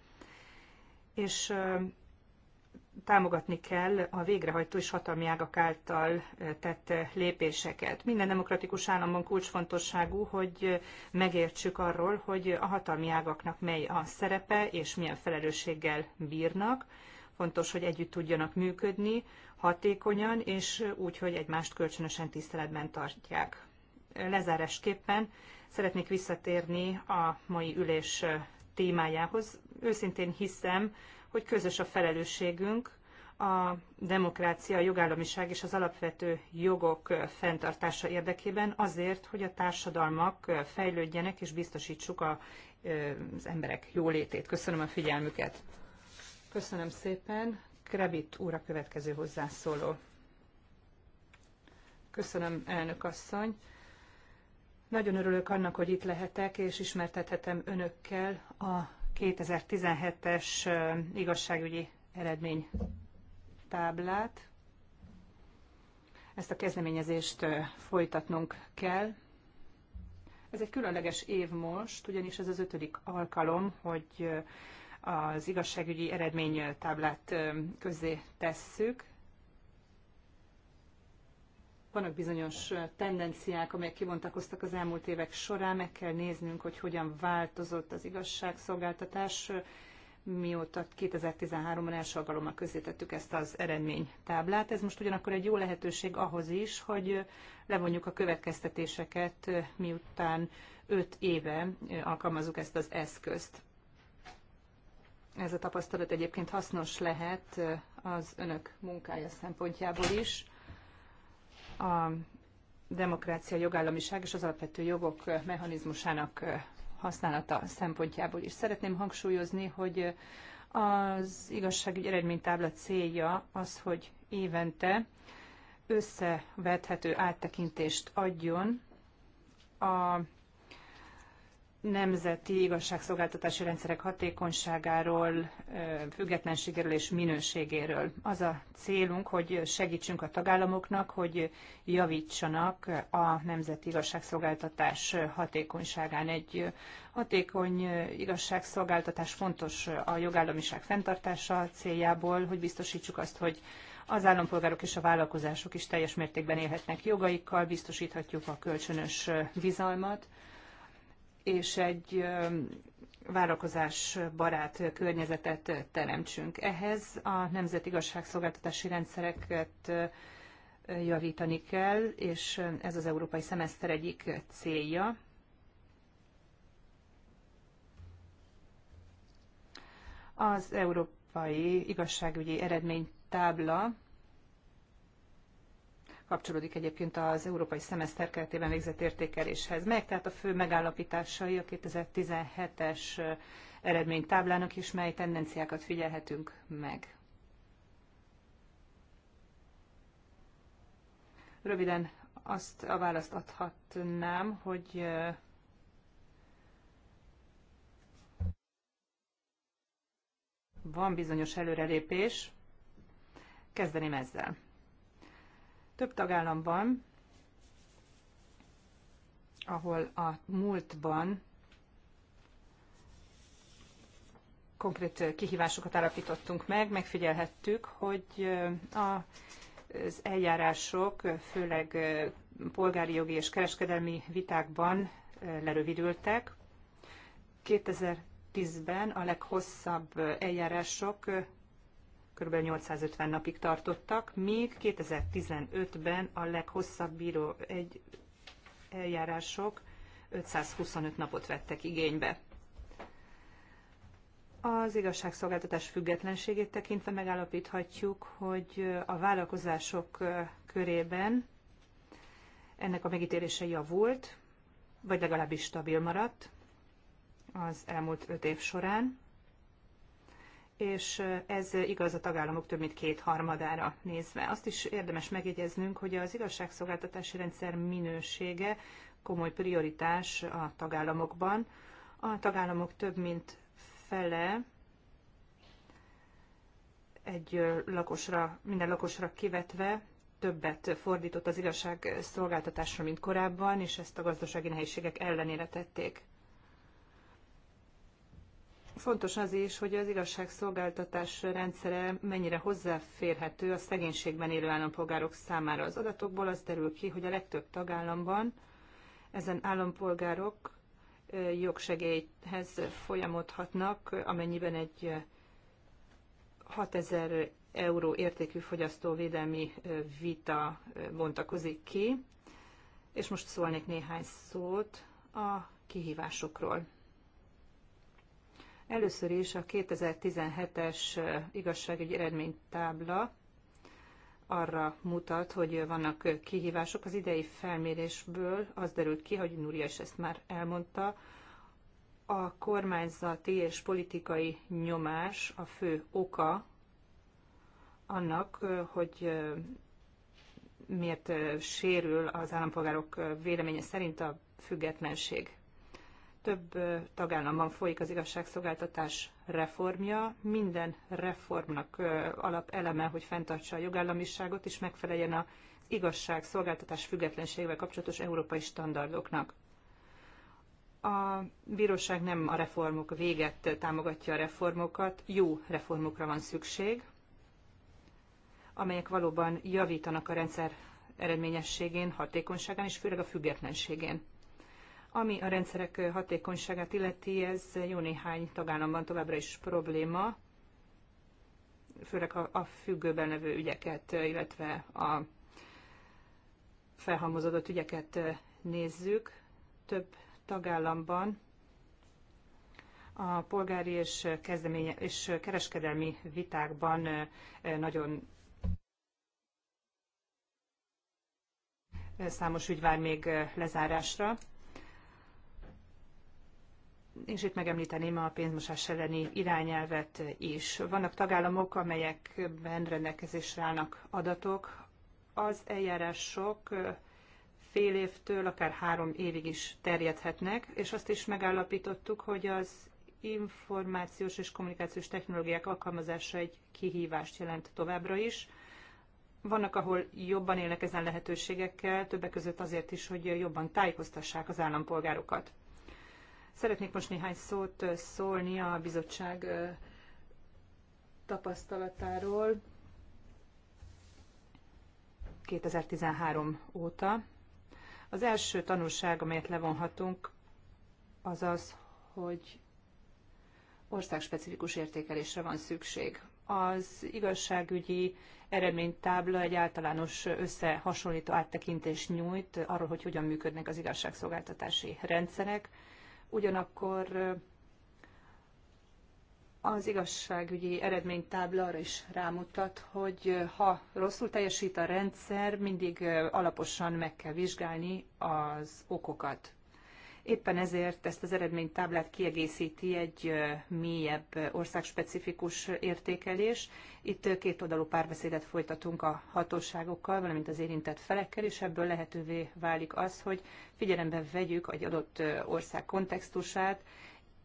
és támogatni kell a végrehajtó és hatalmi ágak által eh, tett eh, lépéseket. Minden demokratikus államban kulcsfontosságú, hogy eh, megértsük arról, hogy a hatalmi ágaknak mely a szerepe és milyen felelősséggel bírnak. Fontos, hogy együtt tudjanak működni hatékonyan és úgy, hogy egymást kölcsönösen tiszteletben tartják. Lezárásképpen szeretnék visszatérni a mai ülés témájához. Őszintén hiszem, hogy közös a felelősségünk a demokrácia, a jogállamiság és az alapvető jogok fenntartása érdekében azért, hogy a társadalmak fejlődjenek és biztosítsuk a, az emberek jólétét. Köszönöm a figyelmüket. Köszönöm szépen. Krebit úr a következő hozzászóló. Köszönöm, elnök asszony. Nagyon örülök annak, hogy itt lehetek, és ismertethetem önökkel a 2017-es igazságügyi eredmény táblát. Ezt a kezdeményezést folytatnunk kell. Ez egy különleges év most, ugyanis ez az ötödik alkalom, hogy az igazságügyi eredménytáblát közzé tesszük. Vannak bizonyos tendenciák, amelyek kivontakoztak az elmúlt évek során, meg kell néznünk, hogy hogyan változott az igazságszolgáltatás, mióta 2013-ban első alkalommal közzétettük ezt az eredménytáblát. Ez most ugyanakkor egy jó lehetőség ahhoz is, hogy levonjuk a következtetéseket, miután 5 éve alkalmazzuk ezt az eszközt. Ez a tapasztalat egyébként hasznos lehet az önök munkája szempontjából is, a demokrácia, jogállamiság és az alapvető jogok mechanizmusának használata szempontjából is. Szeretném hangsúlyozni, hogy az igazságügy eredménytábla célja az, hogy évente összevethető áttekintést adjon a nemzeti igazságszolgáltatási rendszerek hatékonyságáról, függetlenségéről és minőségéről. Az a célunk, hogy segítsünk a tagállamoknak, hogy javítsanak a nemzeti igazságszolgáltatás hatékonyságán. Egy hatékony igazságszolgáltatás fontos a jogállamiság fenntartása céljából, hogy biztosítsuk azt, hogy az állampolgárok és a vállalkozások is teljes mértékben élhetnek jogaikkal, biztosíthatjuk a kölcsönös bizalmat, és egy vállalkozás barát környezetet teremtsünk. Ehhez a nemzeti igazságszolgáltatási rendszereket javítani kell, és ez az európai szemeszter egyik célja. Az európai igazságügyi eredménytábla kapcsolódik egyébként az európai szemeszter keretében végzett értékeléshez. meg, tehát a fő megállapításai a 2017-es eredménytáblának, is mely tendenciákat figyelhetünk meg? Röviden azt a választ adhatnám, hogy van bizonyos előrelépés. Kezdeném ezzel. Több tagállamban, ahol a múltban konkrét kihívásokat állapítottunk meg, megfigyelhettük, hogy az eljárások, főleg polgári jogi és kereskedelmi vitákban lerövidültek. 2010-ben a leghosszabb eljárások kb. 850 napig tartottak, míg 2015-ben a leghosszabb bíró egy eljárások 525 napot vettek igénybe. Az igazságszolgáltatás függetlenségét tekintve megállapíthatjuk, hogy a vállalkozások körében ennek a megítélése javult, vagy legalábbis stabil maradt az elmúlt öt év során és ez igaz a tagállamok több mint kétharmadára nézve. Azt is érdemes megjegyeznünk, hogy az igazságszolgáltatási rendszer minősége komoly prioritás a tagállamokban. A tagállamok több mint fele egy lakosra, minden lakosra kivetve többet fordított az igazságszolgáltatásra, mint korábban, és ezt a gazdasági nehézségek ellenére tették. Fontos az is, hogy az igazságszolgáltatás rendszere mennyire hozzáférhető a szegénységben élő állampolgárok számára. Az adatokból az derül ki, hogy a legtöbb tagállamban ezen állampolgárok jogsegélyhez folyamodhatnak, amennyiben egy 6000 euró értékű fogyasztóvédelmi vita bontakozik ki. És most szólnék néhány szót a kihívásokról. Először is a 2017-es eh, igazságügyi eredménytábla arra mutat, hogy vannak eh, kihívások. Az idei felmérésből az derült ki, hogy Núria is ezt már elmondta, a kormányzati és politikai nyomás a fő oka annak, eh, hogy miért sérül az állampolgárok véleménye szerint a függetlenség több tagállamban folyik az igazságszolgáltatás reformja. Minden reformnak alapeleme, hogy fenntartsa a jogállamiságot és megfeleljen az igazságszolgáltatás függetlenségével kapcsolatos európai standardoknak. A bíróság nem a reformok véget támogatja a reformokat, jó reformokra van szükség, amelyek valóban javítanak a rendszer eredményességén, hatékonyságán és főleg a függetlenségén. Ami a rendszerek hatékonyságát illeti, ez jó néhány tagállamban továbbra is probléma, főleg a, a függőben levő ügyeket, illetve a felhalmozódott ügyeket nézzük. Több tagállamban a polgári és, kezdeménye, és kereskedelmi vitákban nagyon számos ügy vár még lezárásra és itt megemlíteném a pénzmosás elleni irányelvet is. Vannak tagállamok, amelyekben rendelkezésre állnak adatok. Az eljárások fél évtől akár három évig is terjedhetnek, és azt is megállapítottuk, hogy az információs és kommunikációs technológiák alkalmazása egy kihívást jelent továbbra is. Vannak, ahol jobban élnek ezen lehetőségekkel, többek között azért is, hogy jobban tájékoztassák az állampolgárokat. Szeretnék most néhány szót szólni a bizottság tapasztalatáról 2013 óta. Az első tanulság, amelyet levonhatunk, az az, hogy országspecifikus értékelésre van szükség. Az igazságügyi eredménytábla egy általános összehasonlító áttekintést nyújt arról, hogy hogyan működnek az igazságszolgáltatási rendszerek, ugyanakkor az igazságügyi eredménytábla arra is rámutat, hogy ha rosszul teljesít a rendszer, mindig alaposan meg kell vizsgálni az okokat. Éppen ezért ezt az eredménytáblát kiegészíti egy mélyebb országspecifikus értékelés. Itt két oldalú párbeszédet folytatunk a hatóságokkal, valamint az érintett felekkel, és ebből lehetővé válik az, hogy figyelembe vegyük egy adott ország kontextusát,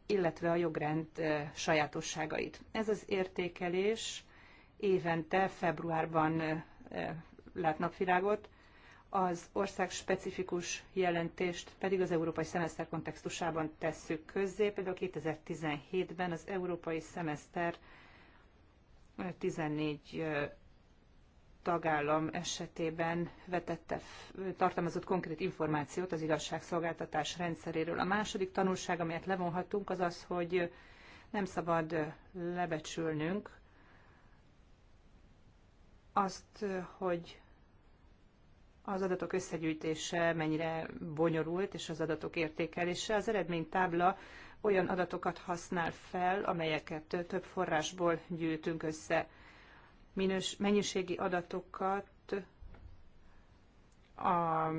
illetve a jogrend sajátosságait. Ez az értékelés évente, februárban lát napvilágot, az ország specifikus jelentést pedig az európai szemeszter kontextusában tesszük közzé. Például 2017-ben az európai szemeszter 14 tagállam esetében vetette, tartalmazott konkrét információt az igazságszolgáltatás rendszeréről. A második tanulság, amelyet levonhatunk, az az, hogy nem szabad lebecsülnünk azt, hogy az adatok összegyűjtése mennyire bonyolult, és az adatok értékelése. Az eredménytábla olyan adatokat használ fel, amelyeket több forrásból gyűjtünk össze. Minős, mennyiségi adatokat a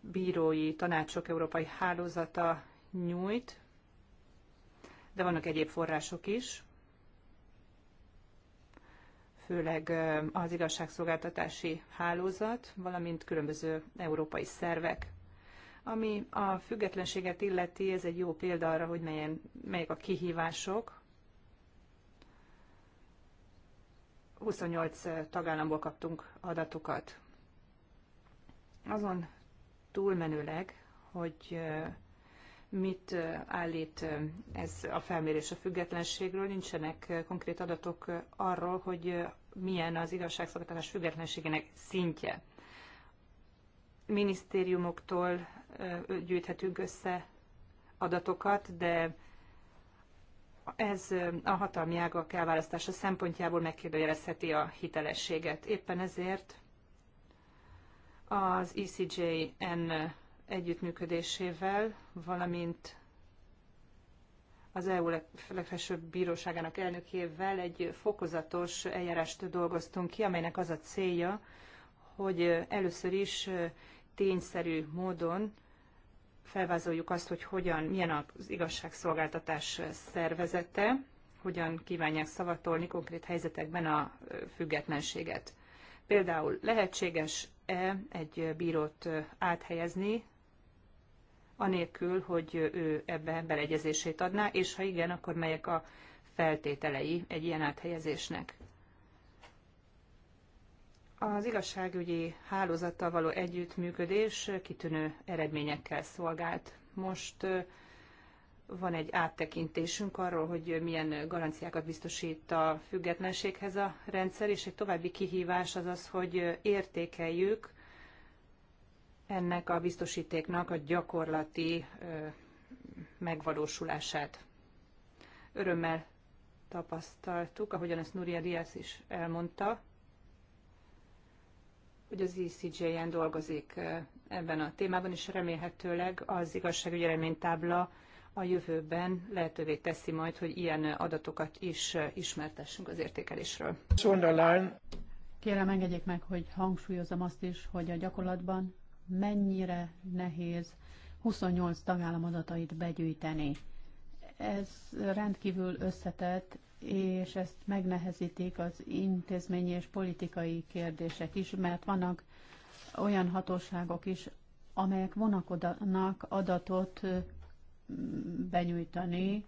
bírói tanácsok európai hálózata nyújt, de vannak egyéb források is főleg az igazságszolgáltatási hálózat, valamint különböző európai szervek. Ami a függetlenséget illeti, ez egy jó példa arra, hogy melyen, melyek a kihívások. 28 tagállamból kaptunk adatokat. Azon túlmenőleg, hogy mit állít ez a felmérés a függetlenségről. Nincsenek konkrét adatok arról, hogy milyen az igazságszolgáltatás függetlenségének szintje. Minisztériumoktól gyűjthetünk össze adatokat, de ez a hatalmi ágak elválasztása szempontjából megkérdőjelezheti a hitelességet. Éppen ezért az ECJN együttműködésével, valamint az EU legfelsőbb bíróságának elnökével egy fokozatos eljárást dolgoztunk ki, amelynek az a célja, hogy először is tényszerű módon felvázoljuk azt, hogy hogyan, milyen az igazságszolgáltatás szervezete, hogyan kívánják szavatolni konkrét helyzetekben a függetlenséget. Például lehetséges-e egy bírót áthelyezni anélkül, hogy ő ebbe beleegyezését adná, és ha igen, akkor melyek a feltételei egy ilyen áthelyezésnek. Az igazságügyi hálózattal való együttműködés kitűnő eredményekkel szolgált. Most van egy áttekintésünk arról, hogy milyen garanciákat biztosít a függetlenséghez a rendszer, és egy további kihívás az az, hogy értékeljük ennek a biztosítéknak a gyakorlati megvalósulását. Örömmel tapasztaltuk, ahogyan ezt Nuria Diaz is elmondta, hogy az ECJ-en dolgozik ebben a témában, és remélhetőleg az igazságügyi reménytábla a jövőben lehetővé teszi majd, hogy ilyen adatokat is ismertessünk az értékelésről. Kérem, engedjék meg, hogy hangsúlyozom azt is, hogy a gyakorlatban mennyire nehéz 28 tagállam adatait begyűjteni. Ez rendkívül összetett, és ezt megnehezítik az intézményi és politikai kérdések is, mert vannak olyan hatóságok is, amelyek vonakodnak adatot benyújtani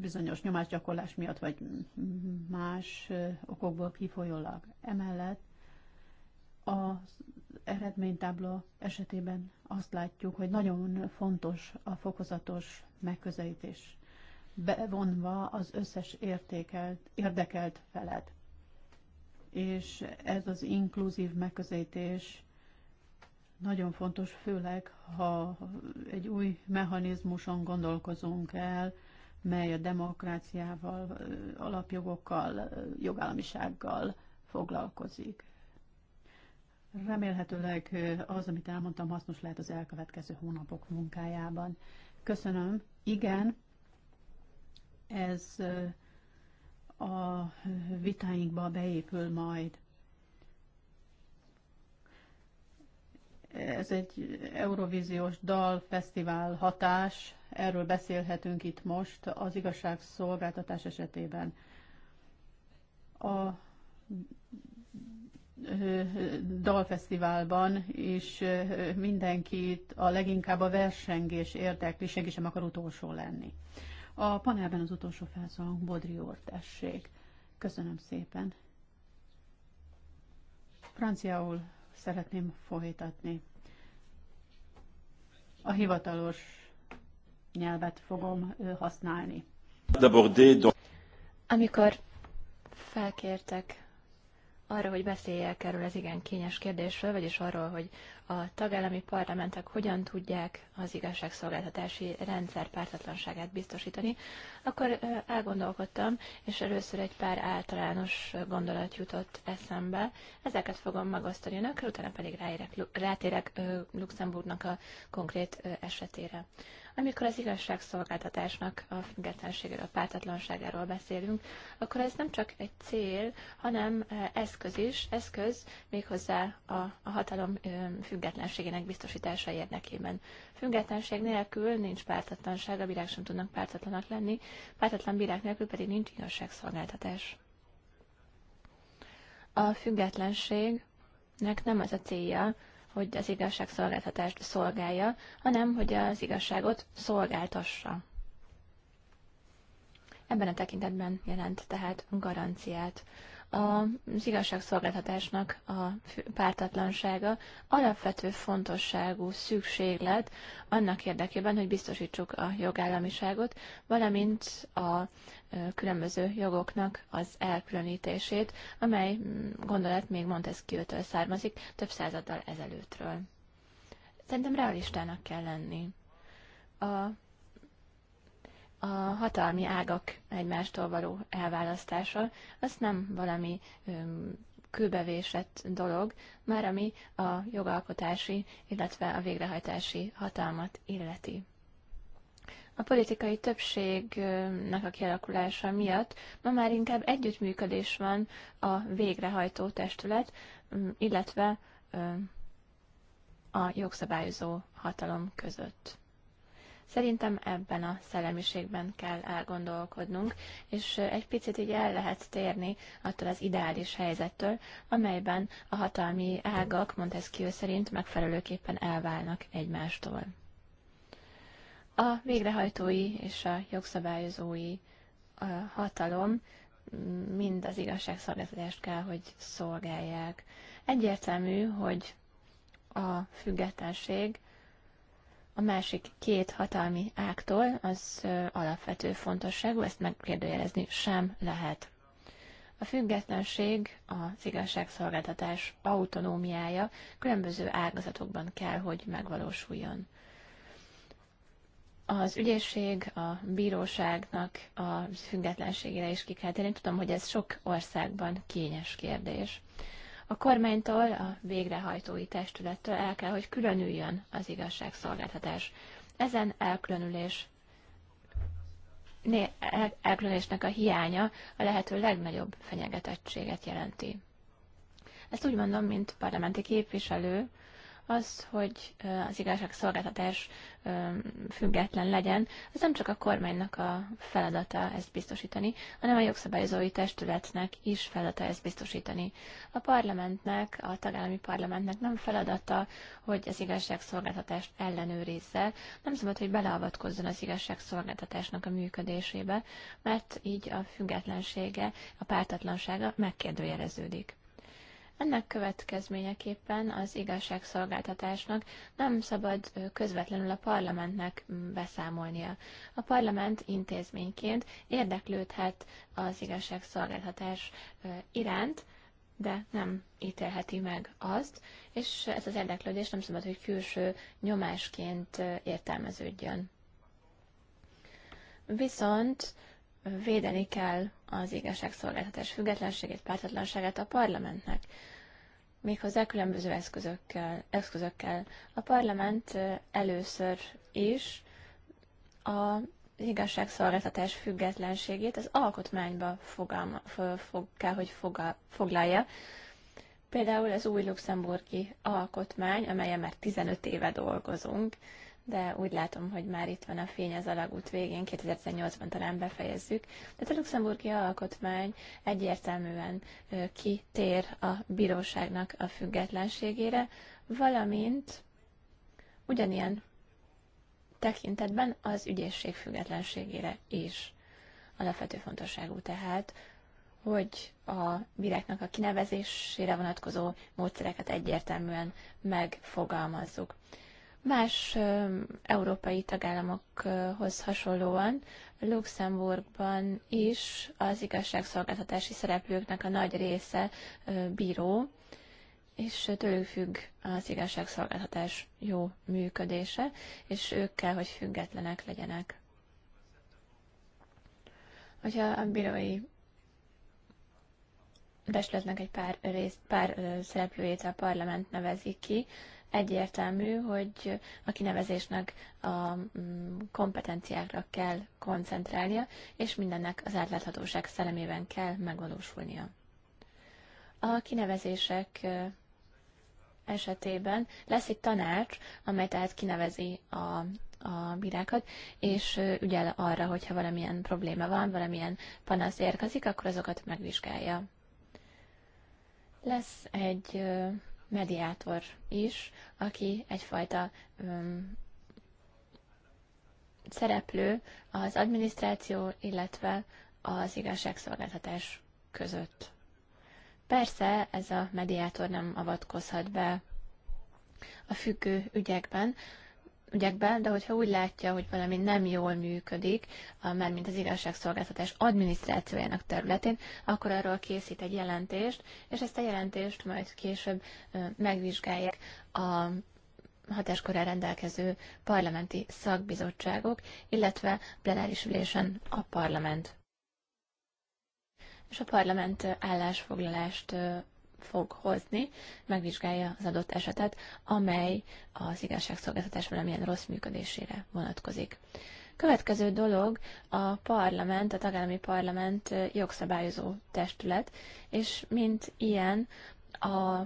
bizonyos nyomásgyakorlás miatt, vagy más okokból kifolyólag. Emellett az eredménytábla esetében azt látjuk, hogy nagyon fontos a fokozatos megközelítés, bevonva az összes értékelt, érdekelt feled. És ez az inkluzív megközelítés nagyon fontos, főleg ha egy új mechanizmuson gondolkozunk el, mely a demokráciával, alapjogokkal, jogállamisággal foglalkozik. Remélhetőleg az, amit elmondtam, hasznos lehet az elkövetkező hónapok munkájában. Köszönöm. Igen, ez a vitáinkba beépül majd. Ez egy Eurovíziós dalfesztivál hatás, erről beszélhetünk itt most az igazságszolgáltatás esetében. A dalfesztiválban, és mindenkit a leginkább a versengés érdekli, senki sem akar utolsó lenni. A panelben az utolsó felszólalunk Bodri úr, tessék. Köszönöm szépen. Franciául szeretném folytatni. A hivatalos nyelvet fogom használni. Amikor felkértek arra, hogy beszéljek erről az igen kényes kérdésről, vagyis arról, hogy a tagállami parlamentek hogyan tudják az igazságszolgáltatási rendszer pártatlanságát biztosítani, akkor elgondolkodtam, és először egy pár általános gondolat jutott eszembe. Ezeket fogom megosztani önökkel, utána pedig ráérek, rátérek Luxemburgnak a konkrét esetére. Amikor az igazságszolgáltatásnak a függetlenségéről, a pártatlanságáról beszélünk, akkor ez nem csak egy cél, hanem eszköz is, eszköz méghozzá a, a hatalom függetlenségének biztosítása érdekében. Függetlenség nélkül nincs pártatlanság, a bírák sem tudnak pártatlanak lenni, pártatlan bírák nélkül pedig nincs igazságszolgáltatás. A függetlenségnek nem az a célja, hogy az igazságszolgáltatást szolgálja, hanem hogy az igazságot szolgáltassa. Ebben a tekintetben jelent tehát garanciát az igazságszolgáltatásnak a pártatlansága alapvető fontosságú szükséglet annak érdekében, hogy biztosítsuk a jogállamiságot, valamint a különböző jogoknak az elkülönítését, amely gondolat még Montesquieu-től származik több századdal ezelőttről. Szerintem realistának kell lenni. A a hatalmi ágak egymástól való elválasztása, az nem valami kőbevésett dolog, már ami a jogalkotási, illetve a végrehajtási hatalmat illeti. A politikai többségnek a kialakulása miatt ma már inkább együttműködés van a végrehajtó testület, illetve a jogszabályozó hatalom között. Szerintem ebben a szellemiségben kell elgondolkodnunk, és egy picit így el lehet térni attól az ideális helyzettől, amelyben a hatalmi ágak Montesquieu szerint megfelelőképpen elválnak egymástól. A végrehajtói és a jogszabályozói a hatalom mind az igazságszolgáltatást kell, hogy szolgálják. Egyértelmű, hogy a függetlenség a másik két hatalmi ágtól, az alapvető fontosságú, ezt megkérdőjelezni sem lehet. A függetlenség, az igazságszolgáltatás autonómiája különböző ágazatokban kell, hogy megvalósuljon. Az ügyészség, a bíróságnak a függetlenségére is ki kell térni. Tudom, hogy ez sok országban kényes kérdés a kormánytól, a végrehajtói testülettől el kell, hogy különüljön az igazságszolgáltatás. Ezen elkülönülés elkülönésnek a hiánya a lehető legnagyobb fenyegetettséget jelenti. Ezt úgy mondom, mint parlamenti képviselő, az, hogy az igazság szolgáltatás független legyen, ez nem csak a kormánynak a feladata ezt biztosítani, hanem a jogszabályozói testületnek is feladata ezt biztosítani. A parlamentnek, a tagállami parlamentnek nem feladata, hogy az igazságszolgáltatást ellenőrizze, nem szabad, hogy beleavatkozzon az igazságszolgáltatásnak a működésébe, mert így a függetlensége, a pártatlansága megkérdőjeleződik. Ennek következményeképpen az igazságszolgáltatásnak nem szabad közvetlenül a parlamentnek beszámolnia. A parlament intézményként érdeklődhet az igazságszolgáltatás iránt, de nem ítélheti meg azt, és ez az érdeklődés nem szabad, hogy külső nyomásként értelmeződjön. Viszont védeni kell az igazságszolgáltatás függetlenségét, pártatlanságát a parlamentnek, méghozzá különböző eszközökkel. eszközökkel. A parlament először is a igazságszolgáltatás függetlenségét az alkotmányba fogalma, fog, kell, hogy fogal, foglalja. Például az új luxemburgi alkotmány, amelyen már 15 éve dolgozunk, de úgy látom, hogy már itt van a fény az alagút végén, 2008 ban talán befejezzük. De a luxemburgi alkotmány egyértelműen kitér a bíróságnak a függetlenségére, valamint ugyanilyen tekintetben az ügyészség függetlenségére is. Alapvető fontosságú tehát, hogy a bíráknak a kinevezésére vonatkozó módszereket egyértelműen megfogalmazzuk. Más európai tagállamokhoz hasonlóan Luxemburgban is az igazságszolgáltatási szereplőknek a nagy része bíró, és tőlük függ az igazságszolgáltatás jó működése, és ők kell, hogy függetlenek legyenek. Hogyha a bírói testületnek egy pár, rész, pár szereplőjét a parlament nevezik ki, egyértelmű, hogy a kinevezésnek a mm, kompetenciákra kell koncentrálnia, és mindennek az átláthatóság szellemében kell megvalósulnia. A kinevezések esetében lesz egy tanács, amely tehát kinevezi a a bírákat, és ügyel arra, hogyha valamilyen probléma van, valamilyen panasz érkezik, akkor azokat megvizsgálja. Lesz egy mediátor is, aki egyfajta um, szereplő az adminisztráció, illetve az igazságszolgáltatás között. Persze ez a mediátor nem avatkozhat be a függő ügyekben, ügyekben, de hogyha úgy látja, hogy valami nem jól működik, mert mint az igazságszolgáltatás adminisztrációjának területén, akkor arról készít egy jelentést, és ezt a jelentést majd később megvizsgálják a hatáskorán rendelkező parlamenti szakbizottságok, illetve plenáris ülésen a parlament. És a parlament állásfoglalást fog hozni, megvizsgálja az adott esetet, amely az igazságszolgáltatás valamilyen rossz működésére vonatkozik. Következő dolog a parlament, a tagállami parlament jogszabályozó testület, és mint ilyen a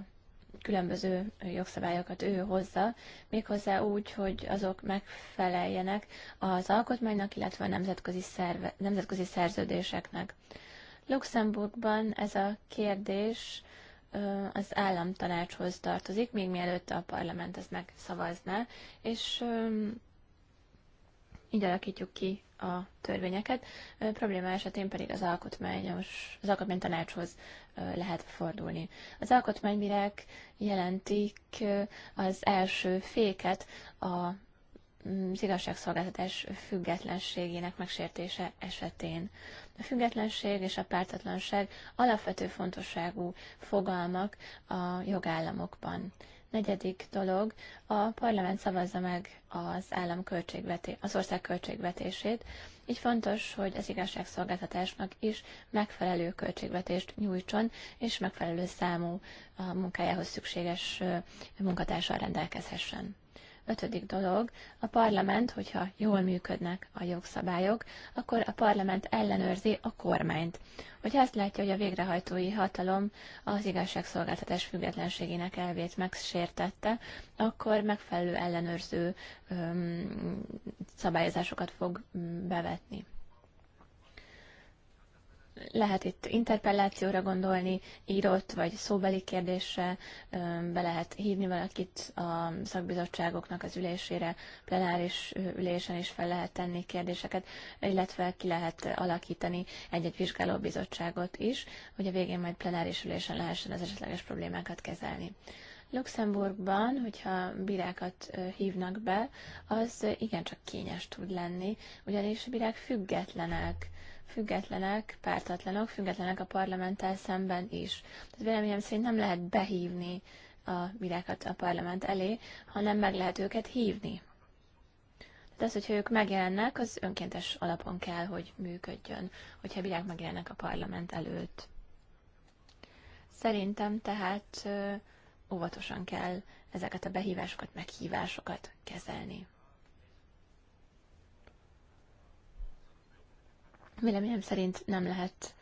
különböző jogszabályokat ő hozza, méghozzá úgy, hogy azok megfeleljenek az alkotmánynak, illetve a nemzetközi, szerve, nemzetközi szerződéseknek. Luxemburgban ez a kérdés az államtanácshoz tartozik, még mielőtt a parlament ezt megszavazná, és így alakítjuk ki a törvényeket. A probléma esetén pedig az alkotmányos, az alkotmánytanácshoz lehet fordulni. Az alkotmánybírák jelentik az első féket a az mm, igazságszolgáltatás függetlenségének megsértése esetén. A függetlenség és a pártatlanság alapvető fontosságú fogalmak a jogállamokban. Negyedik dolog, a parlament szavazza meg az állam költségveté, az ország költségvetését, így fontos, hogy az igazságszolgáltatásnak is megfelelő költségvetést nyújtson, és megfelelő számú a munkájához szükséges munkatársal rendelkezhessen. Ötödik dolog, a parlament, hogyha jól működnek a jogszabályok, akkor a parlament ellenőrzi a kormányt. Hogyha azt látja, hogy a végrehajtói hatalom az igazságszolgáltatás függetlenségének elvét megsértette, akkor megfelelő ellenőrző öm, szabályozásokat fog mm, bevetni. Lehet itt interpellációra gondolni, írott vagy szóbeli kérdésre, be lehet hívni valakit a szakbizottságoknak az ülésére, plenáris ülésen is fel lehet tenni kérdéseket, illetve ki lehet alakítani egy-egy vizsgálóbizottságot is, hogy a végén majd plenáris ülésen lehessen az esetleges problémákat kezelni. Luxemburgban, hogyha bírákat hívnak be, az igencsak kényes tud lenni, ugyanis a bírák függetlenek függetlenek, pártatlanok, függetlenek a parlamenttel szemben is. Tehát véleményem szerint nem lehet behívni a virákat a parlament elé, hanem meg lehet őket hívni. Tehát az, hogyha ők megjelennek, az önkéntes alapon kell, hogy működjön, hogyha virág megjelennek a parlament előtt. Szerintem tehát óvatosan kell ezeket a behívásokat, meghívásokat kezelni. Véleményem szerint nem lehet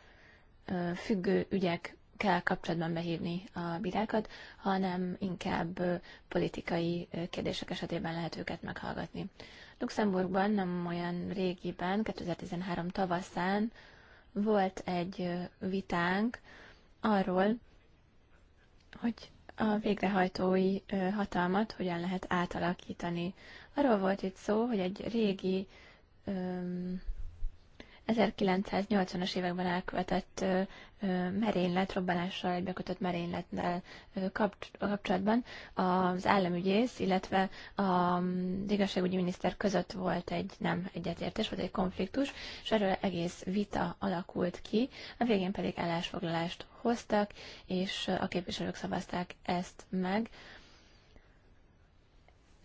függő ügyekkel kapcsolatban behívni a bírákat, hanem inkább politikai kérdések esetében lehet őket meghallgatni. Luxemburgban nem olyan régiben, 2013 tavaszán volt egy vitánk arról, hogy a végrehajtói hatalmat hogyan lehet átalakítani. Arról volt itt szó, hogy egy régi öm, 1980-as években elkövetett merénylet, robbanással egybekötött merénylettel kapcsolatban az államügyész, illetve a mm, igazságügyi miniszter között volt egy nem egyetértés, volt egy konfliktus, és erről egész vita alakult ki, a végén pedig állásfoglalást hoztak, és a képviselők szavazták ezt meg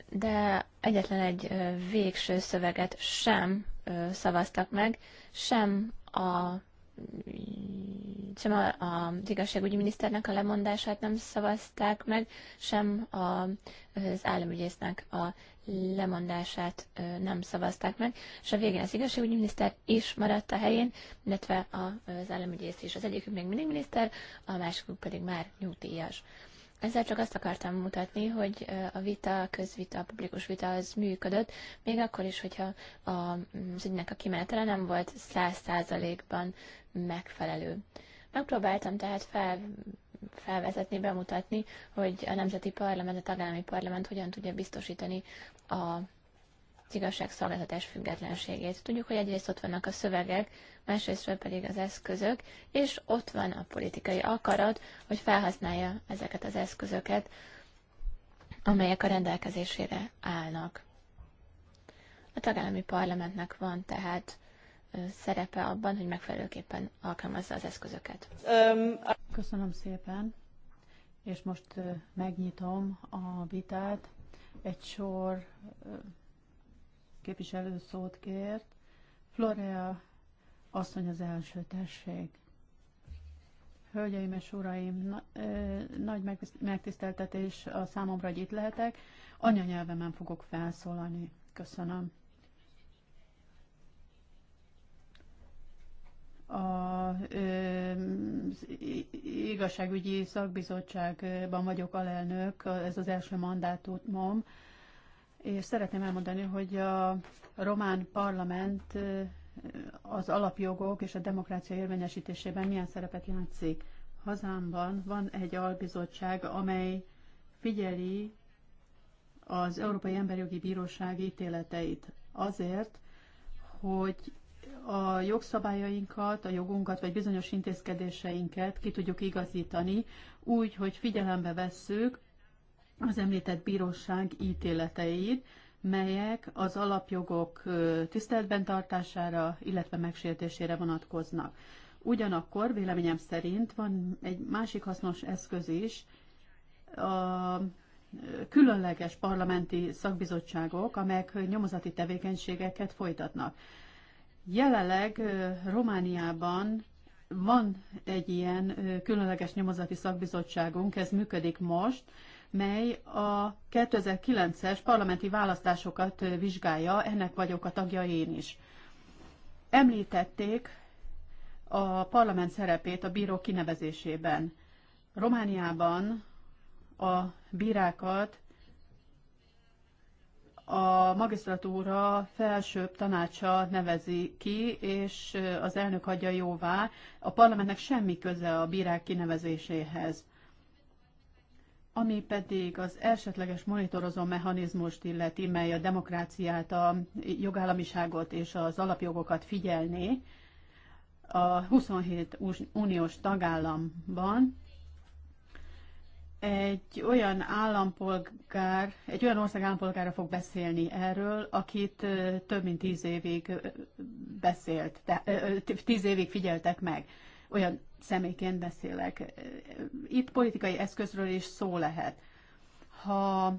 de egyetlen egy végső szöveget sem szavaztak meg, sem a sem a, a, az igazságügyi miniszternek a lemondását nem szavazták meg, sem a, az államügyésznek a lemondását nem szavazták meg, és a végén az igazságügyi miniszter is maradt a helyén, illetve az államügyész is. Az egyikük még mindig miniszter, a másikuk pedig már nyugdíjas. Ezzel csak azt akartam mutatni, hogy a vita, a közvita, a publikus vita az működött, még akkor is, hogyha az ügynek a kimenetele nem volt száz százalékban megfelelő. Megpróbáltam tehát fel, felvezetni, bemutatni, hogy a Nemzeti Parlament, a tagállami parlament hogyan tudja biztosítani a az igazságszolgáltatás függetlenségét. Tudjuk, hogy egyrészt ott vannak a szövegek, másrészt pedig az eszközök, és ott van a politikai akarat, hogy felhasználja ezeket az eszközöket, amelyek a rendelkezésére állnak. A tagállami parlamentnek van tehát szerepe abban, hogy megfelelőképpen alkalmazza az eszközöket. Köszönöm szépen, és most megnyitom a vitát. Egy sor képviselő szót kért. Florea asszony az első, tessék. Hölgyeim és uraim, na, ö, nagy megtiszteltetés a számomra, hogy itt lehetek. Anyanyelvemen fogok felszólalni. Köszönöm. a, ö, igazságügyi szakbizottságban vagyok alelnök, ez az első mandátumom és szeretném elmondani, hogy a román parlament az alapjogok és a demokrácia érvényesítésében milyen szerepet játszik. Hazámban van egy albizottság, amely figyeli az Európai Emberjogi Bíróság ítéleteit azért, hogy a jogszabályainkat, a jogunkat, vagy bizonyos intézkedéseinket ki tudjuk igazítani úgy, hogy figyelembe vesszük az említett bíróság ítéleteit, melyek az alapjogok tiszteletben tartására, illetve megsértésére vonatkoznak. Ugyanakkor véleményem szerint van egy másik hasznos eszköz is, a különleges parlamenti szakbizottságok, amelyek nyomozati tevékenységeket folytatnak. Jelenleg Romániában van egy ilyen különleges nyomozati szakbizottságunk, ez működik most, mely a 2009-es parlamenti választásokat vizsgálja, ennek vagyok a tagja én is. Említették a parlament szerepét a bíró kinevezésében. Romániában a bírákat a magisztratúra felsőbb tanácsa nevezi ki, és az elnök adja jóvá. A parlamentnek semmi köze a bírák kinevezéséhez. Ami pedig az esetleges monitorozó mechanizmust illeti, mely a demokráciát, a jogállamiságot és az alapjogokat figyelné, a 27 uniós tagállamban egy olyan állampolgár, egy olyan ország állampolgára fog beszélni erről, akit több mint tíz évig beszélt, tíz évig figyeltek meg olyan személyként beszélek. Itt politikai eszközről is szó lehet. Ha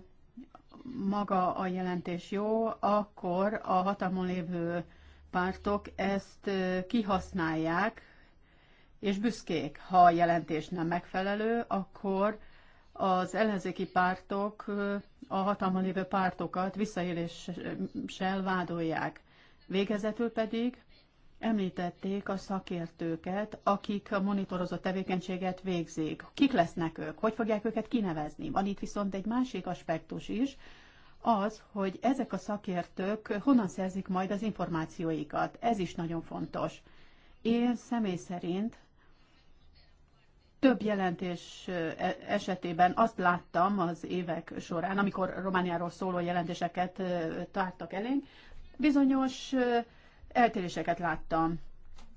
maga a jelentés jó, akkor a hatalmon lévő pártok ezt kihasználják, és büszkék. Ha a jelentés nem megfelelő, akkor az ellenzéki pártok a hatalmon lévő pártokat visszaéléssel vádolják. Végezetül pedig Említették a szakértőket, akik a monitorozott tevékenységet végzik. Kik lesznek ők? Hogy fogják őket kinevezni? Van itt viszont egy másik aspektus is, az, hogy ezek a szakértők honnan szerzik majd az információikat. Ez is nagyon fontos. Én személy szerint több jelentés e, esetében azt láttam az évek során, amikor Romániáról szóló jelentéseket e, tártak elénk, bizonyos e, eltéréseket láttam.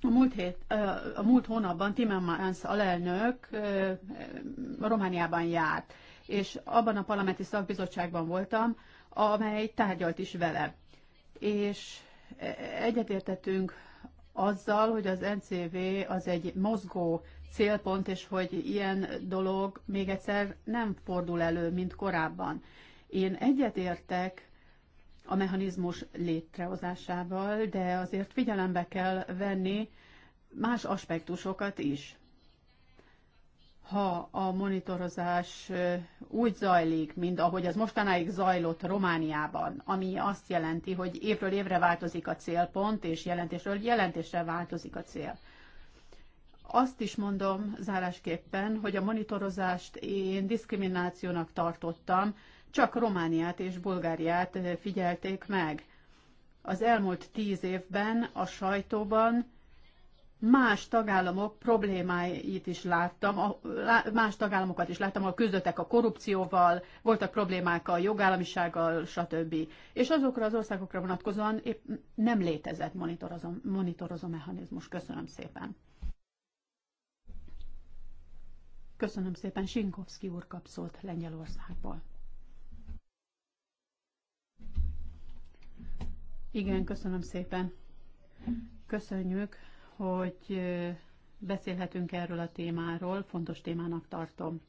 A múlt, hét, a múlt hónapban Timmermans alelnök Romániában járt, és abban a parlamenti szakbizottságban voltam, amely tárgyalt is vele. És egyetértettünk azzal, hogy az NCV az egy mozgó célpont, és hogy ilyen dolog még egyszer nem fordul elő, mint korábban. Én egyetértek a mechanizmus létrehozásával, de azért figyelembe kell venni más aspektusokat is. Ha a monitorozás úgy zajlik, mint ahogy az mostanáig zajlott Romániában, ami azt jelenti, hogy évről évre változik a célpont, és jelentésről jelentésre változik a cél. Azt is mondom zárásképpen, hogy a monitorozást én diszkriminációnak tartottam, csak Romániát és Bulgáriát eh, figyelték meg. Az elmúlt tíz évben a sajtóban más tagállamok problémáit is láttam, más tagállamokat is láttam, ahol küzdöttek a korrupcióval, voltak problémák a jogállamisággal, stb. És azokra az országokra vonatkozóan épp nem létezett monitorozó, monitorozó mechanizmus. Köszönöm szépen. Köszönöm szépen, Sinkovszki úr kap Lengyelországból. Igen, köszönöm szépen. Köszönjük, hogy beszélhetünk erről a témáról, fontos témának tartom.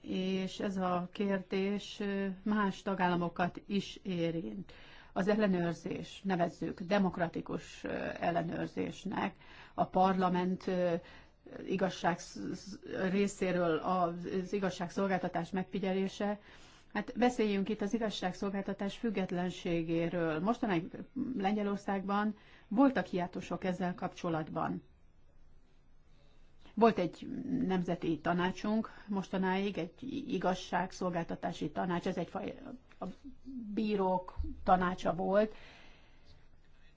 És ez a kérdés más tagállamokat is érint. Az ellenőrzés, nevezzük demokratikus ellenőrzésnek, a parlament igazság részéről az igazságszolgáltatás megfigyelése, Hát beszéljünk itt az igazságszolgáltatás függetlenségéről. Mostanáig Lengyelországban voltak hiátusok ezzel kapcsolatban. Volt egy nemzeti tanácsunk mostanáig, egy igazságszolgáltatási tanács, ez egy a bírók tanácsa volt,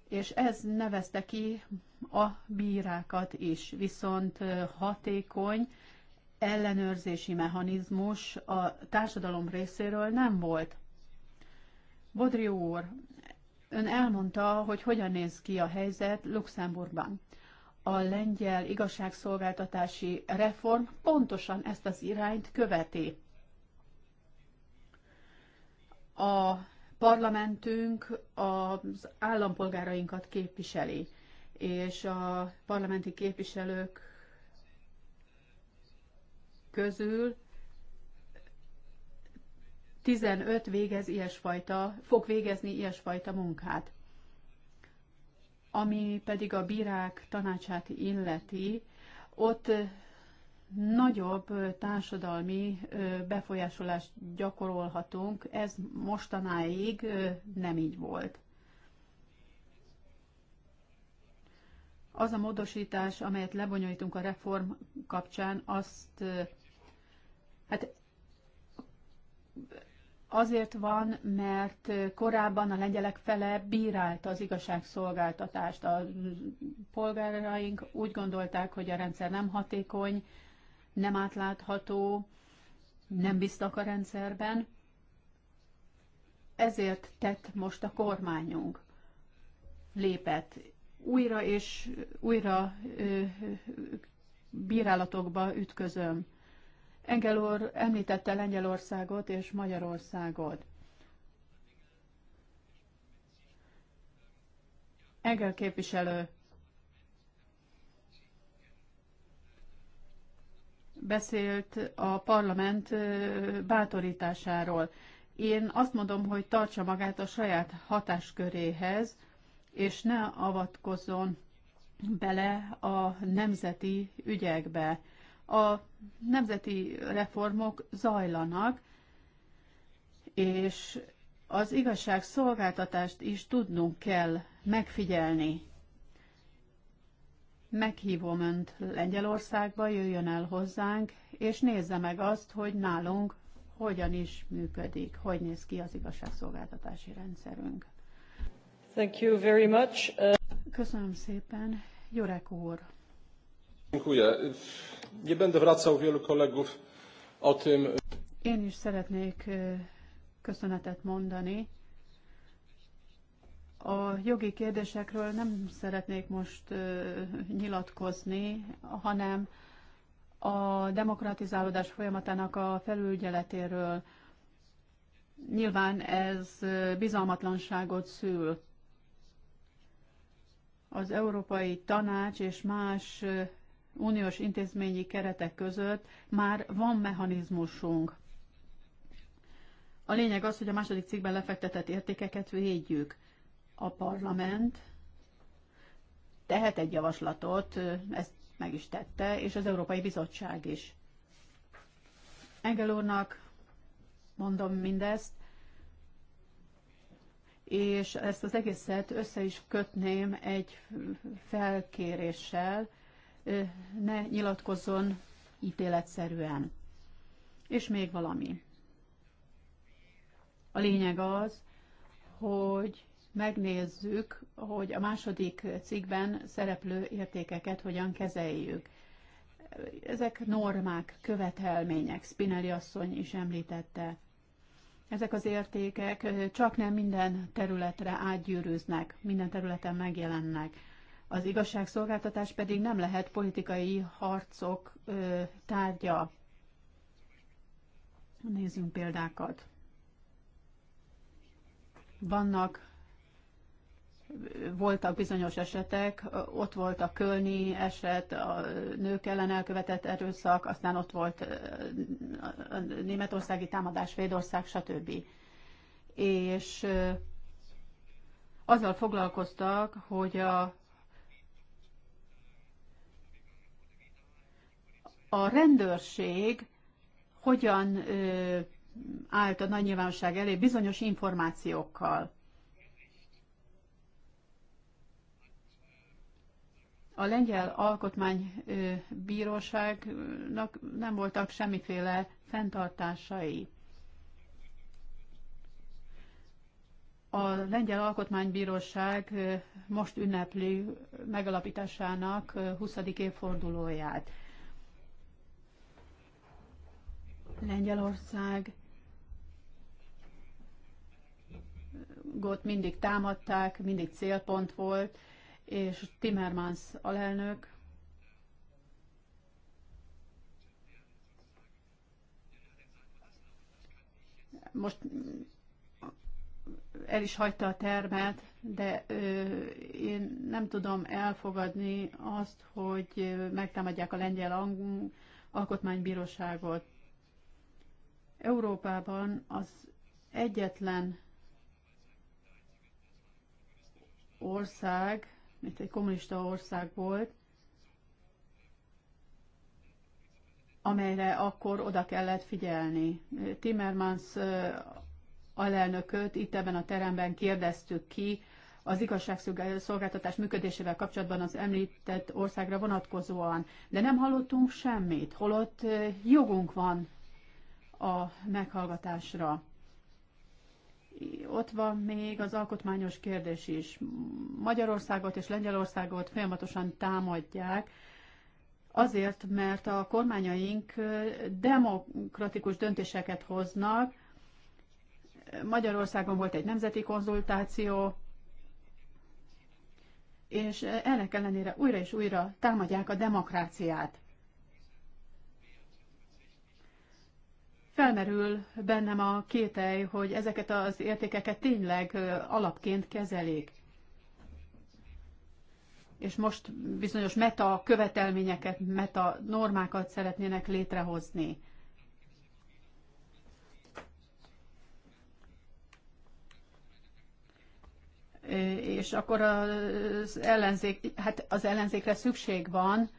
és ez nevezte ki a bírákat is, viszont hatékony ellenőrzési mechanizmus a társadalom részéről nem volt. Bodrió úr, ön elmondta, hogy hogyan néz ki a helyzet Luxemburgban. A lengyel igazságszolgáltatási reform pontosan ezt az irányt követi. A parlamentünk az állampolgárainkat képviseli, és a parlamenti képviselők közül 15 végez ilyesfajta, fog végezni ilyesfajta munkát. Ami pedig a bírák tanácsát illeti, ott nagyobb társadalmi befolyásolást gyakorolhatunk, ez mostanáig nem így volt. Az a módosítás, amelyet lebonyolítunk a reform kapcsán, azt Hát azért van, mert korábban a lengyelek fele bírálta az igazságszolgáltatást. A polgáraink úgy gondolták, hogy a rendszer nem hatékony, nem átlátható, nem bíztak a rendszerben. Ezért tett most a kormányunk. Lépett újra és újra ö, bírálatokba ütközöm. Engel úr említette Lengyelországot és Magyarországot. Engel képviselő beszélt a parlament bátorításáról. Én azt mondom, hogy tartsa magát a saját hatásköréhez, és ne avatkozzon bele a nemzeti ügyekbe a nemzeti reformok zajlanak, és az igazság szolgáltatást is tudnunk kell megfigyelni. Meghívom Önt Lengyelországba, jöjjön el hozzánk, és nézze meg azt, hogy nálunk hogyan is működik, hogy néz ki az igazságszolgáltatási rendszerünk. Thank you very much. Uh... Köszönöm szépen. Jurek úr. Dziękuję. Nie będę wracał wielu kolegów o tym. Én is szeretnék köszönetet mondani. A jogi kérdésekről nem szeretnék most nyilatkozni, hanem a demokratizálódás folyamatának a felügyeletéről. Nyilván ez bizalmatlanságot szül. Az Európai Tanács és más uniós intézményi keretek között már van mechanizmusunk. A lényeg az, hogy a második cikkben lefektetett értékeket védjük. A parlament tehet egy javaslatot, ezt meg is tette, és az Európai Bizottság is. Engel úrnak mondom mindezt, és ezt az egészet össze is kötném egy felkéréssel, ne nyilatkozzon ítéletszerűen. És még valami. A lényeg az, hogy megnézzük, hogy a második cikkben szereplő értékeket hogyan kezeljük. Ezek normák, követelmények, Spinelli asszony is említette. Ezek az értékek csak nem minden területre átgyűrűznek, minden területen megjelennek. Az igazságszolgáltatás pedig nem lehet politikai harcok tárgya. Nézzünk példákat. Vannak voltak bizonyos esetek, ott volt a kölni eset, a nők ellen elkövetett erőszak, aztán ott volt a németországi támadás, Svédország, stb. És azzal foglalkoztak, hogy a a rendőrség hogyan ö, állt a nagy nyilvánosság elé bizonyos információkkal. A lengyel alkotmánybíróságnak nem voltak semmiféle fenntartásai. A lengyel alkotmánybíróság most ünnepli megalapításának 20. évfordulóját. Lengyelország Gott mindig támadták, mindig célpont volt, és Timmermans alelnök most el is hagyta a termet, de ö, én nem tudom elfogadni azt, hogy megtámadják a lengyel alkotmánybíróságot. Európában az egyetlen ország, mint egy kommunista ország volt, amelyre akkor oda kellett figyelni. Timmermans alelnököt itt ebben a teremben kérdeztük ki az igazságszolgáltatás működésével kapcsolatban az említett országra vonatkozóan, de nem hallottunk semmit, holott jogunk van a meghallgatásra. Ott van még az alkotmányos kérdés is. Magyarországot és Lengyelországot folyamatosan támadják, azért, mert a kormányaink demokratikus döntéseket hoznak. Magyarországon volt egy nemzeti konzultáció, és ennek ellenére újra és újra támadják a demokráciát. felmerül bennem a kételj, hogy ezeket az értékeket tényleg alapként kezelik. És most bizonyos meta követelményeket, meta normákat szeretnének létrehozni. És akkor az ellenzék, hát az ellenzékre szükség van,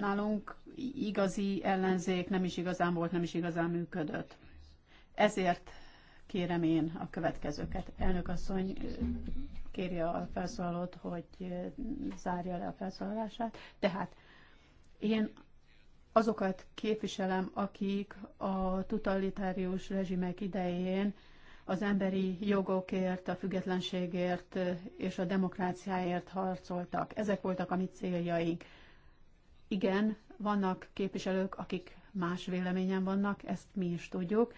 nálunk igazi ellenzék nem is igazán volt, nem is igazán működött. Ezért kérem én a következőket. Elnök asszony kéri a felszólalót, hogy zárja le a felszólalását. Tehát én azokat képviselem, akik a totalitárius rezsimek idején az emberi jogokért, a függetlenségért és a demokráciáért harcoltak. Ezek voltak a mi céljaink. Igen, vannak képviselők, akik más véleményen vannak, ezt mi is tudjuk.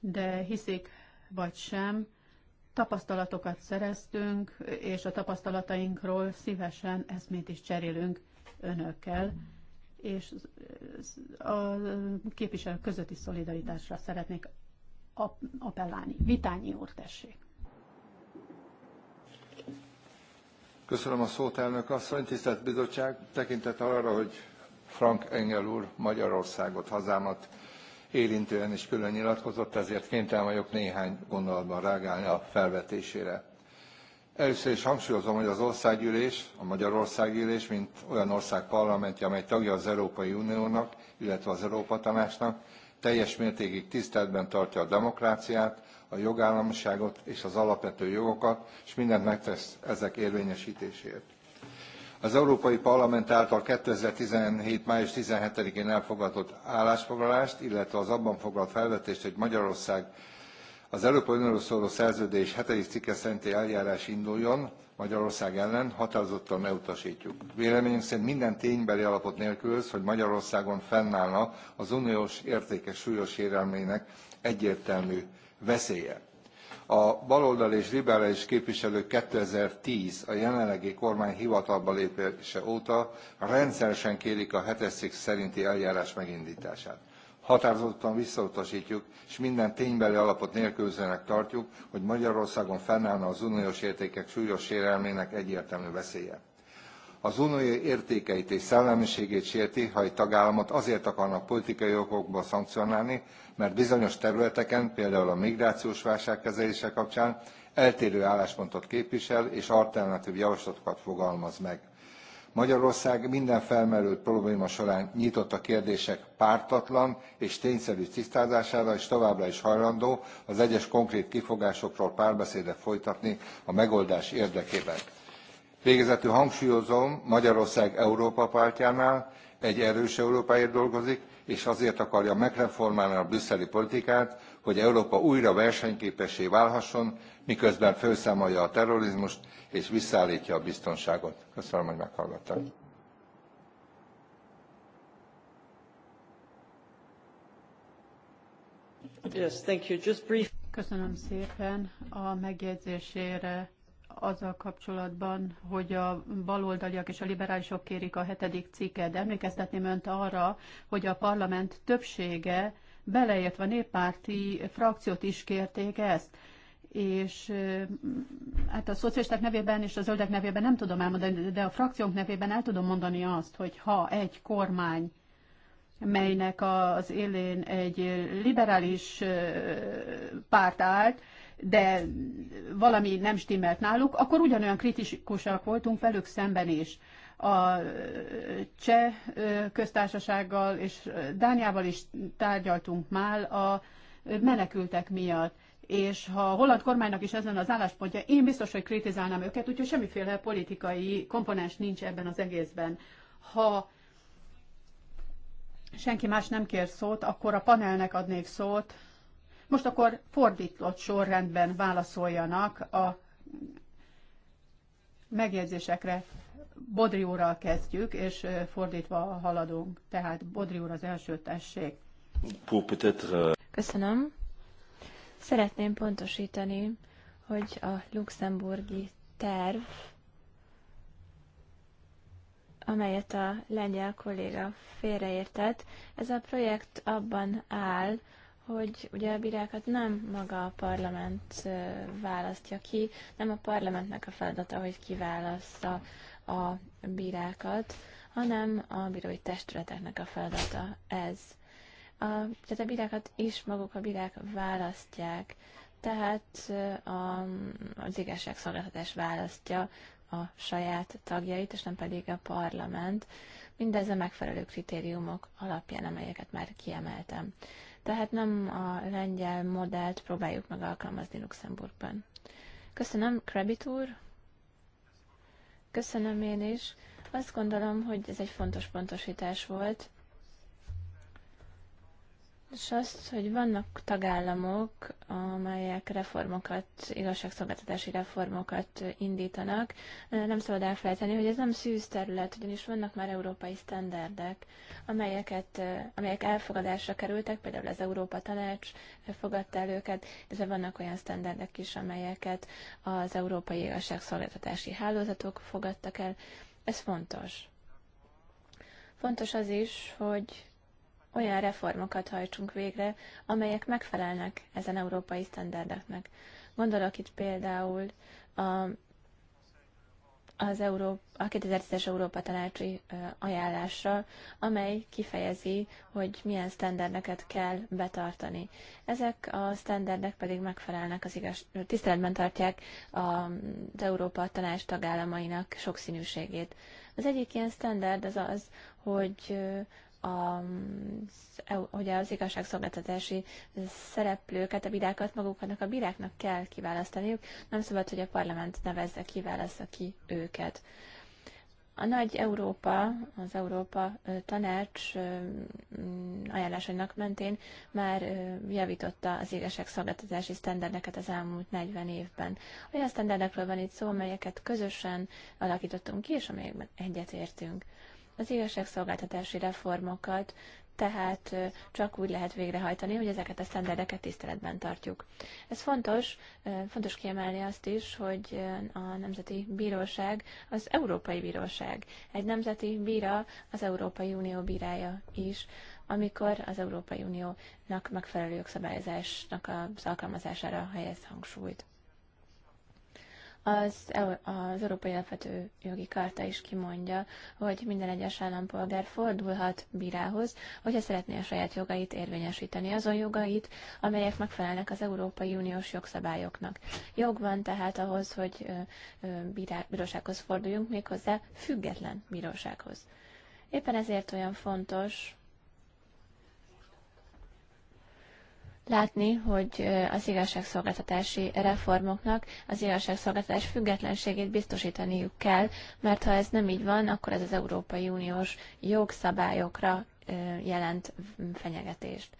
De hiszik vagy sem, tapasztalatokat szereztünk, és a tapasztalatainkról szívesen eszmét is cserélünk önökkel, és a képviselők közötti szolidaritásra szeretnék appellálni. Vitányi úr, tessék! Köszönöm a szót, elnök asszony. Tisztelt bizottság, tekintet arra, hogy Frank Engel úr Magyarországot, hazámat érintően is külön nyilatkozott, ezért kénytelen vagyok néhány gondolatban rágálni a felvetésére. Először is hangsúlyozom, hogy az országgyűlés, a Magyarország ülés, mint olyan ország parlamentje, amely tagja az Európai Uniónak, illetve az Európa Tanácsnak, teljes mértékig tiszteletben tartja a demokráciát, a jogállamiságot és az alapvető jogokat, és mindent megtesz ezek érvényesítéséért. Az Európai Parlament által 2017. május 17-én elfogadott állásfoglalást, illetve az abban foglalt felvetést, hogy Magyarország az Európai Unióról szóló szerződés 7. cikke szerinti eljárás induljon Magyarország ellen, határozottan elutasítjuk. Véleményünk szerint minden ténybeli alapot nélkülöz, hogy Magyarországon fennállna az uniós értékek súlyos sérelmének egyértelmű veszélye. A baloldal és liberális képviselők 2010 a jelenlegi kormány hivatalba lépése óta rendszeresen kérik a 7 szerinti eljárás megindítását határozottan visszautasítjuk, és minden ténybeli alapot nélkülözőnek tartjuk, hogy Magyarországon fennállna az uniós értékek súlyos sérelmének egyértelmű veszélye az unió értékeit és szellemiségét sérti, ha egy tagállamot azért akarnak politikai okokból szankcionálni, mert bizonyos területeken, például a migrációs válság kezelése kapcsán eltérő álláspontot képvisel és alternatív javaslatokat fogalmaz meg. Magyarország minden felmerült probléma során nyitott a kérdések pártatlan és tényszerű tisztázására, és továbbra is hajlandó az egyes konkrét kifogásokról párbeszédet folytatni a megoldás érdekében. Végezetül hangsúlyozom, Magyarország Európa pártjánál egy erős Európáért dolgozik, és azért akarja megreformálni a brüsszeli politikát, hogy Európa újra versenyképessé válhasson, miközben felszámolja a terrorizmust és visszaállítja a biztonságot. Köszönöm, hogy meghallgattak. Yes, thank you. Just brief... Köszönöm szépen a megjegyzésére azzal kapcsolatban, hogy a baloldaliak és a liberálisok kérik a hetedik cikket, de emlékeztetném önt arra, hogy a parlament többsége, beleértve a néppárti frakciót is kérték ezt és hát a szocialisták nevében és a zöldek nevében nem tudom elmondani, de a frakciónk nevében el tudom mondani azt, hogy ha egy kormány, melynek az élén egy liberális párt állt, de valami nem stimmelt náluk, akkor ugyanolyan kritikusak voltunk velük szemben is. A cseh köztársasággal és Dániával is tárgyaltunk már a menekültek miatt és ha a holland kormánynak is ezen az álláspontja, én biztos, hogy kritizálnám őket, úgyhogy semmiféle politikai komponens nincs ebben az egészben. Ha senki más nem kér szót, akkor a panelnek adnék szót, most akkor fordított sorrendben válaszoljanak a megjegyzésekre. Bodri úrral kezdjük, és fordítva haladunk. Tehát Bodri úr az első tessék. Euh, Köszönöm. Szeretném pontosítani, hogy a luxemburgi terv, amelyet a lengyel kolléga félreértett, ez a projekt abban áll, hogy ugye a bírákat nem maga a parlament választja ki, nem a parlamentnek a feladata, hogy kiválaszza a bírákat, hanem a bírói testületeknek a feladata ez. A, tehát a bírákat is maguk a bírák választják, tehát a, az igazságszolgáltatás választja a saját tagjait, és nem pedig a parlament. Mindez a megfelelő kritériumok alapján, amelyeket már kiemeltem tehát nem a lengyel modellt próbáljuk meg alkalmazni Luxemburgban. Köszönöm, Krebit úr! Köszönöm én is. Azt gondolom, hogy ez egy fontos pontosítás volt. És az, hogy vannak tagállamok, amelyek reformokat, igazságszolgáltatási reformokat indítanak, nem szabad elfelejteni, hogy ez nem szűz terület, ugyanis vannak már európai sztenderdek, amelyeket, amelyek elfogadásra kerültek, például az Európa Tanács fogadta el őket, illetve vannak olyan sztenderdek is, amelyeket az európai igazságszolgáltatási hálózatok fogadtak el. Ez fontos. Fontos az is, hogy olyan reformokat hajtsunk végre, amelyek megfelelnek ezen európai sztenderdeknek. Gondolok itt például a, az Európa, a 2010-es Európa Tanácsi ajánlásra, amely kifejezi, hogy milyen sztenderdeket kell betartani. Ezek a sztenderdek pedig megfelelnek az igaz, tiszteletben tartják az Európa Tanács tagállamainak sokszínűségét. Az egyik ilyen standard az az, hogy az, e hogy az igazságszolgáltatási szereplőket, a bírákat maguknak a bíráknak kell kiválasztaniuk, nem szabad, hogy a parlament nevezze, kiválaszza ki őket. A nagy Európa, az Európa tanács ajánlásainak mentén már javította az igazságszolgáltatási sztenderdeket az elmúlt 40 évben. Olyan sztenderdekről van itt szó, amelyeket közösen alakítottunk ki, és amelyekben egyetértünk az igazságszolgáltatási reformokat tehát csak úgy lehet végrehajtani, hogy ezeket a sztenderdeket tiszteletben tartjuk. Ez fontos, fontos kiemelni azt is, hogy a Nemzeti Bíróság az Európai Bíróság. Egy nemzeti bíra az Európai Unió bírája is, amikor az Európai Uniónak megfelelő jogszabályozásnak az alkalmazására helyez hangsúlyt. Az, e az Európai Alapvető Jogi Karta is kimondja, hogy minden egyes állampolgár fordulhat bírához, hogyha szeretné a saját jogait érvényesíteni, azon jogait, amelyek megfelelnek az Európai Uniós jogszabályoknak. Jog van tehát ahhoz, hogy bírá, bírósághoz forduljunk, méghozzá független bírósághoz. Éppen ezért olyan fontos, látni, hogy az igazságszolgáltatási reformoknak az igazságszolgáltatás függetlenségét biztosítaniuk kell, mert ha ez nem így van, akkor ez az Európai Uniós jogszabályokra jelent fenyegetést.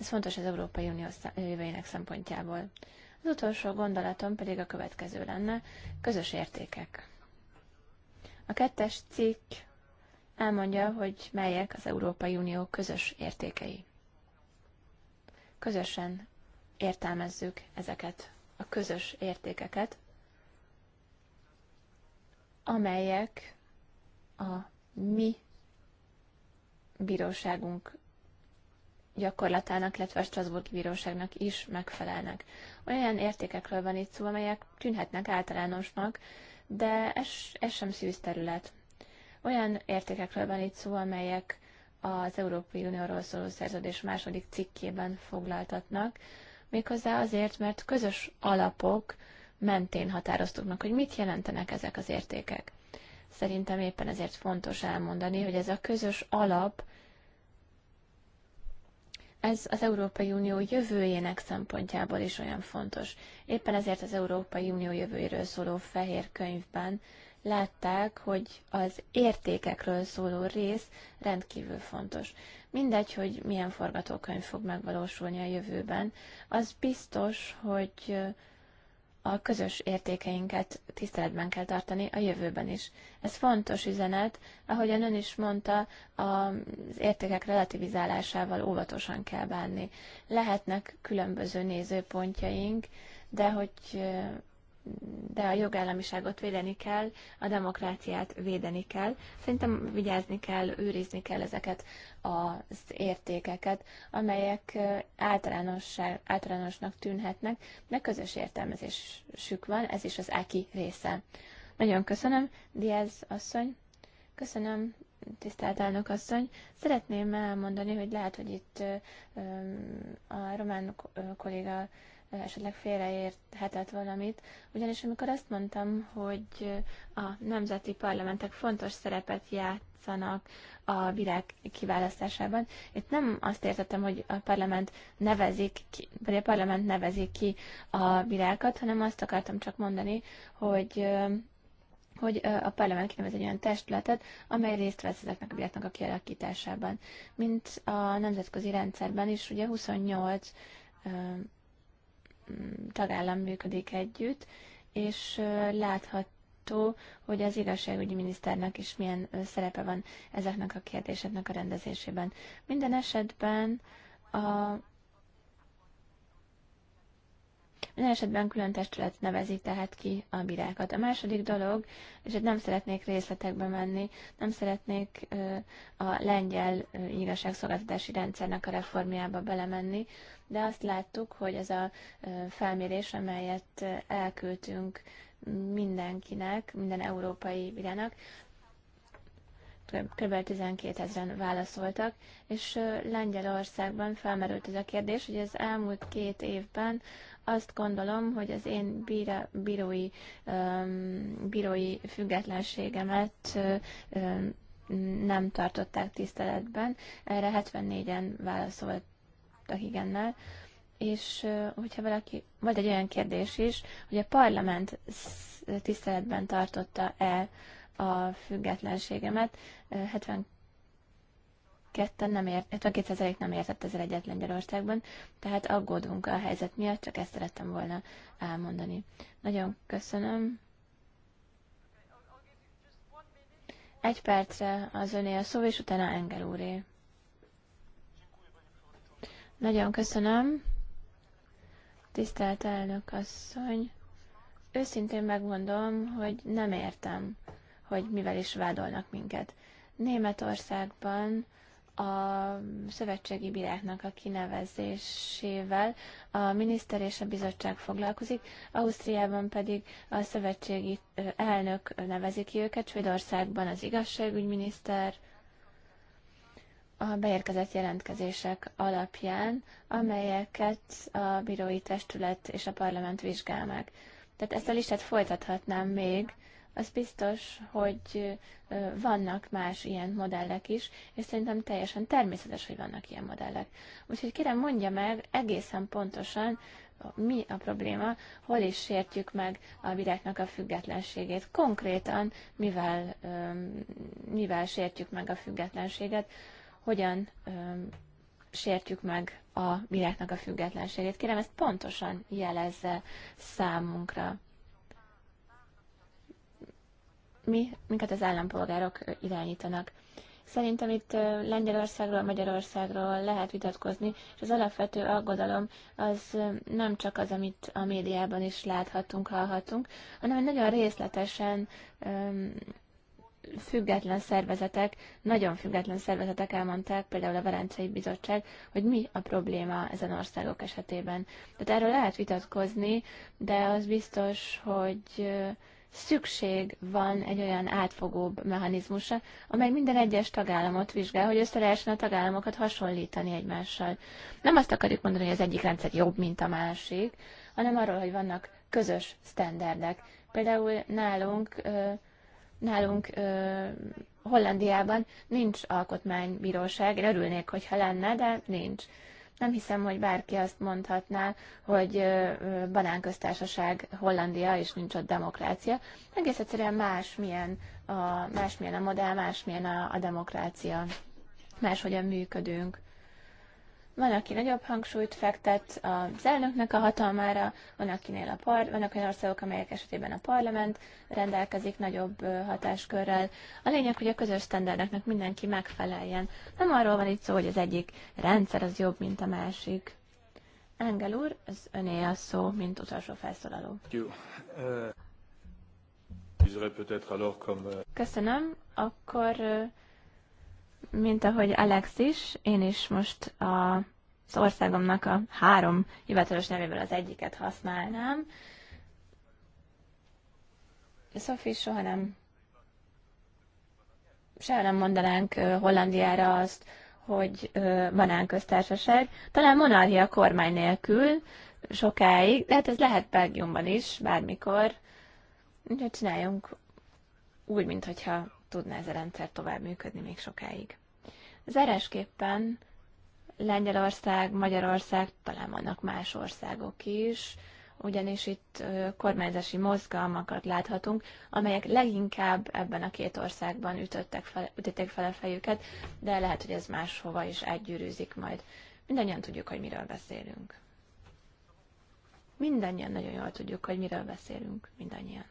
Ez fontos az Európai Unió jövőjének szempontjából. Az utolsó gondolatom pedig a következő lenne, közös értékek. A kettes cikk elmondja, hogy melyek az Európai Unió közös értékei közösen értelmezzük ezeket a közös értékeket, amelyek a mi bíróságunk gyakorlatának, illetve a Strasbourg bíróságnak is megfelelnek. Olyan értékekről van itt szó, amelyek tűnhetnek általánosnak, de ez, ez sem szűz terület. Olyan értékekről van itt szó, amelyek az Európai Unióról szóló szerződés második cikkében foglaltatnak, méghozzá azért, mert közös alapok mentén határoztuk meg, hogy mit jelentenek ezek az értékek. Szerintem éppen ezért fontos elmondani, hogy ez a közös alap, ez az Európai Unió jövőjének szempontjából is olyan fontos. Éppen ezért az Európai Unió jövőjéről szóló fehér könyvben látták, hogy az értékekről szóló rész rendkívül fontos. Mindegy, hogy milyen forgatókönyv fog megvalósulni a jövőben, az biztos, hogy a közös értékeinket tiszteletben kell tartani a jövőben is. Ez fontos üzenet, ahogyan ön is mondta, az értékek relativizálásával óvatosan kell bánni. Lehetnek különböző nézőpontjaink, de hogy de a jogállamiságot védeni kell, a demokráciát védeni kell. Szerintem vigyázni kell, őrizni kell ezeket az értékeket, amelyek általánosnak tűnhetnek, de közös értelmezésük van, ez is az AKI része. Nagyon köszönöm, Diaz asszony. Köszönöm, tisztelt elnök asszony. Szeretném elmondani, hogy lehet, hogy itt a román kolléga esetleg félreérthetett valamit, ugyanis amikor azt mondtam, hogy a nemzeti parlamentek fontos szerepet játszanak a világ kiválasztásában, itt nem azt értettem, hogy a parlament nevezik ki, vagy a parlament nevezik ki a világot, hanem azt akartam csak mondani, hogy hogy a parlament kinevez egy olyan testületet, amely részt vesz ezeknek a világnak a kialakításában. Mint a nemzetközi rendszerben is, ugye 28 tagállam működik együtt, és látható, hogy az igazságügyi miniszternek is milyen szerepe van ezeknek a kérdéseknek a rendezésében. Minden esetben a minden esetben külön testület nevezi tehát ki a bírákat. A második dolog, és itt nem szeretnék részletekbe menni, nem szeretnék a lengyel igazságszolgáltatási rendszernek a reformjába belemenni, de azt láttuk, hogy ez a felmérés, amelyet elküldtünk mindenkinek, minden európai virának, kb. 12 ezeren válaszoltak, és Lengyelországban felmerült ez a kérdés, hogy az elmúlt két évben azt gondolom, hogy az én bíra, bírói, bírói függetlenségemet nem tartották tiszteletben, erre 74-en válaszoltak igennel és hogyha valaki, vagy egy olyan kérdés is, hogy a parlament tiszteletben tartotta el a függetlenségemet. 70 ketten nem ért, 72% nem értett ezzel egyetlen Magyarországban, tehát aggódunk a helyzet miatt, csak ezt szerettem volna elmondani. Nagyon köszönöm. Egy percre az öné a szó, és utána Engel úré. Nagyon köszönöm. Tisztelt elnök asszony. Őszintén megmondom, hogy nem értem hogy mivel is vádolnak minket. Németországban a szövetségi bíráknak a kinevezésével a miniszter és a bizottság foglalkozik, Ausztriában pedig a szövetségi elnök nevezi ki őket, Svédországban az igazságügyminiszter, a beérkezett jelentkezések alapján, amelyeket a bírói testület és a parlament vizsgál meg. Tehát ezt a listát folytathatnám még, az biztos, hogy vannak más ilyen modellek is, és szerintem teljesen természetes, hogy vannak ilyen modellek. Úgyhogy kérem, mondja meg egészen pontosan, mi a probléma, hol is sértjük meg a virágnak a függetlenségét. Konkrétan mivel, mivel sértjük meg a függetlenséget, hogyan sértjük meg a világnak a függetlenségét. Kérem, ezt pontosan jelezze számunkra mi, minket az állampolgárok irányítanak. Szerintem itt Lengyelországról, Magyarországról lehet vitatkozni, és az alapvető aggodalom az nem csak az, amit a médiában is láthatunk, hallhatunk, hanem nagyon részletesen független szervezetek, nagyon független szervezetek elmondták, például a Velencei Bizottság, hogy mi a probléma ezen országok esetében. Tehát erről lehet vitatkozni, de az biztos, hogy szükség van egy olyan átfogóbb mechanizmusra, amely minden egyes tagállamot vizsgál, hogy össze lehessen a tagállamokat hasonlítani egymással. Nem azt akarjuk mondani, hogy az egyik rendszer jobb, mint a másik, hanem arról, hogy vannak közös sztenderdek. Például nálunk, nálunk Hollandiában nincs alkotmánybíróság, örülnék, hogyha lenne, de nincs. Nem hiszem, hogy bárki azt mondhatná, hogy banánköztársaság Hollandia, és nincs ott demokrácia. Egész egyszerűen másmilyen a, másmilyen a modell, másmilyen a, a demokrácia, máshogyan működünk. Van, aki nagyobb hangsúlyt fektet az elnöknek a hatalmára, van, akinél a par, vannak olyan országok, amelyek esetében a parlament rendelkezik nagyobb hatáskörrel. A lényeg, hogy a közös standardoknak mindenki megfeleljen. Nem arról van itt szó, hogy az egyik rendszer az jobb, mint a másik. Engel úr, az öné a szó, mint utolsó felszólaló. Uh, euh, Köszönöm, akkor mint ahogy Alex is, én is most a, az országomnak a három hivatalos nevéből az egyiket használnám. Sophie soha nem soha nem mondanánk Hollandiára azt, hogy köztársaság. Talán monarchia kormány nélkül sokáig, de hát ez lehet Belgiumban is, bármikor. Úgyhogy csináljunk úgy, mintha tudna ez a rendszer tovább működni még sokáig. Zárásképpen Lengyelország, Magyarország, talán vannak más országok is, ugyanis itt kormányzási mozgalmakat láthatunk, amelyek leginkább ebben a két országban ütöttek fel, ütötték fel a fejüket, de lehet, hogy ez máshova is átgyűrűzik majd. Mindannyian tudjuk, hogy miről beszélünk. Mindannyian nagyon jól tudjuk, hogy miről beszélünk. Mindannyian.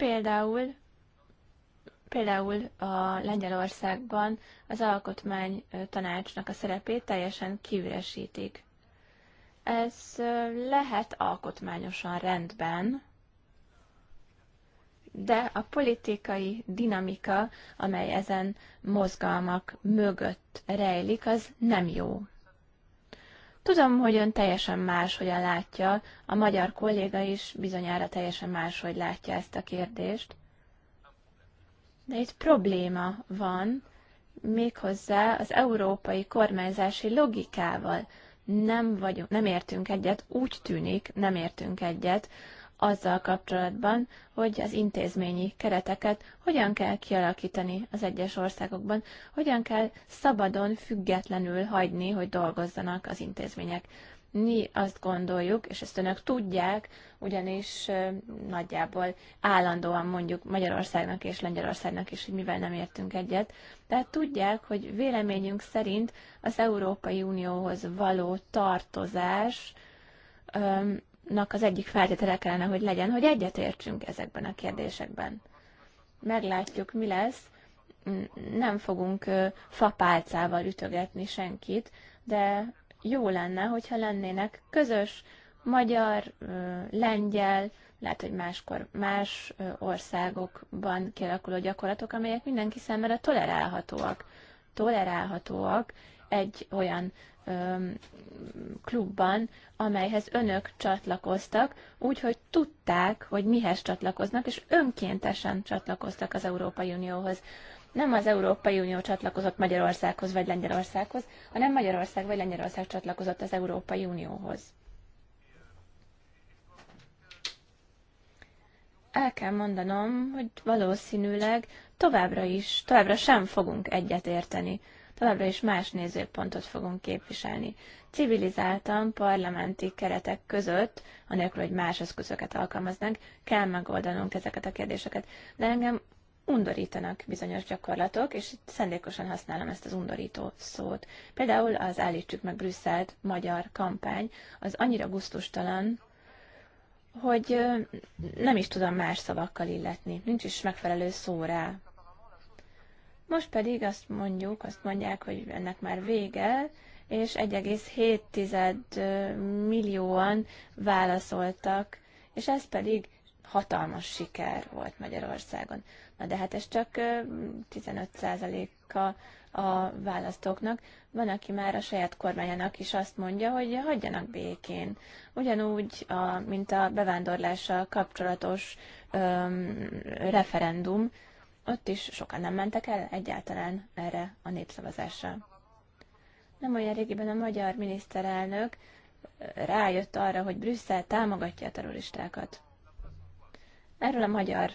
Például, például a Lengyelországban az alkotmány tanácsnak a szerepét teljesen kiüresítik. Ez lehet alkotmányosan rendben, de a politikai dinamika, amely ezen mozgalmak mögött rejlik, az nem jó. Tudom, hogy ön teljesen más, hogyan látja, a magyar kolléga is bizonyára teljesen más, hogy látja ezt a kérdést. De itt probléma van, méghozzá az európai kormányzási logikával. Nem, vagyunk, nem értünk egyet, úgy tűnik, nem értünk egyet azzal kapcsolatban, hogy az intézményi kereteket hogyan kell kialakítani az egyes országokban, hogyan kell szabadon, függetlenül hagyni, hogy dolgozzanak az intézmények. Mi azt gondoljuk, és ezt önök tudják, ugyanis nagyjából állandóan mondjuk Magyarországnak és Lengyelországnak is, hogy mivel nem értünk egyet, tehát tudják, hogy véleményünk szerint az Európai Unióhoz való tartozás nak az egyik feltétele kellene, hogy legyen, hogy egyetértsünk ezekben a kérdésekben. Meglátjuk, mi lesz. Nem fogunk fapálcával ütögetni senkit, de jó lenne, hogyha lennének közös magyar, lengyel, lehet, hogy máskor más országokban kialakuló gyakorlatok, amelyek mindenki számára tolerálhatóak. Tolerálhatóak egy olyan klubban, amelyhez önök csatlakoztak, úgyhogy tudták, hogy mihez csatlakoznak, és önkéntesen csatlakoztak az Európai Unióhoz. Nem az Európai Unió csatlakozott Magyarországhoz vagy Lengyelországhoz, hanem Magyarország vagy Lengyelország csatlakozott az Európai Unióhoz. El kell mondanom, hogy valószínűleg továbbra is, továbbra sem fogunk egyetérteni továbbra is más nézőpontot fogunk képviselni. Civilizáltan parlamenti keretek között, anélkül, hogy más eszközöket alkalmaznánk, kell megoldanunk ezeket a kérdéseket. De engem undorítanak bizonyos gyakorlatok, és szendékosan használom ezt az undorító szót. Például az Állítsuk meg Brüsszelt magyar kampány az annyira guztustalan, hogy nem is tudom más szavakkal illetni. Nincs is megfelelő szó rá. Most pedig azt mondjuk, azt mondják, hogy ennek már vége, és 1,7 millióan válaszoltak, és ez pedig hatalmas siker volt Magyarországon. Na de hát ez csak 15%-a a választóknak. Van, aki már a saját kormányának is azt mondja, hogy hagyjanak békén. Ugyanúgy, a, mint a bevándorlással kapcsolatos öm, referendum, ott is sokan nem mentek el egyáltalán erre a népszavazásra. Nem olyan régiben a magyar miniszterelnök rájött arra, hogy Brüsszel támogatja a terroristákat. Erről a magyar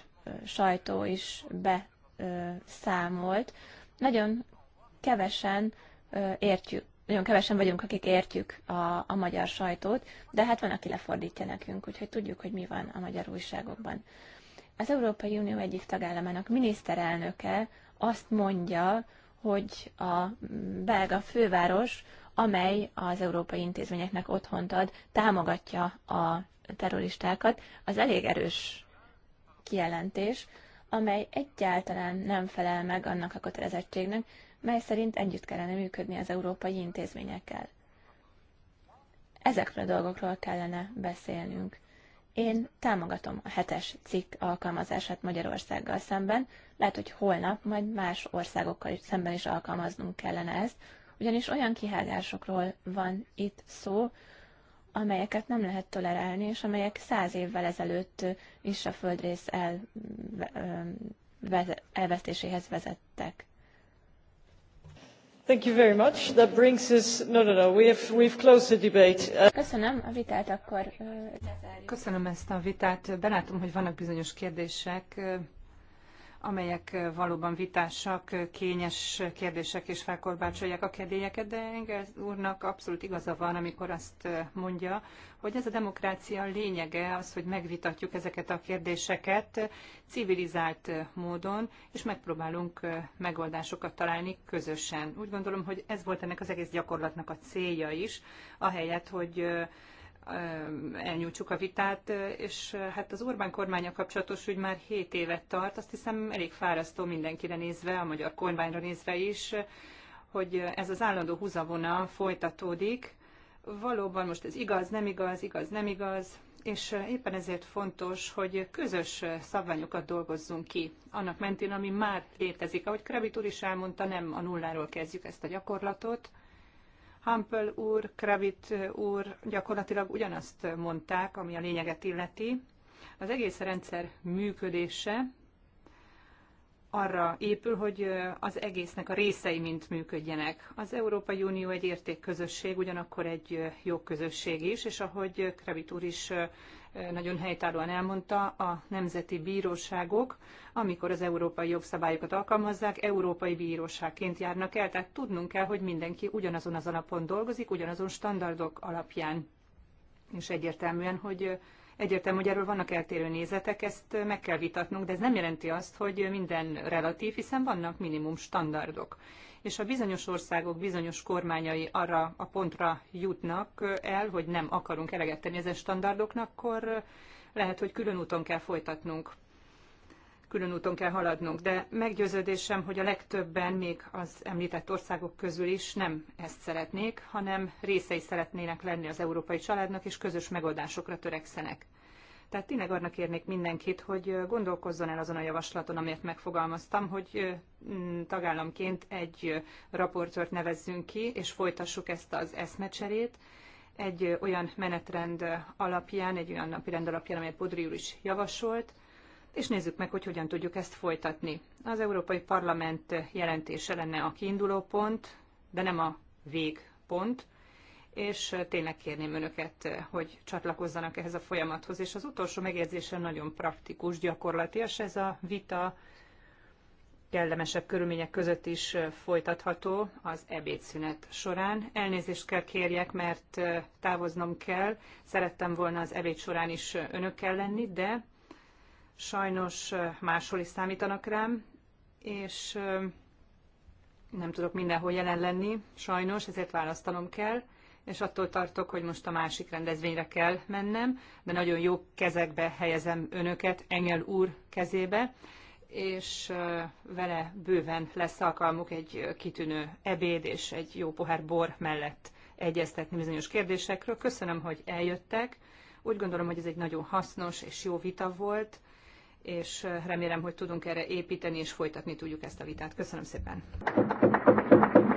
sajtó is beszámolt. Nagyon kevesen értjük, nagyon kevesen vagyunk, akik értjük a, a magyar sajtót, de hát van, aki lefordítja nekünk, úgyhogy tudjuk, hogy mi van a magyar újságokban az Európai Unió egyik tagállamának miniszterelnöke azt mondja, hogy a belga főváros, amely az európai intézményeknek otthont ad, támogatja a terroristákat, az elég erős kijelentés, amely egyáltalán nem felel meg annak a kötelezettségnek, mely szerint együtt kellene működni az európai intézményekkel. Ezekről a dolgokról kellene beszélnünk. Én támogatom a hetes cikk alkalmazását Magyarországgal szemben. Lehet, hogy holnap majd más országokkal szemben is alkalmaznunk kellene ezt, ugyanis olyan kihágásokról van itt szó, amelyeket nem lehet tolerálni, és amelyek száz évvel ezelőtt is a földrész el, elvesztéséhez vezettek. Köszönöm you very much. Köszönöm a vitát akkor. Uh, Köszönöm ezt a vitát. Belátom, hogy vannak bizonyos kérdések, amelyek valóban vitásak, kényes kérdések és felkorbácsolják a kedélyeket, de Engels úrnak abszolút igaza van, amikor azt mondja, hogy ez a demokrácia lényege az, hogy megvitatjuk ezeket a kérdéseket civilizált módon, és megpróbálunk megoldásokat találni közösen. Úgy gondolom, hogy ez volt ennek az egész gyakorlatnak a célja is, ahelyett, hogy elnyújtsuk a vitát, és hát az Orbán kormánya kapcsolatos úgy már 7 évet tart, azt hiszem elég fárasztó mindenkire nézve, a magyar kormányra nézve is, hogy ez az állandó húzavona folytatódik. Valóban most ez igaz, nem igaz, igaz, nem igaz, és éppen ezért fontos, hogy közös szabványokat dolgozzunk ki annak mentén, ami már létezik. Ahogy Krabit úr is elmondta, nem a nulláról kezdjük ezt a gyakorlatot, Hampel úr, Kravit úr gyakorlatilag ugyanazt mondták, ami a lényeget illeti. Az egész rendszer működése arra épül, hogy az egésznek a részei mint működjenek. Az Európai Unió egy értékközösség, ugyanakkor egy jogközösség is, és ahogy Kravit úr is nagyon helytállóan elmondta, a nemzeti bíróságok, amikor az európai jogszabályokat alkalmazzák, európai bíróságként járnak el, tehát tudnunk kell, hogy mindenki ugyanazon az alapon dolgozik, ugyanazon standardok alapján. És egyértelműen, hogy Egyértelmű, hogy erről vannak eltérő nézetek, ezt meg kell vitatnunk, de ez nem jelenti azt, hogy minden relatív, hiszen vannak minimum standardok és a bizonyos országok bizonyos kormányai arra a pontra jutnak el, hogy nem akarunk eleget tenni ezen standardoknak, akkor lehet, hogy külön úton kell folytatnunk külön úton kell haladnunk, de meggyőződésem, hogy a legtöbben még az említett országok közül is nem ezt szeretnék, hanem részei szeretnének lenni az európai családnak, és közös megoldásokra törekszenek. Tehát tényleg arra kérnék mindenkit, hogy gondolkozzon el azon a javaslaton, amelyet megfogalmaztam, hogy tagállamként egy raportört nevezzünk ki, és folytassuk ezt az eszmecserét egy olyan menetrend alapján, egy olyan rend alapján, amelyet Podri úr is javasolt, és nézzük meg, hogy hogyan tudjuk ezt folytatni. Az Európai Parlament jelentése lenne a kiinduló pont, de nem a végpont és tényleg kérném önöket, hogy csatlakozzanak ehhez a folyamathoz. És az utolsó megjegyzésem nagyon praktikus, gyakorlatias ez a vita, kellemesebb körülmények között is folytatható az ebédszünet során. Elnézést kell kérjek, mert távoznom kell. Szerettem volna az ebéd során is önökkel lenni, de sajnos máshol is számítanak rám, és nem tudok mindenhol jelen lenni, sajnos, ezért választanom kell és attól tartok, hogy most a másik rendezvényre kell mennem, de nagyon jó kezekbe helyezem önöket, Engel úr kezébe, és vele bőven lesz alkalmuk egy kitűnő ebéd és egy jó pohár bor mellett egyeztetni bizonyos kérdésekről. Köszönöm, hogy eljöttek. Úgy gondolom, hogy ez egy nagyon hasznos és jó vita volt, és remélem, hogy tudunk erre építeni és folytatni tudjuk ezt a vitát. Köszönöm szépen!